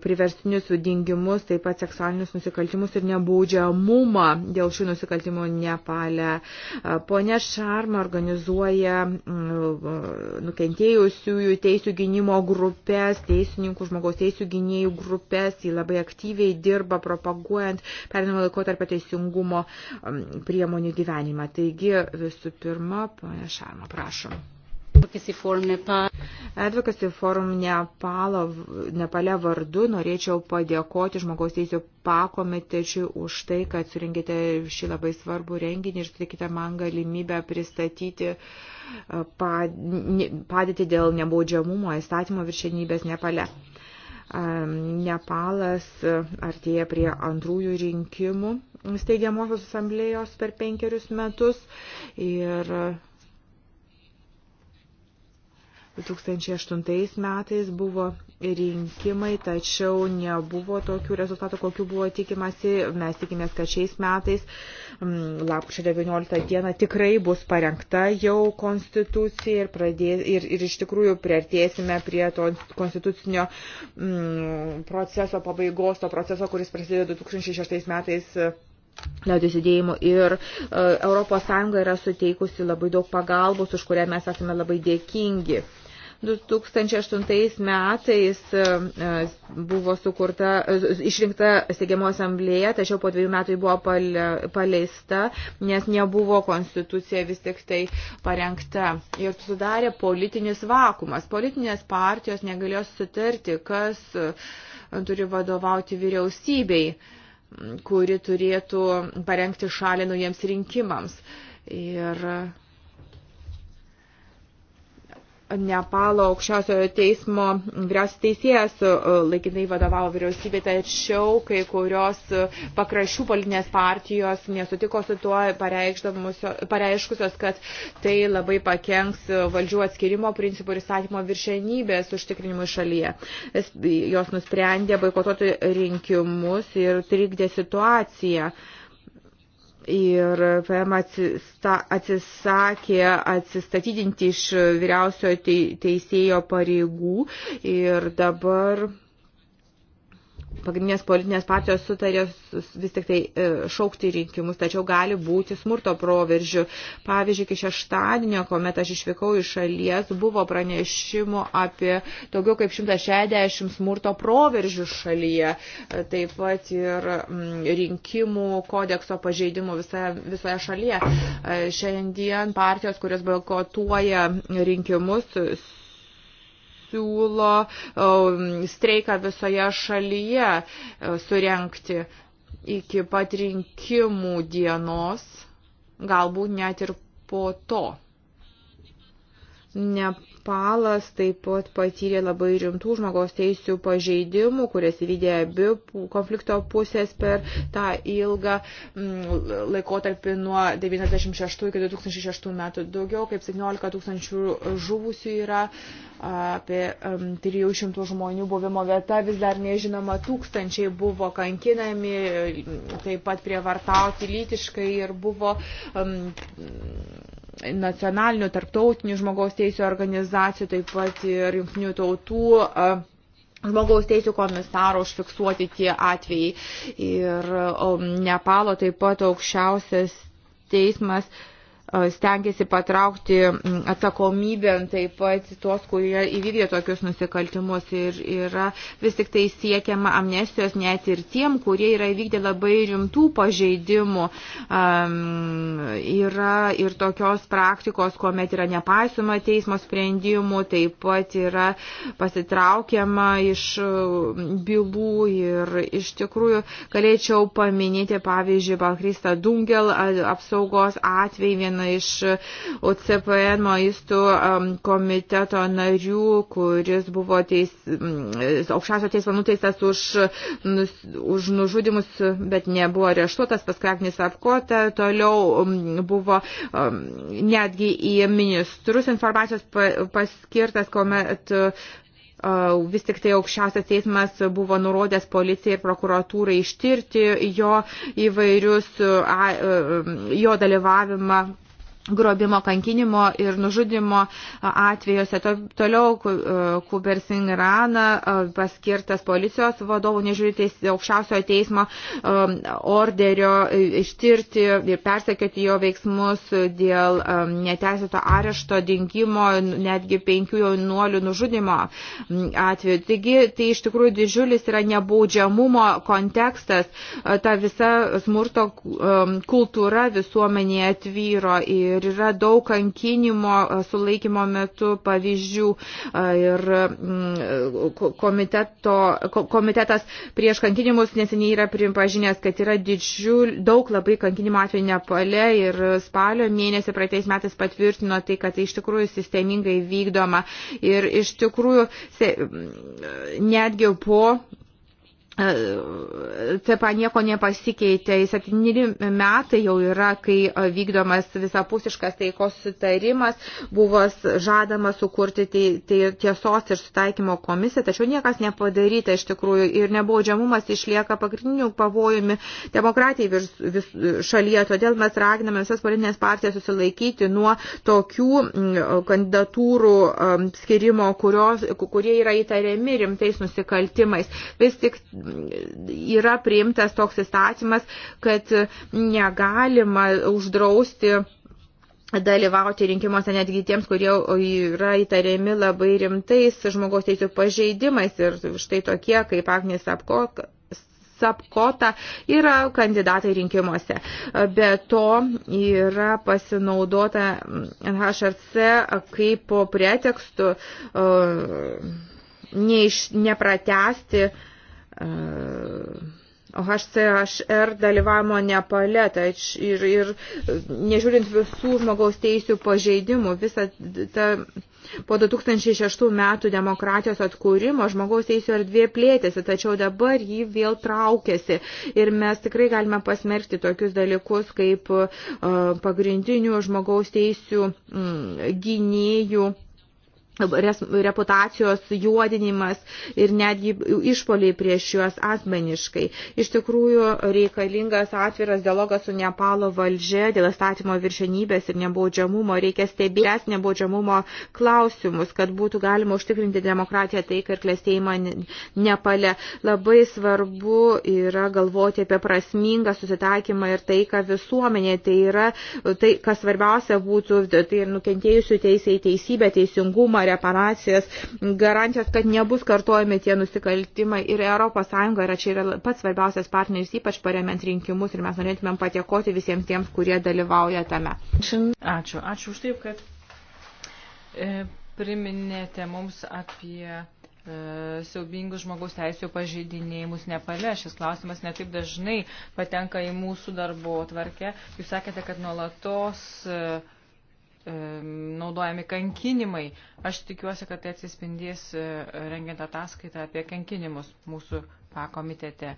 Speaker 4: priverstinius dingimus, taip pat seksualinius nusikaltimus ir nebaudžiamumą dėl šių nusikaltimų Nepale. Pone Šarma organizuoja mm, nukentėjusiųjų teisų gynimo grupės, teisininkų žmogaus teisų gynėjų grupės. Jis labai aktyviai dirba propaguojant perinamą laikotarpio teisingumo mm, priemonių gyvenimą. Taigi visų pirma, pone Šarma, prašom. Advocacy Forum Nepalo, Nepale vardu norėčiau padėkoti žmogaus teisų pakomitečiui už tai, kad surinkite šį labai svarbų renginį ir sutikite man galimybę pristatyti padėti dėl nebaudžiamumo įstatymo viršenybės Nepale. Nepalas artėja prie antrųjų rinkimų steigiamosios asamblėjos per penkerius metus ir 2008 metais buvo rinkimai, tačiau nebuvo tokių rezultatų, kokių buvo tikimasi. Mes tikimės, kad šiais metais, mm, lapkričio 19 dieną, tikrai bus parengta jau konstitucija ir, pradės, ir, ir iš tikrųjų priartėsime prie to konstitucinio mm, proceso pabaigos, to proceso, kuris prasidėjo 2006 metais e, liaudės judėjimų ir ES yra suteikusi labai daug pagalbos, už kurią mes esame labai dėkingi. 2008 metais e, e, buvo sukurta, e, išrinkta steigiamo asamblėje, tačiau po dviejų metų ji buvo paleista, nes nebuvo konstitucija vis tik tai parengta. Ir sudarė politinis vakumas. Politinės partijos negalėjo sutarti, kas turi vadovauti vyriausybei, kuri turėtų parengti šalį naujiems rinkimams. Ir Nepalo aukščiausiojo teismo vyriausias teisėjas e, laikinai vadovavo vyriausybė, tačiau kai kurios e, pakraščių politinės partijos nesutiko su tuo, pareiškusios, kad tai labai pakenks e, valdžių atskirimo principų ir įstatymo viršenybės užtikrinimui šalyje. Jos nusprendė boikotuoti rinkimus ir trikdė situaciją. Uh, ir PM atsisakė atsistatydinti iš vyriausiojo teisėjo pareigų ir dabar pagrindinės politinės partijos sutarė vis tik tai e, šaukti rinkimus, tačiau gali būti smurto proveržių. Pavyzdžiui, iki šeštadienio, kuomet aš išvykau iš šalies, buvo pranešimų apie daugiau kaip 160 smurto proveržių šalyje, e, taip pat ir mm, rinkimų kodekso pažeidimų visa, visoje šalyje. E, šiandien partijos, kurios boikotuoja rinkimus, siūlo streiką visoje šalyje e, surenkti iki pat rinkimų dienos, galbūt net ir po to. Ne, Nepalas taip pat patyrė labai rimtų žmogaus teisų pažeidimų, kurias įvydė abi konflikto pusės per tą ilgą mm, laikotarpį nuo 96 iki 2006 metų. Daugiau kaip 17 tūkstančių žuvusių yra, apie 300 mm, žmonių buvimo vieta vis dar nežinoma, tūkstančiai buvo kankinami, taip pat prievartauti lytiškai ir buvo um, nacionalinių, tarptautinių žmogaus teisų organizacijų, taip pat ir jungtinių tautų žmogaus teisų komisaro užfiksuoti tie atvejai. Ir um, Nepalo taip pat aukščiausias teismas E, stengiasi patraukti atsakomybę taip pat tuos, kurie įvykdė tokius nusikaltimus ir yra vis tik tai siekiama amnestijos net ir tiem, kurie yra įvykdę labai rimtų pažeidimų. Um, yra ir tokios praktikos, kuomet yra nepaisoma teismo sprendimų, taip pat yra pasitraukiama iš bylų ir iš tikrųjų galėčiau paminėti, pavyzdžiui, Balkrista Dungel apsaugos atvejį vien vieną iš OCPN maistų komiteto narių, kuris buvo teis, mm, aukščiausio teismo nuteistas už, už nužudimus, bet nebuvo areštuotas, paskui Agnis Apkota, toliau mm, buvo netgi į ministrus informacijos paskirtas, kuomet vis tik tai aukščiausias teismas buvo nurodęs policijai ir prokuratūrai ištirti jo įvairius, jo dalyvavimą grobimo, kankinimo ir nužudimo atvejuose. Toliau e, Kubersing Rana e, paskirtas policijos vadovų, nežiūrėtės aukščiausiojo teismo e, orderio ištirti ir persekioti jo veiksmus dėl neteisėto arešto, dinkimo, netgi penkių jaunuolių nužudimo atveju. Taigi tai iš tikrųjų didžiulis yra nebaudžiamumo kontekstas, ta visa smurto kultūra visuomenėje atvyro ir Ir yra daug kankinimo e, sulaikymo metu pavyzdžių. E, ir mm, komiteto, komitetas prieš kankinimus neseniai yra pripažinęs, kad yra didžiul, daug labai kankinimo atveju Nepale ir spalio mėnesį praeitais metais patvirtino tai, kad tai iš tikrųjų sistemingai vykdoma. Ir iš tikrųjų netgi po E, CEPA nieko nepasikeitė. Septyneri metai jau yra, kai e, vykdomas visapusiškas taikos sutarimas, buvo žadama sukurti tai, tai tiesos ir sutaikymo komisiją, tačiau niekas nepadaryta iš tikrųjų ir nebaudžiamumas išlieka pagrindiniu pavojumi demokratijai vis, vis, šalyje. Todėl mes raginame visas politinės partijas susilaikyti nuo tokių kandidatūrų skirimo, kurios, kurie yra įtariami rimtais nusikaltimais. Vis tik yra priimtas toks įstatymas, kad negalima uždrausti dalyvauti rinkimuose netgi tiems, kurie yra įtariami labai rimtais žmogaus teisų pažeidimais ir štai tokie kaip Agnis Apkoka. Sapkota yra kandidatai rinkimuose. Be to yra pasinaudota HRC kaip pretekstu uh, neiš, nepratesti uh, HCHR dalyvavimo Nepale tač, ir, ir nežiūrint visų žmogaus teisių pažeidimų, visą tą po 2006 metų demokratijos atkūrimo žmogaus teisų erdvė plėtėsi, tačiau dabar jį vėl traukėsi ir mes tikrai galime pasmerkti tokius dalykus kaip pagrindinių žmogaus teisų gynėjų reputacijos juodinimas ir netgi išpoliai prieš juos asmeniškai. Iš tikrųjų reikalingas atviras dialogas su Nepalo valdžia dėl statymo viršenybės ir nebaudžiamumo. Reikia stebės nebaudžiamumo klausimus, kad būtų galima užtikrinti demokratiją, taiką ir klėstėjimą Nepale. Labai svarbu yra galvoti apie prasmingą susitaikymą ir taiką visuomenė. Tai yra, tai, kas svarbiausia būtų, tai ir nukentėjusių teisė į teisybę, teisingumą, reparacijas, garantijas, kad nebus kartuojami tie nusikaltimai. Ir ES yra čia yra pats svarbiausias partneris, ypač paremiant rinkimus. Ir mes norėtumėm patiekoti visiems tiems, kurie dalyvauja tame.
Speaker 2: Ačiū. Ačiū už taip, kad e, priminėte mums apie e, siaubingus žmogaus teisų pažeidinėjimus Nepale. Šis klausimas netaip dažnai patenka į mūsų darbo tvarkę. Jūs sakėte, kad nuolatos uh, E, naudojami kankinimai. Aš tikiuosi, kad tai atsispindės e, rengiant ataskaitą apie kankinimus mūsų pakomitete.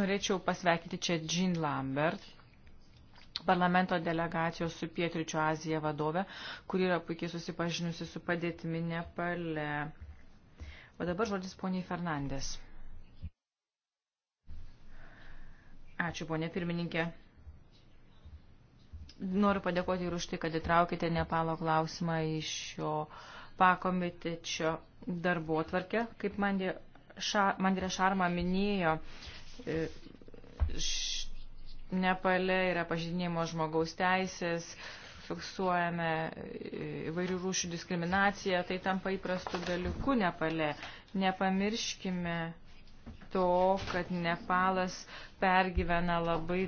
Speaker 2: Norėčiau pasveikinti čia Jean Lambert, parlamento delegacijos su Pietričio Azija vadove, kuri yra puikiai susipažinusi su padėtimi Nepale. O dabar žodis poniai Fernandės. Ačiū, ponė pirmininkė. Noriu padėkoti ir už tai, kad įtraukite Nepalo klausimą iš šio pakomitečio darbo atvarkę. Kaip Mandė Šarma minėjo, e, Nepale yra pažinimo žmogaus teisės, fiksuojame e, įvairių rūšių diskriminaciją, tai tampa įprastų dalykų Nepale. Nepamirškime to, kad Nepalas pergyvena labai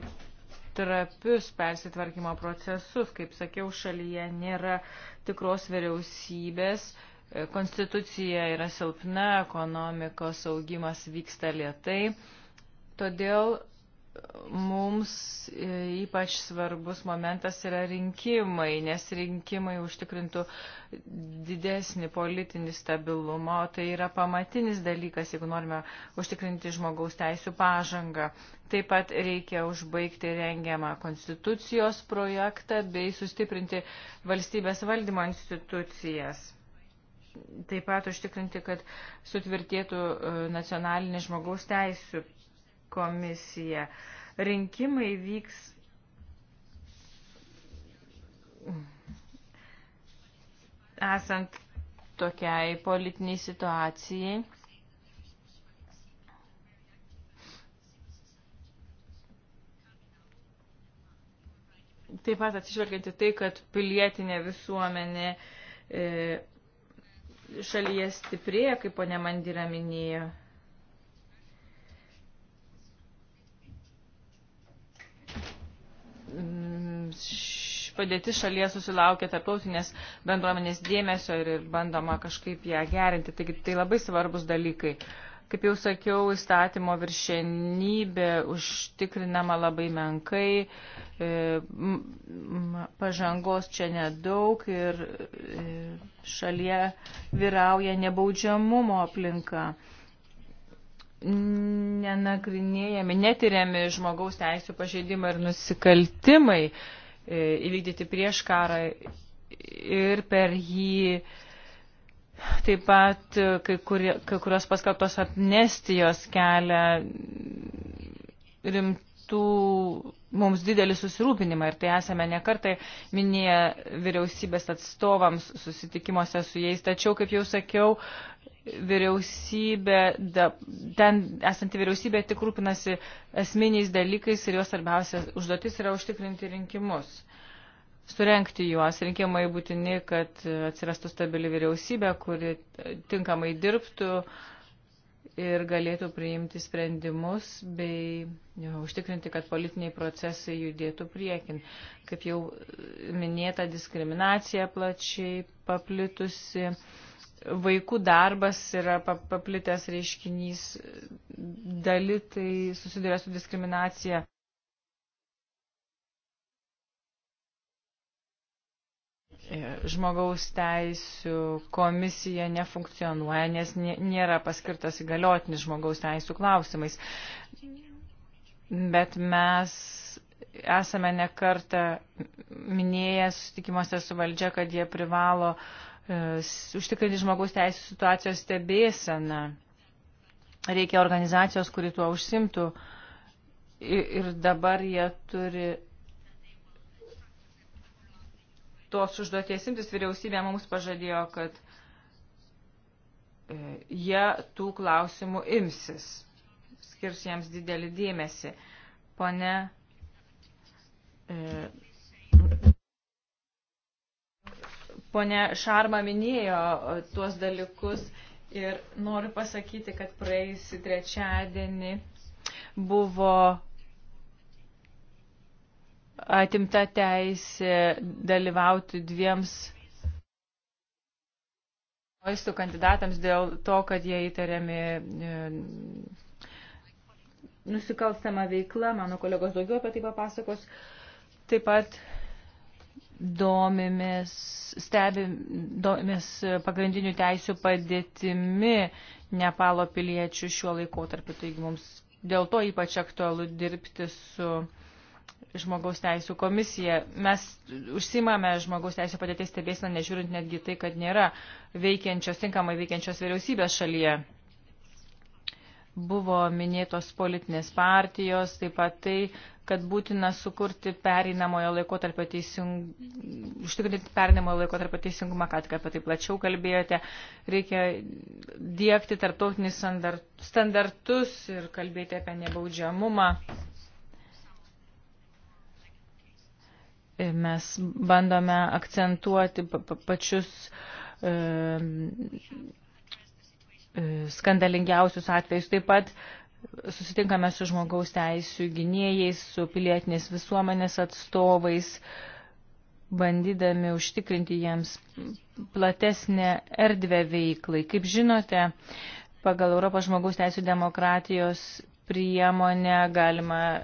Speaker 2: trapius persitvarkymo procesus. Kaip sakiau, šalyje nėra tikros vyriausybės, konstitucija yra silpna, ekonomikos augimas vyksta lietai. Todėl mums e, ypač svarbus momentas yra rinkimai, nes rinkimai užtikrintų didesnį politinį stabilumą, tai yra pamatinis dalykas, jeigu norime užtikrinti žmogaus teisų pažangą. Taip pat reikia užbaigti rengiamą konstitucijos projektą bei sustiprinti valstybės valdymo institucijas. Taip pat užtikrinti, kad sutvirtėtų e, nacionalinis žmogaus teisų komisija. Rinkimai vyks. Esant tokiai politiniai situacijai. Taip pat atsižvelgiant į tai, kad pilietinė visuomenė e, šalyje stiprėja, kaip ponė Mandira minėjo. padėti šalyje susilaukia tarptautinės bendruomenės dėmesio ir, ir bandoma kažkaip ją gerinti. Taigi tai labai svarbus dalykai. Kaip jau sakiau, įstatymo viršenybė užtikrinama labai menkai, e, pažangos čia nedaug ir e, šalyje vyrauja nebaudžiamumo aplinka nenagrinėjami, netiriami žmogaus teisų pažeidimai ir nusikaltimai. E, įvykdyti prieš karą ir per jį taip pat kai, kurie, kai kurios paskaltos amnestijos kelia rimtų mums didelį susirūpinimą ir tai esame nekartai minėję vyriausybės atstovams susitikimuose su jais. Tačiau, kaip jau sakiau, vyriausybė, da, ten esanti vyriausybė tik rūpinasi esminiais dalykais ir jos svarbiausia užduotis yra užtikrinti rinkimus. Surenkti juos rinkimai būtini, kad atsirastų stabili vyriausybė, kuri tinkamai dirbtų ir galėtų priimti sprendimus bei jau, užtikrinti, kad politiniai procesai judėtų priekin. Kaip jau minėta, diskriminacija plačiai paplitusi vaikų darbas yra paplitęs reiškinys, dalitai susiduria su diskriminacija. Žmogaus teisų komisija nefunkcionuoja, nes nėra paskirtas įgaliotinis žmogaus teisų klausimais. Bet mes esame nekartą minėję susitikimuose su valdžia, kad jie privalo uh, E, užtikrinti žmogaus teisų situacijos stebėseną. Reikia organizacijos, kuri tuo užsimtų. Ir dabar jie turi tos užduoties imtis. Vyriausybė mums pažadėjo, kad e, jie tų klausimų imsis. Skirs jiems didelį dėmesį. Pone e, Pone Šarma minėjo e, tuos dalykus ir noriu pasakyti, kad praėjusį trečiadienį buvo atimta teisė dalyvauti dviems vaistų kandidatams dėl to, kad jie įtariami e, nusikalstama veikla. Mano kolegos daugiau apie tai papasakos. Taip pat domimės, stebim, domimės pagrindinių teisių padėtimi Nepalo piliečių šiuo laikotarpiu. Taigi mums dėl to ypač aktualu dirbti su žmogaus teisų komisija. Mes užsimame žmogaus teisų padėties stebėsiną, nežiūrint netgi tai, kad nėra veikiančios, tinkamai veikiančios vyriausybės šalyje. Buvo minėtos politinės partijos, taip pat tai, kad būtina sukurti perinamojo laiko tarp teisingumą, užtikrinti perinamojo laiko tarp teisingumą, kad apie tai plačiau kalbėjote, reikia dėkti tarptautinius standartus ir kalbėti apie nebaudžiamumą. Mes bandome akcentuoti pačius e, E, skandalingiausius atvejus. Taip pat susitinkame su žmogaus teisų gynėjais, su pilietinės visuomenės atstovais, bandydami užtikrinti jiems platesnę erdvę veiklai. Kaip žinote, pagal Europos žmogaus teisų demokratijos priemonę, galima e,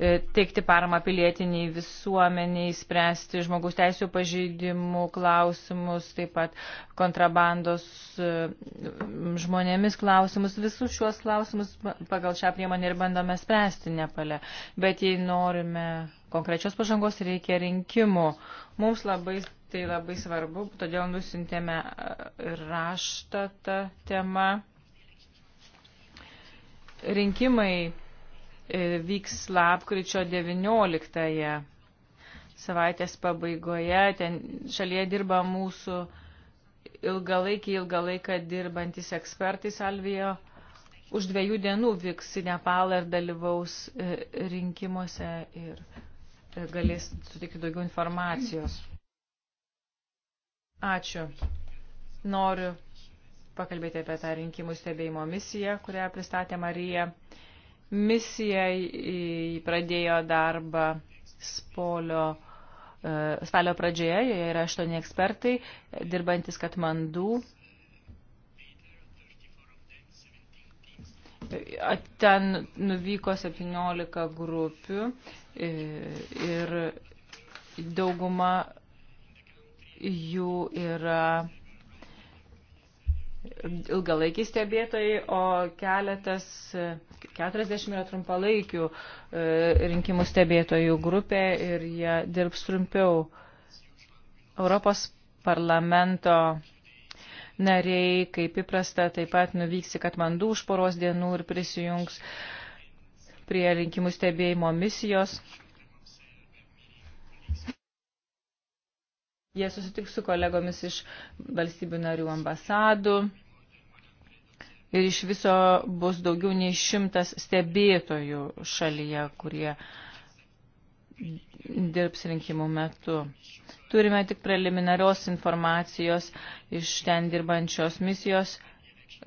Speaker 2: e, teikti paramą pilietiniai visuomeniai, spręsti žmogus teisų pažeidimų klausimus, taip pat kontrabandos e, žmonėmis klausimus. Visus šiuos klausimus pagal šią priemonę ir bandome spręsti Nepale. Bet jei norime konkrečios pažangos, reikia rinkimų. Mums labai tai labai svarbu, todėl nusintėme e, raštą tą temą. Rinkimai e, vyks lapkričio 19-ąją savaitės pabaigoje. Ten šalyje dirba mūsų ilgalaikį, ilgą laiką dirbantis ekspertai Salvijo. Už dviejų dienų vyks į Nepalą ir dalyvaus e, rinkimuose ir e, galės sutikti daugiau informacijos. Ačiū. Noriu pakalbėti apie tą rinkimų stebėjimo misiją, kurią pristatė Marija. Misija pradėjo darbą spolio, e, spalio pradžioje, joje yra aštuoni ekspertai, dirbantis Katmandų. Ten nuvyko 17 grupių e, ir dauguma jų yra ilgalaikiai stebėtojai, o keletas, 40 yra trumpalaikių e, rinkimų stebėtojų grupė ir jie dirbs trumpiau. Europos parlamento nariai, kaip įprasta, taip pat nuvyks į Katmandų už poros dienų ir prisijungs prie rinkimų stebėjimo misijos. Jie susitiks su kolegomis iš valstybių narių ambasadų ir iš viso bus daugiau nei šimtas stebėtojų šalyje, kurie dirbs rinkimų metu. Turime tik preliminarios informacijos iš ten dirbančios misijos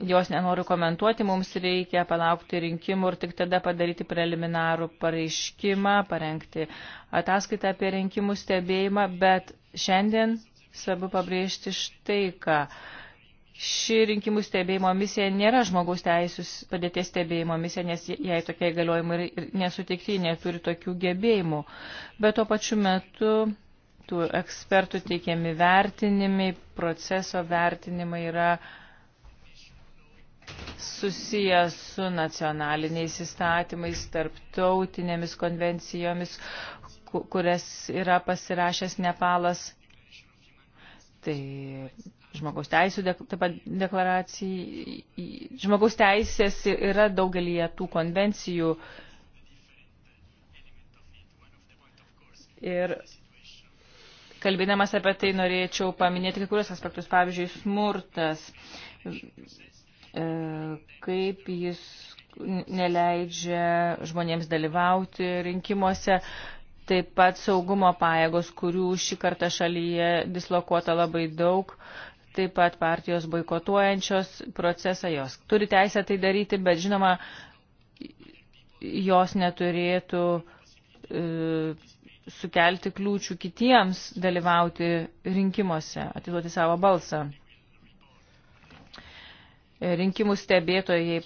Speaker 2: jos nenoriu komentuoti, mums reikia palaukti rinkimų ir tik tada padaryti preliminarų pareiškimą, parengti ataskaitą apie rinkimų stebėjimą, bet šiandien svarbu pabrėžti štai ką. Ši rinkimų stebėjimo misija nėra žmogaus teisų padėties stebėjimo misija, nes jai tokie įgaliojimai ir nesutikti, neturi tokių gebėjimų. Bet tuo pačiu metu tų ekspertų teikiami vertinimai, proceso vertinimai yra uh, susijęs su nacionaliniais įstatymais, tarptautinėmis konvencijomis, kurias yra pasirašęs Nepalas. Tai žmogaus teisų taip pat deklaracija, žmogaus teisės yra daugelį tų konvencijų. Ir kalbėdamas apie tai norėčiau paminėti kai kurios aspektus, pavyzdžiui, smurtas E, kaip jis neleidžia žmonėms dalyvauti rinkimuose, taip pat saugumo pajėgos, kurių šį kartą šalyje dislokuota labai daug, taip pat partijos boikotuojančios procesą jos. Turi teisę tai daryti, bet žinoma, jos neturėtų e, sukelti kliūčių kitiems dalyvauti rinkimuose, atiduoti savo balsą rinkimų stebėtojai e,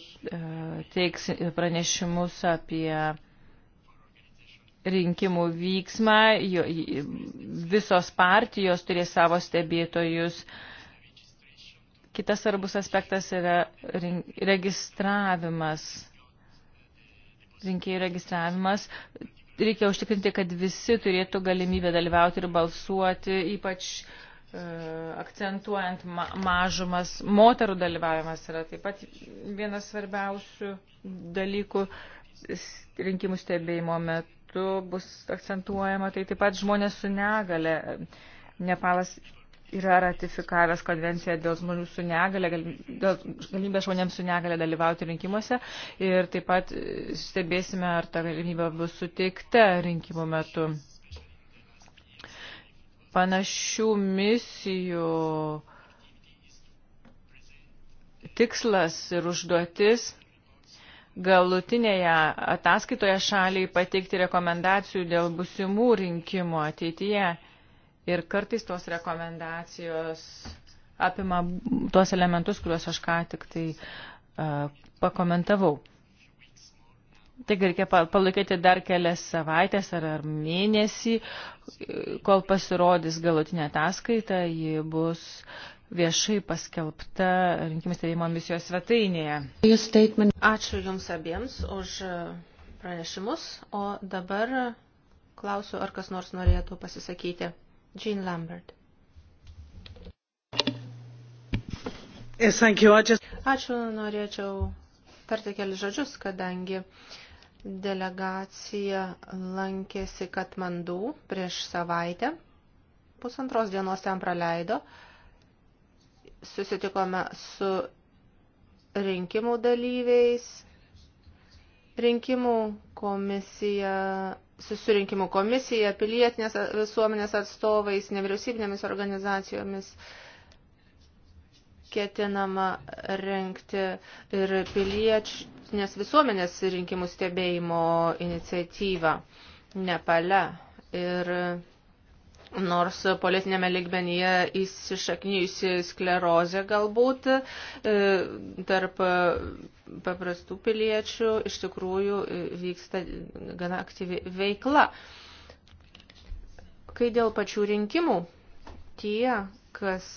Speaker 2: teiks pranešimus apie rinkimų vyksmą, visos partijos turės savo stebėtojus. Kitas svarbus aspektas yra registravimas. Rinkėjų registravimas. Reikia užtikrinti, kad visi turėtų galimybę dalyvauti ir balsuoti, ypač uh, E, akcentuojant mažumas, moterų dalyvavimas yra taip pat vienas svarbiausių dalykų rinkimų stebėjimo metu bus akcentuojama, tai taip pat žmonės su negale. Nepalas yra ratifikavęs konvenciją dėl žmonių su negale, dėl galimybės žmonėms su negale dalyvauti rinkimuose ir taip pat stebėsime, ar ta galimybė bus suteikta rinkimų metu panašių misijų tikslas ir užduotis galutinėje ataskaitoje šaliai pateikti rekomendacijų dėl busimų rinkimų ateityje. Ir kartais tos rekomendacijos apima tuos elementus, kuriuos aš ką tik tai uh, pakomentavau. Taigi reikia palaikyti dar kelias savaitės ar, ar mėnesį, kol pasirodys galutinė ataskaita, ji bus viešai paskelbta rinkimų stebėjimo misijos svetainėje.
Speaker 3: Ačiū Jums abiems už pranešimus, o dabar klausiu, ar kas nors norėtų pasisakyti. Jean Lambert. Yes, thank you. I just... Ačiū, norėčiau tarti keli žodžius, kadangi uh, Delegacija lankėsi Katmandų prieš savaitę, pusantros dienos ten praleido. Susitikome su rinkimų dalyviais, rinkimų komisija, susirinkimų komisija, pilietinės visuomenės atstovais, nevyriausybinėmis organizacijomis ketinama renkti ir piliečių pilietinės visuomenės rinkimų stebėjimo iniciatyvą Nepale. Ir nors politinėme ligmenyje įsišaknyjusi sklerozė galbūt e, tarp paprastų piliečių iš tikrųjų vyksta gana aktyvi veikla. Kai dėl pačių rinkimų, tie, kas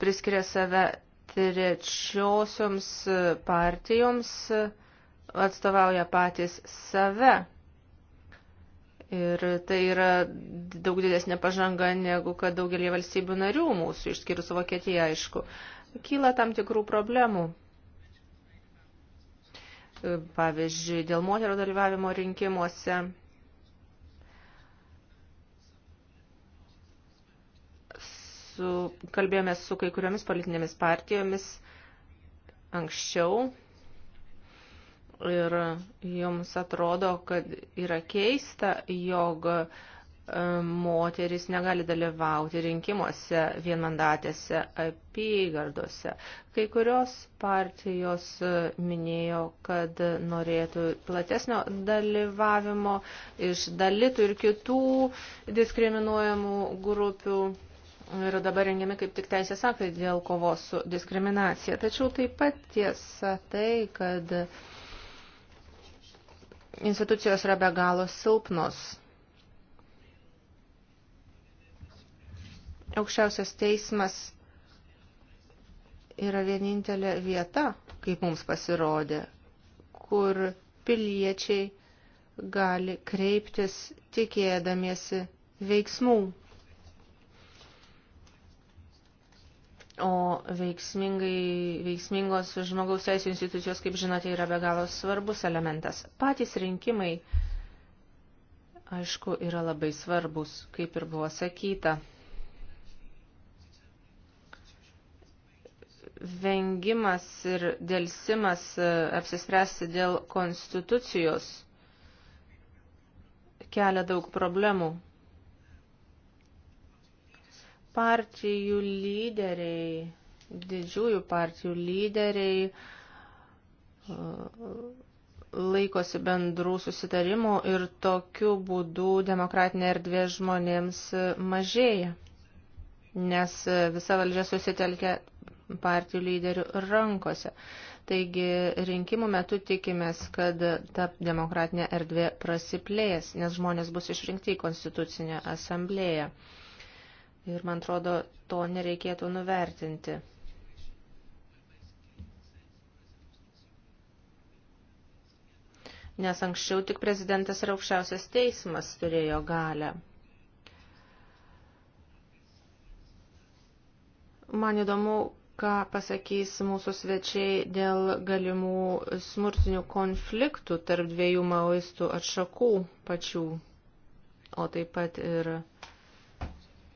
Speaker 3: priskiria save trečiosioms partijoms atstovauja patys save. Ir tai yra daug didesnė pažanga negu kad daugelį valstybių narių mūsų, išskyrus Vokietiją, aišku. Kyla tam tikrų problemų. Pavyzdžiui, dėl moterų dalyvavimo rinkimuose su, kalbėjome su kai kuriomis politinėmis partijomis anksčiau ir jums atrodo, kad yra keista, jog e, moteris negali dalyvauti rinkimuose vienmandatėse apygardose. Kai kurios partijos e, minėjo, kad norėtų platesnio dalyvavimo iš dalitų ir kitų diskriminuojamų grupių Ir dabar rengiami kaip tik teisės aktai dėl kovos su diskriminacija. Tačiau taip pat tiesa tai, kad institucijos yra be galo silpnos. Aukščiausias teismas yra vienintelė vieta, kaip mums pasirodė, kur piliečiai gali kreiptis tikėdamiesi veiksmų O veiksmingos žmogaus teisų institucijos, kaip žinote, yra be galo svarbus elementas. Patys rinkimai, aišku, yra labai svarbus, kaip ir buvo sakyta. vengimas ir dėlsimas e, apsispręsti dėl konstitucijos kelia daug problemų partijų lyderiai, didžiųjų partijų lyderiai uh, laikosi bendrų susitarimų ir tokiu būdu demokratinė erdvė žmonėms mažėja, nes visa valdžia susitelkia partijų lyderių rankose. Taigi rinkimų metu tikimės, kad ta demokratinė erdvė prasiplės, nes žmonės bus išrinkti į konstitucinę asamblėją. Ir man atrodo, to nereikėtų nuvertinti. Nes anksčiau tik prezidentas ir aukščiausias teismas turėjo galę. Man įdomu, ką pasakys mūsų svečiai dėl galimų smurtinių konfliktų tarp dviejų maoistų atšakų pačių, o taip pat ir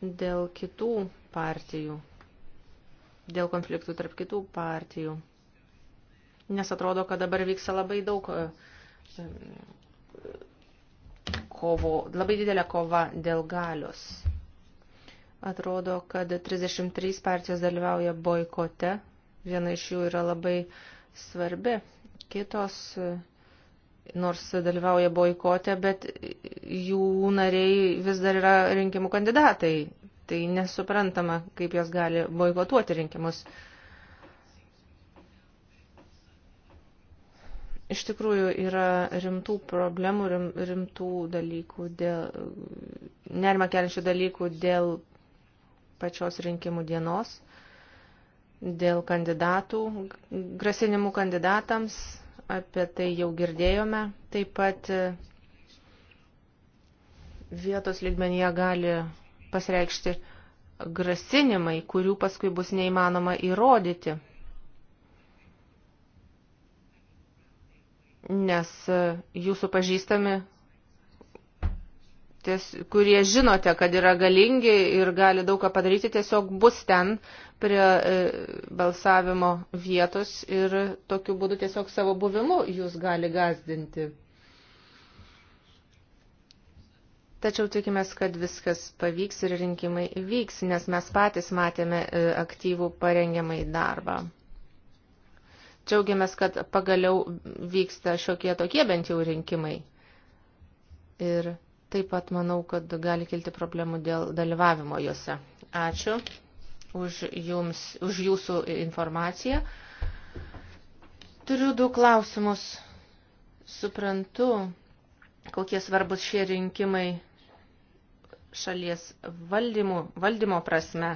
Speaker 3: dėl kitų partijų, dėl konfliktų tarp kitų partijų. Nes atrodo, kad dabar vyksta labai daug e, kovo, labai didelė kova dėl galios. Atrodo, kad 33 partijos dalyvauja boikote, viena iš jų yra labai svarbi, kitos e, nors dalyvauja boikote, bet jų nariai vis dar yra rinkimų kandidatai. Tai nesuprantama, kaip jos gali boikotuoti rinkimus. Iš tikrųjų yra rimtų problemų, rimtų dalykų dėl, nerima keliančių dalykų dėl pačios rinkimų dienos, dėl kandidatų, grasinimų kandidatams, apie tai jau girdėjome. Taip pat e, vietos lygmenyje gali pasireikšti grasinimai, kurių paskui bus neįmanoma įrodyti. Nes e, jūsų pažįstami ties, kurie žinote, kad yra galingi ir gali daug ką padaryti, tiesiog bus ten prie e, balsavimo vietos ir tokiu būdu tiesiog savo buvimu jūs gali gazdinti. Tačiau tikimės, kad viskas pavyks ir rinkimai vyks, nes mes patys matėme e, aktyvų parengiamai darbą. Džiaugiamės, kad pagaliau vyksta šiokie tokie bent jau rinkimai. Ir Taip pat manau, kad gali kilti problemų dėl dalyvavimo juose. Ačiū už, jums, už jūsų informaciją. Turiu du klausimus. Suprantu, kokie svarbus šie rinkimai šalies valdymų, valdymo prasme.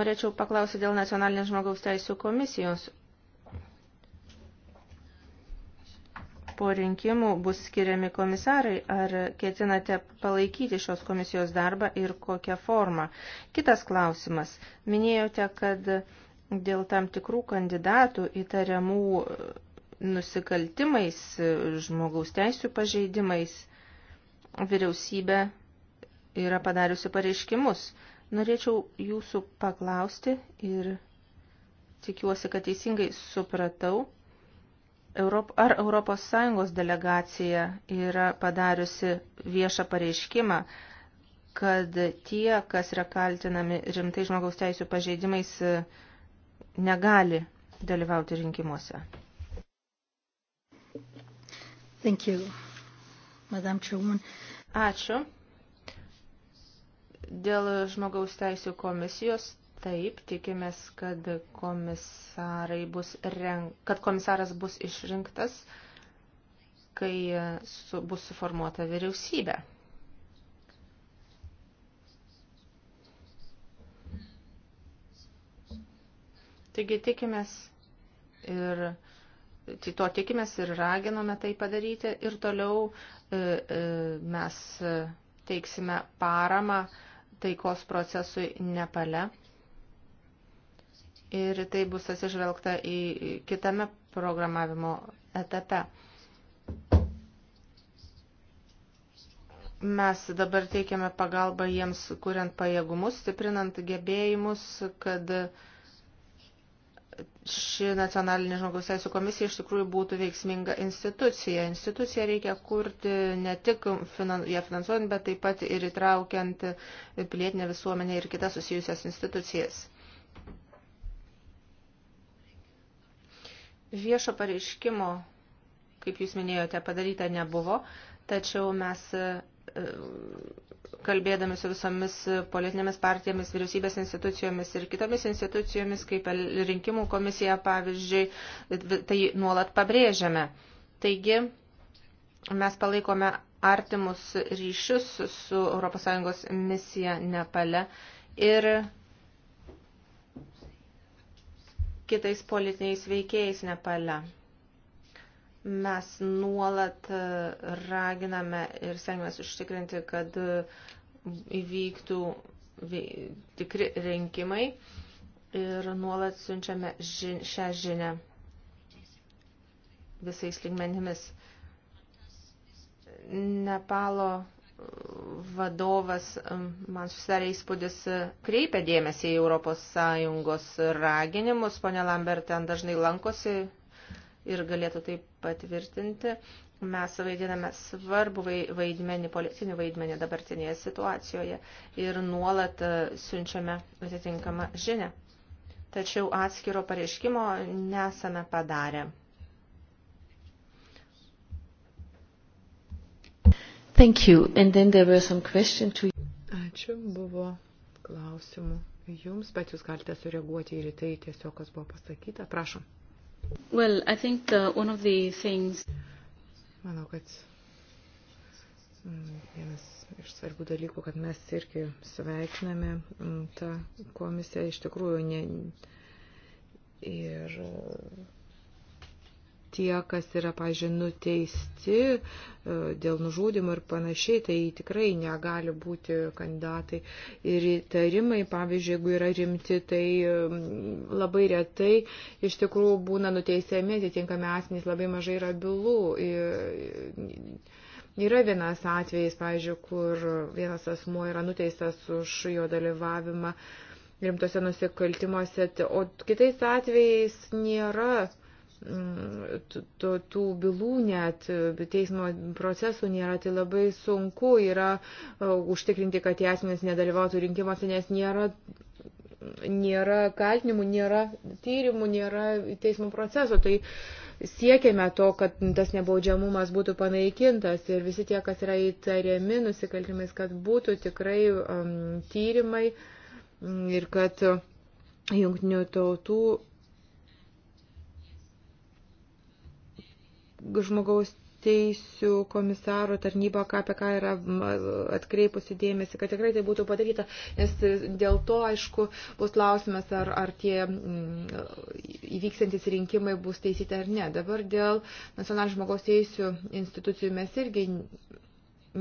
Speaker 3: Norėčiau paklausyti dėl nacionalinės žmogaus teisų komisijos. po rinkimų bus skiriami komisarai, ar ketinate palaikyti šios komisijos darbą ir kokią formą? Kitas klausimas. Minėjote, kad dėl tam tikrų kandidatų įtariamų nusikaltimais, žmogaus teisų pažeidimais vyriausybė yra padariusi pareiškimus. Norėčiau jūsų paklausti ir tikiuosi, kad teisingai supratau, ar ES delegacija yra padariusi viešą pareiškimą, kad tie, kas yra kaltinami rimtai žmogaus teisų pažeidimais, negali dalyvauti rinkimuose. Thank you,
Speaker 1: Madam Chairwoman.
Speaker 3: Ačiū. Dėl žmogaus teisų komisijos Taip, tikimės, kad, bus renk... kad komisaras bus išrinktas, kai su... bus suformuota vyriausybė. Taigi tikimės ir tai to tikimės ir raginome tai padaryti ir toliau e, e, mes teiksime paramą taikos procesui Nepale ir tai bus atsižvelgta į kitame programavimo etape. Mes dabar teikiame pagalbą jiems, kuriant pajėgumus, stiprinant gebėjimus, kad ši nacionalinė žmogaus teisų komisija iš tikrųjų būtų veiksminga institucija. Instituciją reikia kurti ne tik finan, ją finansuojant, bet taip pat ir įtraukiant pilietinę visuomenę ir kitas susijusias institucijas. Viešo pareiškimo, kaip jūs minėjote, padaryta nebuvo, tačiau mes e, kalbėdami su visomis politinėmis partijomis, vyriausybės institucijomis ir kitomis institucijomis, kaip rinkimų komisija, pavyzdžiui, tai nuolat pabrėžiame. Taigi, mes palaikome artimus ryšius su ES misija Nepale ir kitais politiniais veikėjais Nepale. Mes nuolat e, raginame ir stengiamės užtikrinti, kad įvyktų tikri rinkimai ir nuolat siunčiame žin, šią žinę visais lygmenimis. Nepalo vadovas, man susidarė įspūdis, e, kreipia dėmesį į ES raginimus. Pone Lambert ten dažnai lankosi ir galėtų tai patvirtinti. Mes vaidiname svarbų vaidmenį, politinį vaidmenį dabartinėje situacijoje ir nuolat e, siunčiame atitinkamą žinę. Tačiau atskiro pareiškimo nesame padarę.
Speaker 1: Thank you. And then there were some question to you.
Speaker 3: Ačiū, buvo
Speaker 4: klausimų jums, bet jūs galite sureaguoti ir į tai tiesiog, kas buvo pasakyta. Prašom.
Speaker 1: Well, I think the, uh, one of the things... Manau, kad
Speaker 4: mm, vienas iš svarbių dalykų, kad mes irgi sveikiname mm, tą komisiją, iš tikrųjų, ne, ir tie, kas yra, pažiūrėjau, nuteisti e, dėl nužudimų ir panašiai, tai tikrai negali būti kandidatai. Ir įtarimai, pavyzdžiui, jeigu yra rimti, tai labai retai iš tikrųjų būna nuteisiami atitinkami asmenys, labai mažai yra bylų. Ir, Yra vienas atvejis, pavyzdžiui, kur vienas asmuo yra nuteistas už jo dalyvavimą rimtose nusikaltimuose, o kitais atvejais nėra tų bylų net teismo procesų nėra, tai labai sunku yra e, užtikrinti, kad tie asmenys nedalyvautų rinkimuose, nes nėra, nėra kaltinimų, nėra tyrimų, nėra teismo proceso. Tai siekiame to, kad tas nebaudžiamumas būtų panaikintas ir visi tie, kas yra įtariami nusikaltimais, kad būtų tikrai um, tyrimai mm, ir kad jungtinių tautų žmogaus teisių komisaro tarnyba, ką apie ką yra atkreipusi dėmesį, kad tikrai tai būtų padaryta, nes dėl to, aišku, bus klausimas, ar, ar tie įvyksantis rinkimai bus teisyti ar ne. Dabar dėl nacionalinių žmogaus teisių institucijų mes irgi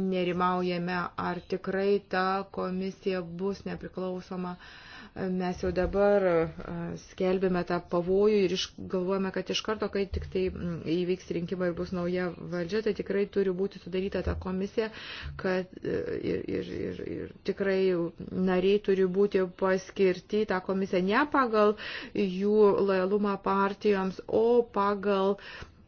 Speaker 4: nerimaujame, ar tikrai ta komisija bus nepriklausoma. Uh, Mes jau dabar skelbėme tą pavojų ir galvojame, kad iš karto, kai tik tai įvyks rinkimai ir bus nauja valdžia, tai tikrai turi būti sudaryta ta komisija, kad e, ir, ir, ir, ir tikrai nariai turi būti paskirti tą komisiją ne pagal jų lojalumą partijoms, o pagal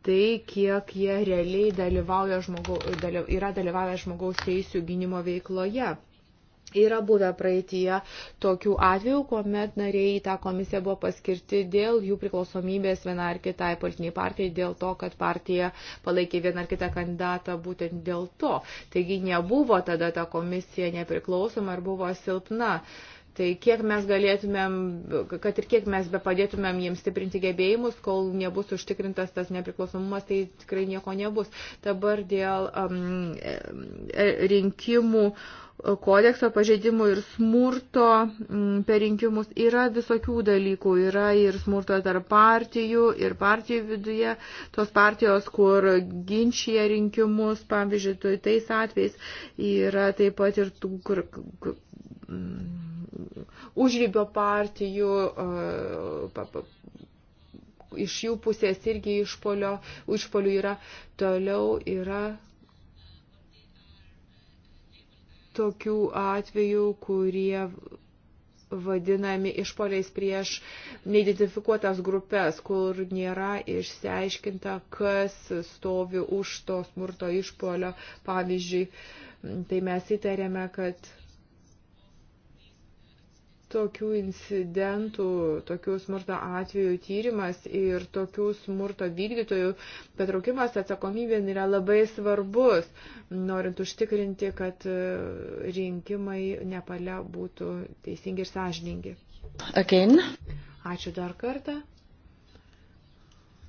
Speaker 4: tai, kiek jie realiai dalyvauja žmogaus, dalyv, yra dalyvavę žmogaus teisų gynimo veikloje. Yra buvę praeitie tokių atvejų, kuomet nariai į tą komisiją buvo paskirti dėl jų priklausomybės viena ar kitai politiniai partijai, dėl to, kad partija palaikė vieną ar kitą kandidatą būtent dėl to. Taigi nebuvo tada ta komisija nepriklausoma ar buvo silpna. Tai kiek mes galėtumėm, kad ir kiek mes be padėtumėm jiems stiprinti gebėjimus, kol nebus užtikrintas tas nepriklausomumas, tai tikrai nieko nebus. Dabar dėl um, e, rinkimų. Uh, kodekso pažeidimų ir smurto mm, per rinkimus yra visokių dalykų. Yra ir smurto tarp partijų, ir partijų viduje, tos partijos, kur ginčia rinkimus, pavyzdžiui, tais atvejais yra taip pat ir tų, kur. kur
Speaker 3: mm,
Speaker 6: užrybio
Speaker 4: partijų, pa, pa, iš jų pusės irgi išpolio, išpolių yra, toliau yra tokių atvejų, kurie vadinami išpoliais prieš neidentifikuotas grupės, kur nėra išsiaiškinta, kas stovi už to smurto išpolio. Pavyzdžiui, tai mes įtarėme, kad tokių incidentų, tokių smurto atvejų tyrimas ir tokių smurto vykdytojų patraukimas atsakomybėn yra labai svarbus, norint užtikrinti, kad e, rinkimai nepale būtų teisingi ir sąžiningi. Again. Ačiū dar kartą.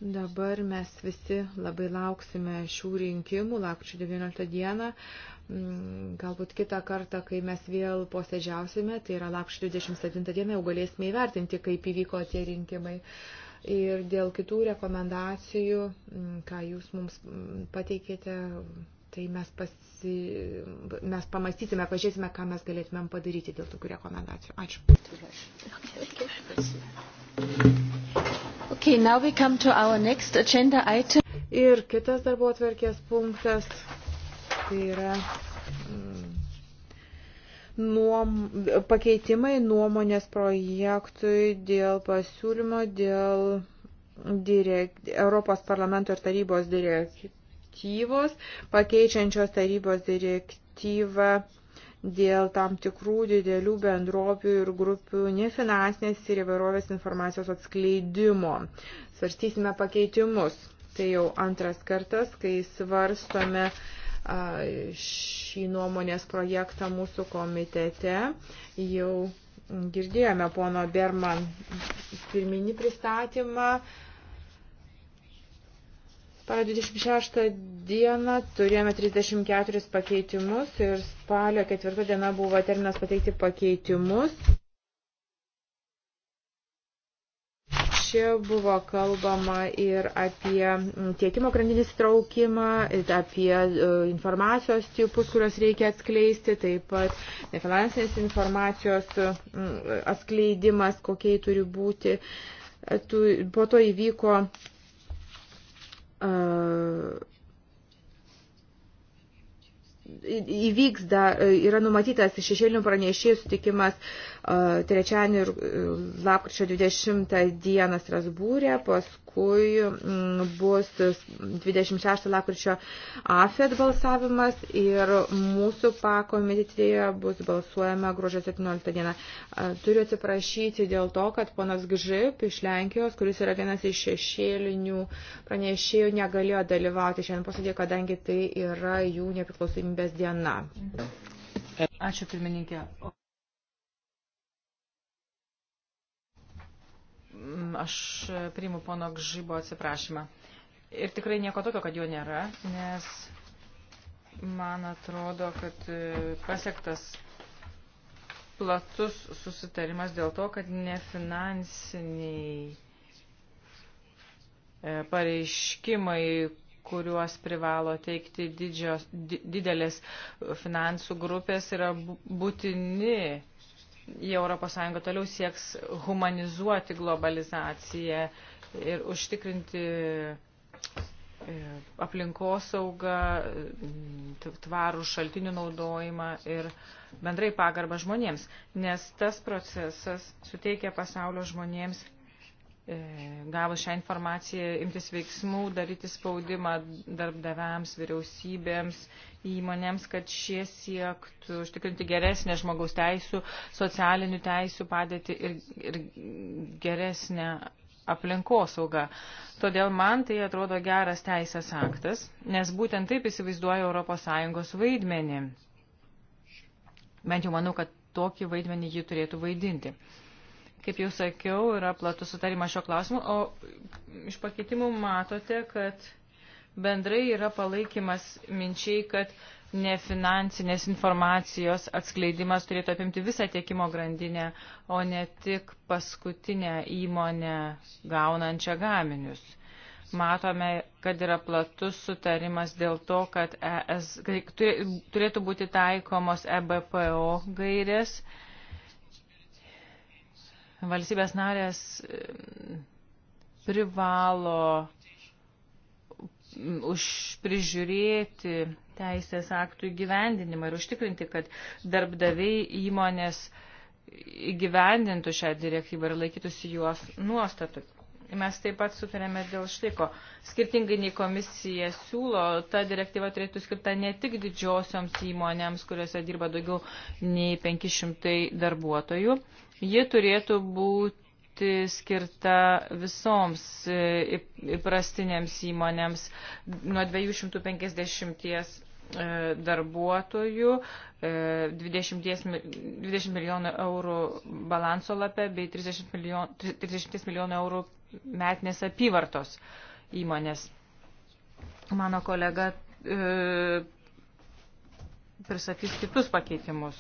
Speaker 4: Dabar mes visi labai lauksime šių rinkimų, lakčio 19 dieną. Mm, galbūt kitą kartą, kai mes vėl posėdžiausime, tai yra lapkričio 27 dieną, jau galėsime įvertinti, kaip įvyko tie rinkimai. Ir dėl kitų rekomendacijų, mm, ką jūs mums mm, pateikėte, tai mes, pasi... mes pamastysime, pažiūrėsime, ką mes galėtumėm padaryti dėl tokių rekomendacijų. Ačiū.
Speaker 1: Okay, now we come to our next agenda item. Ir kitas darbo atverkės punktas. Tai yra mm, nuom,
Speaker 4: pakeitimai nuomonės projektui dėl pasiūlymo dėl direkt, Europos parlamento ir tarybos direktyvos, pakeičiančios tarybos direktyvą dėl tam tikrų didelių bendrovių ir grupių nefinansinės ir įvairovės informacijos atskleidimo. Svarstysime pakeitimus. Tai jau antras kartas, kai svarstome uh, šį nuomonės projektą mūsų komitete. Jau girdėjome pono Berman pirminį pristatymą. Spalio 26 dieną turėjome 34 pakeitimus ir spalio 4 diena buvo terminas pateikti pakeitimus. čia buvo kalbama ir apie mm, tiekimo grandinės traukimą, apie e, informacijos tipus, kuriuos reikia atskleisti, taip pat nefinansinės informacijos mm, atskleidimas, kokie turi būti. E, po to įvyko e, įvyks, da, yra numatytas šešėlinių pranešėjų sutikimas e, trečiadienį ir e, lapkričio 20 dieną Strasbūrė, paskui paskui bus 26 lakrčio AFED balsavimas ir mūsų pakomitetėje bus balsuojama gruodžio 17 dieną. Turiu atsiprašyti dėl to, kad ponas Gžip iš Lenkijos, kuris yra vienas iš šešėlinių pranešėjų, negalėjo dalyvauti šiandien posėdėje, kadangi tai yra jų nepriklausomybės diena. Ačiū pirmininkė.
Speaker 2: Mm, aš priimu pono Gžybo atsiprašymą. Ir tikrai nieko tokio, kad jo nėra, nes man atrodo, kad e, pasiektas platus susitarimas dėl to, kad nefinansiniai e, pareiškimai, kuriuos privalo teikti didžios, didelės finansų grupės, yra būtini jei ES toliau sieks humanizuoti globalizaciją ir užtikrinti e, aplinkosaugą, tvarų šaltinių naudojimą ir bendrai pagarbą žmonėms, nes tas procesas suteikia pasaulio žmonėms E, gavus šią informaciją imtis veiksmų, daryti spaudimą darbdaviams, vyriausybėms, įmonėms, kad šie siektų užtikrinti geresnę žmogaus teisų, socialinių teisų padėti ir, ir geresnę aplinkosaugą. Todėl man tai atrodo geras teisės aktas, nes būtent taip įsivaizduoju ES vaidmenį. Bent jau manau, kad tokį vaidmenį ji turėtų vaidinti. Kaip jau sakiau, yra platus sutarimas šio klausimu, o iš pakeitimų matote, kad bendrai yra palaikymas minčiai, kad nefinansinės informacijos atskleidimas turėtų apimti visą tiekimo grandinę, o ne tik paskutinę įmonę gaunančią gaminius. Matome, kad yra platus sutarimas dėl to, kad ES, turėtų būti taikomos EBPO gairės valstybės narės privalo užprižiūrėti teisės aktų įgyvendinimą ir užtikrinti, kad darbdaviai įmonės įgyvendintų šią direktyvą ir laikytųsi juos nuostatų. Mes taip pat sutarėme dėl štai ko. Skirtingai nei komisija siūlo, ta direktyva turėtų skirta ne tik didžiosioms įmonėms, kuriuose dirba daugiau nei 500 darbuotojų, Ji turėtų būti skirta visoms e, įprastinėms įmonėms nuo 250 e, darbuotojų, 20, e, 20 milijonų eurų balanso lape bei 30 milijonų, 30 milijonų eurų metinės apyvartos įmonės. Mano kolega pristatys kitus pakeitimus.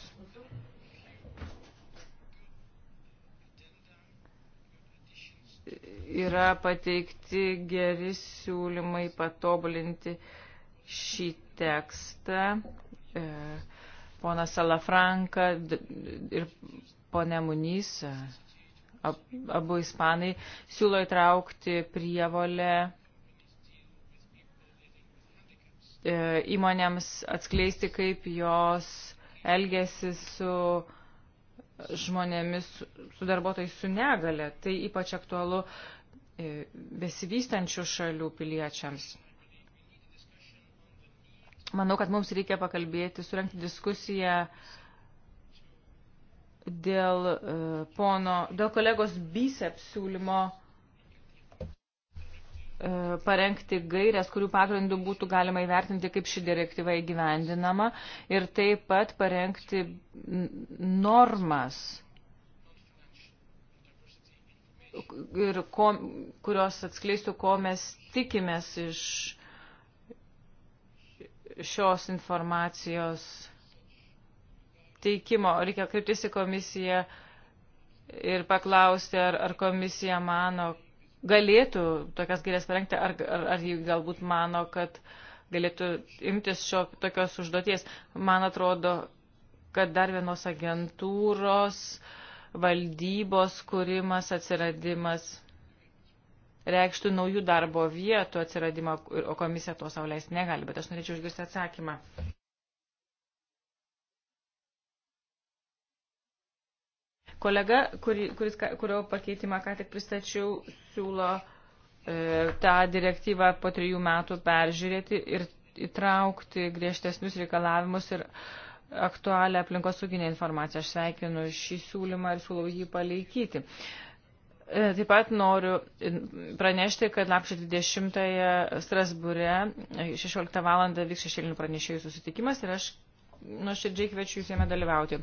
Speaker 2: yra pateikti geri siūlymai patobulinti šį tekstą. E, pona Salafranka ir ponė Munys, e, abu ispanai, siūlo įtraukti prievolę e, įmonėms atskleisti, kaip jos elgesi su žmonėmis, su darbuotojais su negale. Tai ypač aktualu E, besivystančių šalių piliečiams. Manau, kad mums reikia pakalbėti, surenkti diskusiją dėl, e, pono, dėl kolegos BISEP siūlymo e, parengti gairias, kurių pagrindų būtų galima įvertinti, kaip ši direktyva įgyvendinama ir taip pat parengti normas ir ko, kurios atskleistų, ko mes tikimės iš šios informacijos teikimo. Reikia kreiptis į komisiją ir paklausti, ar, ar komisija mano, galėtų tokias gairias parengti, ar, ar, ar jį galbūt mano, kad galėtų imtis šio, tokios užduoties. Man atrodo, kad dar vienos agentūros uh, valdybos kūrimas, atsiradimas reikštų naujų darbo vietų atsiradimą, o komisija to sauliais negali, bet aš norėčiau išgirsti atsakymą. Kolega, kuri, kuris, kurio pakeitimą ką tik pristačiau, siūlo e, tą direktyvą po trijų metų peržiūrėti ir įtraukti griežtesnius reikalavimus ir e, aktualią aplinkosauginę informaciją. Aš sveikinu šį siūlymą ir siūlau jį palaikyti. E, taip pat noriu pranešti, kad lapšio 20-ąją Strasbūre 16 e, val. vyks šešėlinių pranešėjų susitikimas ir aš nuoširdžiai kviečiu jūs jame dalyvauti.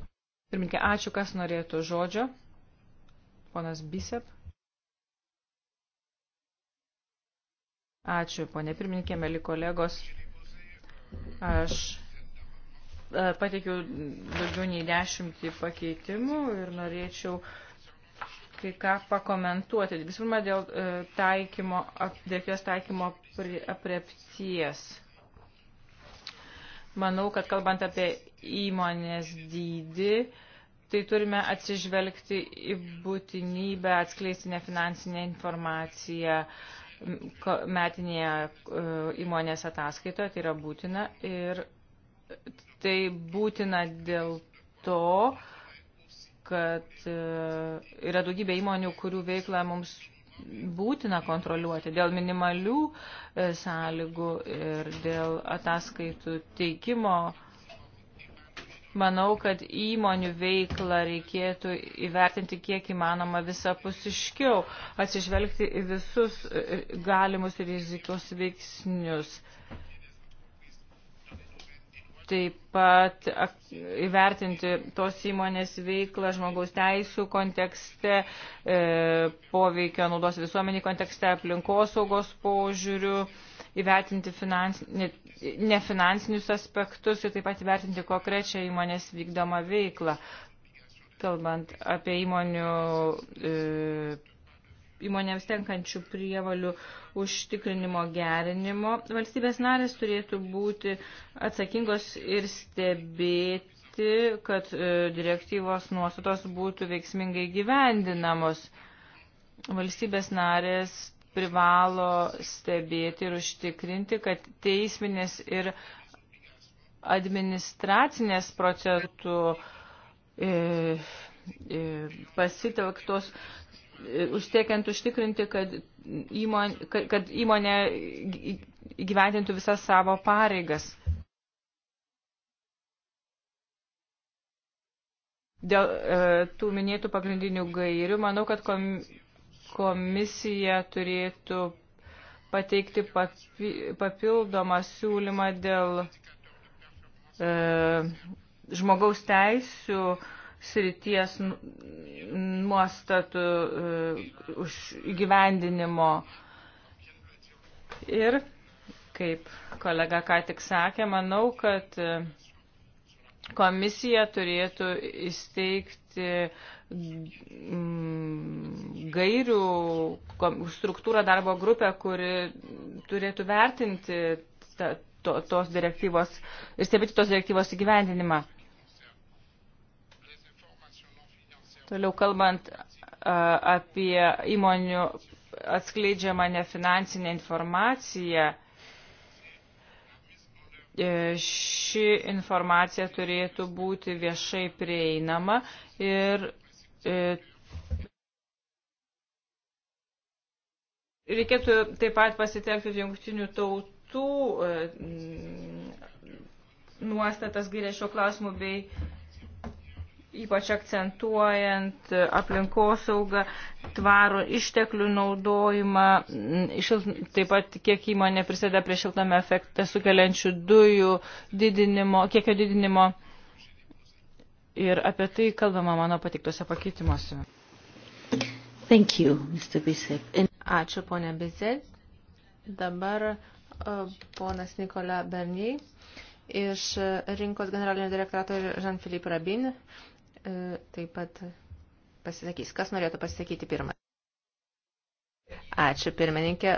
Speaker 2: Pirminkė, ačiū, kas norėtų žodžio. Ponas Bisep. Ačiū, ponė pirmininkė, meli kolegos. Aš E, pateikiau daugiau nei dešimtį pakeitimų ir norėčiau kai ką pakomentuoti. Visų pirma, dėl e, taikymo, dėkios taikymo aprepties. Manau, kad kalbant apie įmonės dydį, tai turime atsižvelgti į būtinybę atskleisti nefinansinę informaciją metinėje e, įmonės ataskaitoje, tai yra būtina ir Tai būtina dėl to, kad e, yra daugybė įmonių, kurių veiklą mums būtina kontroliuoti dėl minimalių e, sąlygų ir dėl ataskaitų teikimo. Manau, kad įmonių veiklą reikėtų įvertinti kiek įmanoma visapusiškiau, atsižvelgti į visus e, galimus rizikos veiksnius taip pat įvertinti tos įmonės veiklą žmogaus teisų kontekste, e, poveikio naudos visuomenį kontekste, aplinkosaugos požiūrių, įvertinti finans, nefinansinius aspektus ir taip pat įvertinti konkrečią įmonės vykdomą veiklą. Kalbant apie įmonių e, įmonėms tenkančių prievalių užtikrinimo gerinimo. Valstybės narės turėtų būti atsakingos ir stebėti, kad e, direktyvos nuostatos būtų veiksmingai gyvendinamos. Valstybės narės privalo stebėti ir užtikrinti, kad teisminės ir administracinės procedūrų e, e, pasitelktos užtiekiant užtikrinti, kad, įmon, kad įmonė įgyventintų visas savo pareigas. Dėl e, tų minėtų pagrindinių gairių, manau, kad kom, komisija turėtų pateikti papi, papildomą siūlymą dėl e, žmogaus teisų e, srities nuostatų e, už įgyvendinimo. Ir, kaip kolega ką tik sakė, manau, kad e, komisija turėtų įsteigti mm, gairių struktūrą darbo grupę, kuri turėtų vertinti ta, to, tos direktyvos ir stebėti tos direktyvos įgyvendinimą. Toliau kalbant apie įmonių atskleidžiamą nefinansinę informaciją, e, ši informacija turėtų būti viešai prieinama ir e, reikėtų taip pat pasitelkti jungtinių tautų e, nuostatas gailėšio klausimų bei ypač akcentuojant aplinkosaugą, tvarų išteklių naudojimą, taip pat kiek įmonė prisėda prie šiltame efektą sukeliančių dujų didinimo, kiekio didinimo. Ir apie tai kalbama mano patiktose
Speaker 1: pakeitimuose. Thank you, Mr. Bishop. And...
Speaker 3: Ačiū, ponė Bizet. Dabar uh, ponas Nikola Berniai iš rinkos generalinio direktorato Jean-Philippe Rabin. E, taip pat pasisakys. Kas norėtų pasisakyti pirmą? Ačiū, pirmininkė.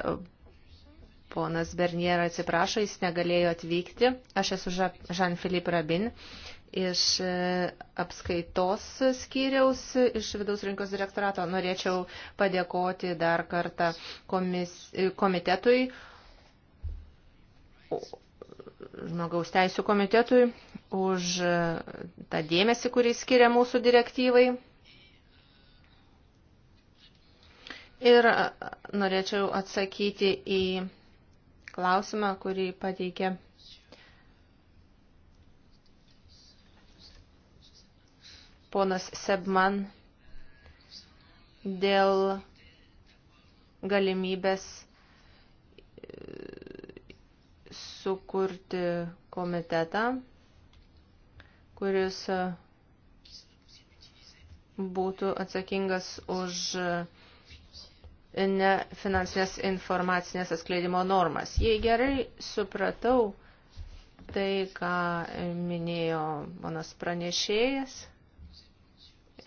Speaker 3: Ponas Bernier atsiprašo, jis negalėjo atvykti. Aš esu Jean-Philippe Rabin iš e, apskaitos skyriaus, iš vidaus rinkos direktorato. Norėčiau padėkoti dar kartą komis, e, komitetui, žmogaus teisų komitetui už e, tą dėmesį, kurį skiria mūsų direktyvai. Ir e, norėčiau atsakyti į klausimą, kurį pateikė ponas Sebman dėl galimybės e, sukurti komitetą kuris e, būtų atsakingas už e, nefinansinės informacinės atskleidimo normas. Jei gerai supratau tai, ką minėjo manas pranešėjas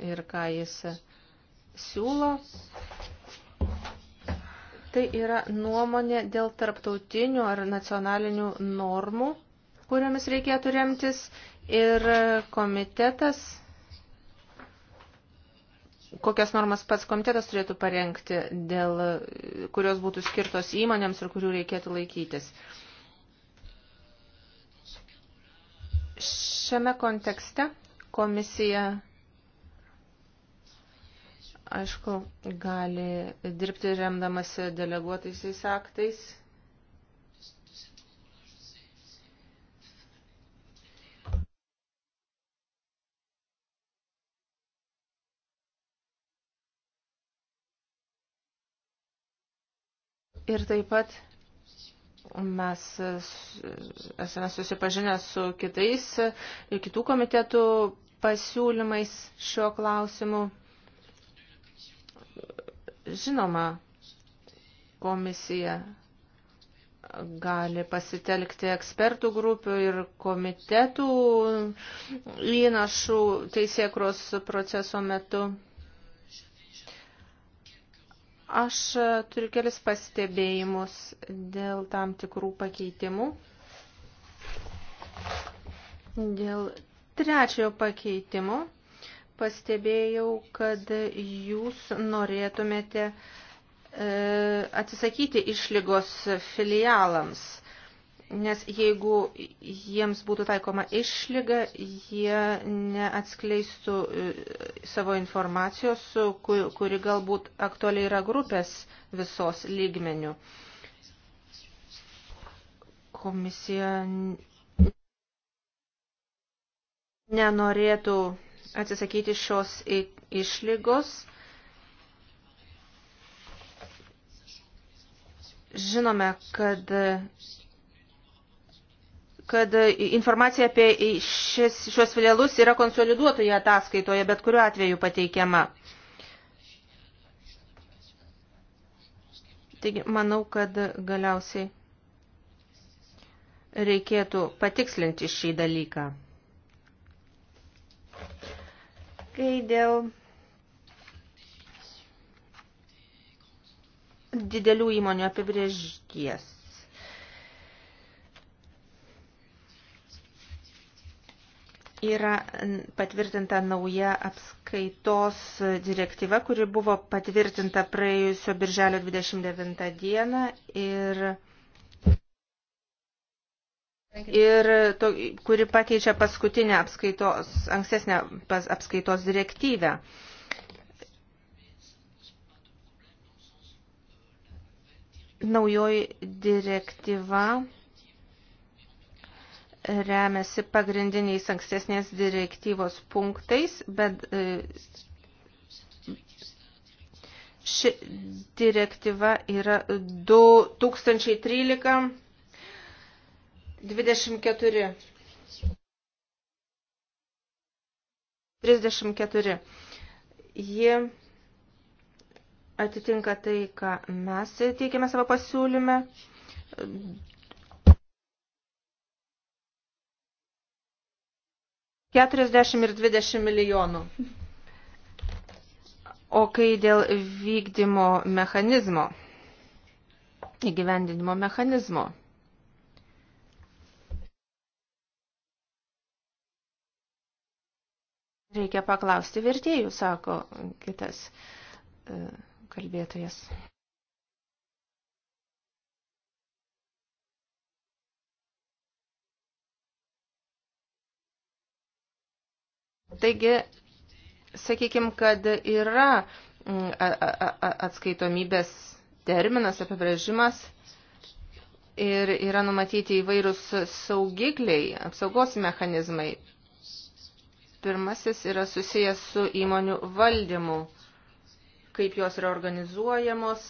Speaker 3: ir ką jis siūlo, tai yra nuomonė dėl tarptautinių ar nacionalinių normų, kuriomis reikėtų remtis ir komitetas, kokias normas pats komitetas turėtų parengti, dėl kurios būtų skirtos įmonėms ir kurių reikėtų laikytis. Šiame kontekste komisija aišku, gali dirbti remdamasi deleguotaisiais aktais Ir taip pat mes esame susipažinę su kitais ir kitų komitetų pasiūlymais šiuo klausimu. Žinoma, komisija gali pasitelkti ekspertų grupių ir komitetų įnašų teisėkros proceso metu. Aš e, turiu kelis pastebėjimus dėl tam tikrų pakeitimų. Dėl trečiojo pakeitimo pastebėjau, kad jūs norėtumėte e, atsisakyti išlygos filialams. Nes jeigu jiems būtų taikoma išlyga, jie neatskleistų e, savo informacijos, kuri galbūt aktualiai yra grupės visos lygmenių. Komisija nenorėtų atsisakyti šios išlygos. Žinome, kad kad e, informacija apie šis, šios filialus yra konsoliduotoje ataskaitoje, bet kuriuo atveju pateikiama. Taigi, manau, kad galiausiai reikėtų patikslinti šį dalyką. Kai dėl didelių įmonių apibrėžties. yra patvirtinta nauja apskaitos direktyva, kuri buvo patvirtinta praėjusio birželio 29 dieną ir, ir to, kuri pakeičia paskutinę apskaitos, ankstesnę pas, apskaitos direktyvę. Naujoji direktyva remiasi pagrindiniais ankstesnės direktyvos punktais, bet e, ši direktyva yra 2013-24. 34. Ji atitinka tai, ką mes teikiame savo pasiūlyme 40 ir 20 milijonų. O kai dėl vykdymo mechanizmo, įgyvendinimo mechanizmo, Reikia paklausti vertėjų, sako kitas e, kalbėtojas. Taigi, sakykime, kad yra mm, atskaitomybės terminas, apibrėžimas ir yra numatyti įvairūs saugikliai, apsaugos mechanizmai. Pirmasis yra susijęs su įmonių valdymu, kaip jos yra organizuojamos,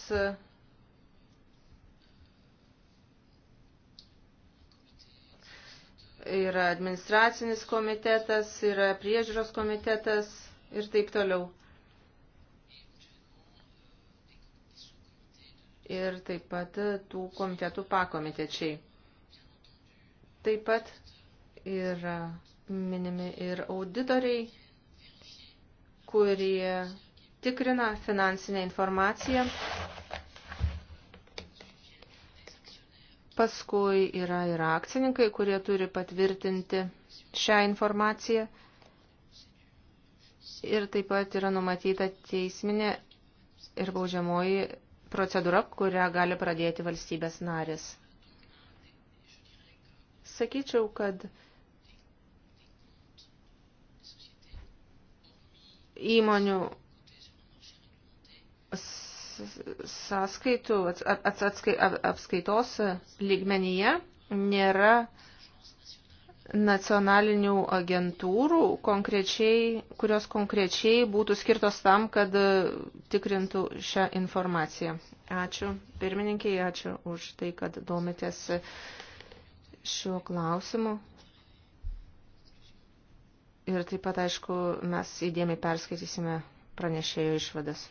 Speaker 3: yra administracinis komitetas, yra priežiūros komitetas ir taip toliau. Ir taip pat e, tų komitetų pakomitečiai. Taip pat yra minimi ir auditoriai, kurie tikrina finansinę informaciją Paskui yra ir akcininkai, kurie turi patvirtinti šią informaciją. Ir taip pat yra numatyta teisminė ir baudžiamoji procedūra, kurią gali pradėti valstybės narės. Sakyčiau, kad įmonių sąskaitų atskai, apskaitos lygmenyje nėra nacionalinių agentūrų, konkrečiai, kurios konkrečiai būtų skirtos tam, kad tikrintų šią informaciją. Ačiū pirmininkiai, ačiū už tai, kad domitės šiuo klausimu. Ir taip pat, aišku, mes įdėmiai perskaitysime pranešėjo išvadas.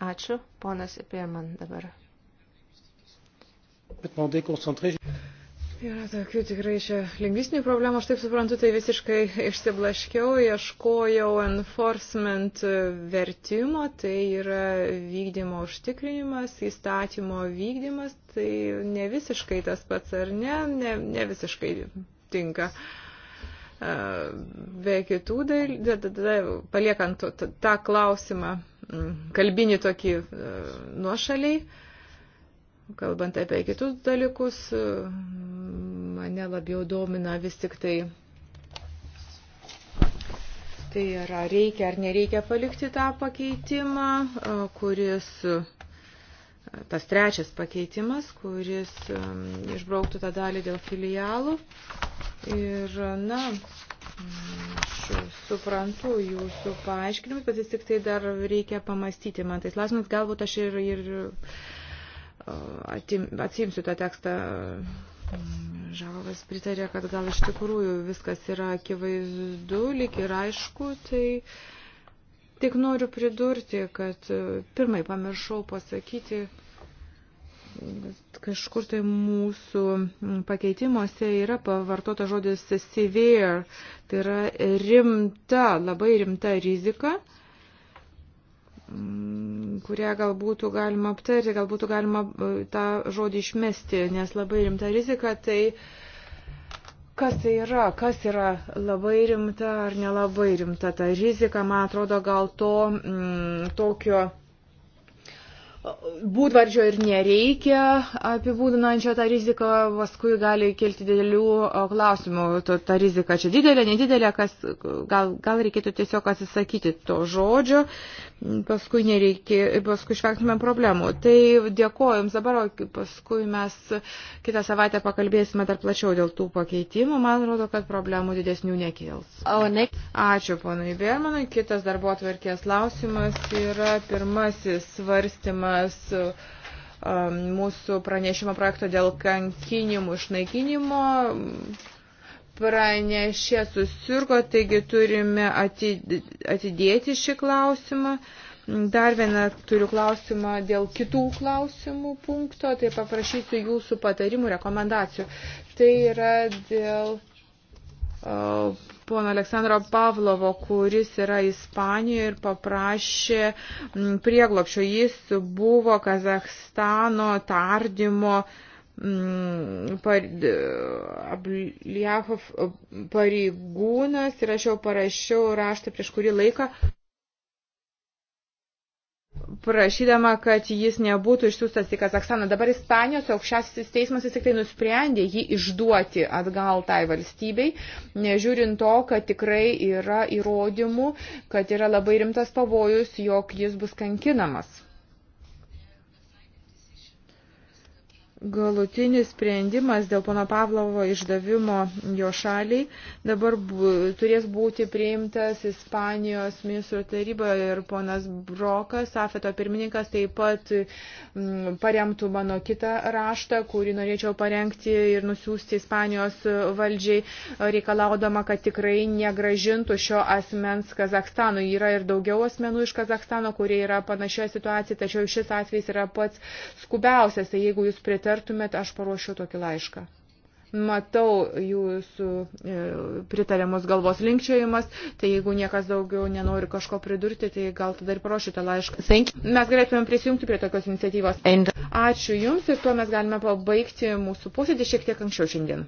Speaker 3: Ačiū, ponas Pirman dabar.
Speaker 4: Yra tokių tikrai
Speaker 3: čia lingvistinių
Speaker 4: problemų, aš taip suprantu, tai visiškai išsiblaškiau, ieškojau enforcement vertimo, tai yra vykdymo užtikrinimas, įstatymo vykdymas, tai ne visiškai tas pats ar ne, ne, ne visiškai tinka. Be kitų dalykų, paliekant tą klausimą kalbinį tokį e, nuošaliai. Kalbant apie kitus dalykus, e, mane labiau domina vis tik tai. Tai yra, reikia ar nereikia palikti tą pakeitimą, e, kuris tas trečias pakeitimas, kuris išbrauktų tą dalį dėl filialų. Ir, na, Aš suprantu jūsų paaiškinimus, bet vis tik tai dar reikia pamastyti. Man tais klausimais galbūt aš ir, ir atim, atsimsiu tą tekstą. Žavas pritarė, kad gal iš tikrųjų viskas yra akivaizdu, lik ir aišku, tai tik noriu pridurti, kad pirmai pamiršau pasakyti, kažkur tai mūsų pakeitimuose yra pavartota žodis severe, tai yra rimta, labai rimta rizika
Speaker 1: mm,
Speaker 4: kurią gal būtų galima aptarti, gal būtų galima e, tą žodį išmesti, nes labai rimta rizika, tai kas tai yra, kas yra labai rimta ar nelabai rimta ta rizika, man atrodo, gal to m, mm, tokio būdvardžio ir nereikia apibūdinančio tą riziką, paskui gali kilti didelių klausimų. Ta rizika čia didelė, nedidelė, kas, gal, gal reikėtų tiesiog atsisakyti to žodžio, paskui, nereikia, paskui išvengtume problemų. Tai dėkoju Jums dabar, o paskui mes kitą savaitę pakalbėsime dar plačiau dėl tų pakeitimų. Man atrodo, kad problemų didesnių nekils. Ačiū, ponai Bermanui. Kitas darbo atverkės klausimas yra pirmasis svarstymas svarstymas um, mūsų pranešimo projekto dėl kankinimų išnaikinimo pranešė susirgo, taigi turime atidėti šį klausimą. Dar vieną turiu klausimą dėl kitų klausimų punkto, tai paprašysiu jūsų patarimų, rekomendacijų. Tai yra dėl uh, pono Aleksandro Pavlovo, kuris yra Ispanijoje ir paprašė mm, prieglopšio. Jis buvo Kazahstano tardymo mm, pareigūnas ir aš jau parašiau raštą prieš kurį laiką prašydama, kad jis nebūtų išsiųstas į Kazakstaną. Dabar Ispanijos aukščiausiasis teismas vis tik tai nusprendė jį išduoti atgal tai valstybei, nežiūrint to, kad tikrai yra įrodymų, kad yra labai rimtas pavojus, jog jis bus kankinamas. galutinis sprendimas dėl pono Pavlovo išdavimo jo šaliai dabar bu, turės būti priimtas Ispanijos ministro taryboje ir ponas Brokas, Afeto pirmininkas, taip pat m, mm, paremtų mano kitą raštą, kurį norėčiau parengti ir nusiųsti Ispanijos valdžiai, reikalaudama, kad tikrai negražintų šio asmens Kazakstanui. Yra ir daugiau asmenų iš Kazakstano, kurie yra panašioje situacijoje, tačiau šis atvejs yra pats skubiausias. Tai jeigu jūs prit pritartumėt, aš paruošiu tokį laišką. Matau jūsų e, pritariamus galvos linkčiojimas, tai jeigu niekas daugiau nenori kažko pridurti, tai gal tada ir parašyte laišką. Mes galėtumėm prisijungti prie tokios iniciatyvos. Ačiū Jums ir tuo mes galime pabaigti mūsų posėdį šiek tiek anksčiau šiandien.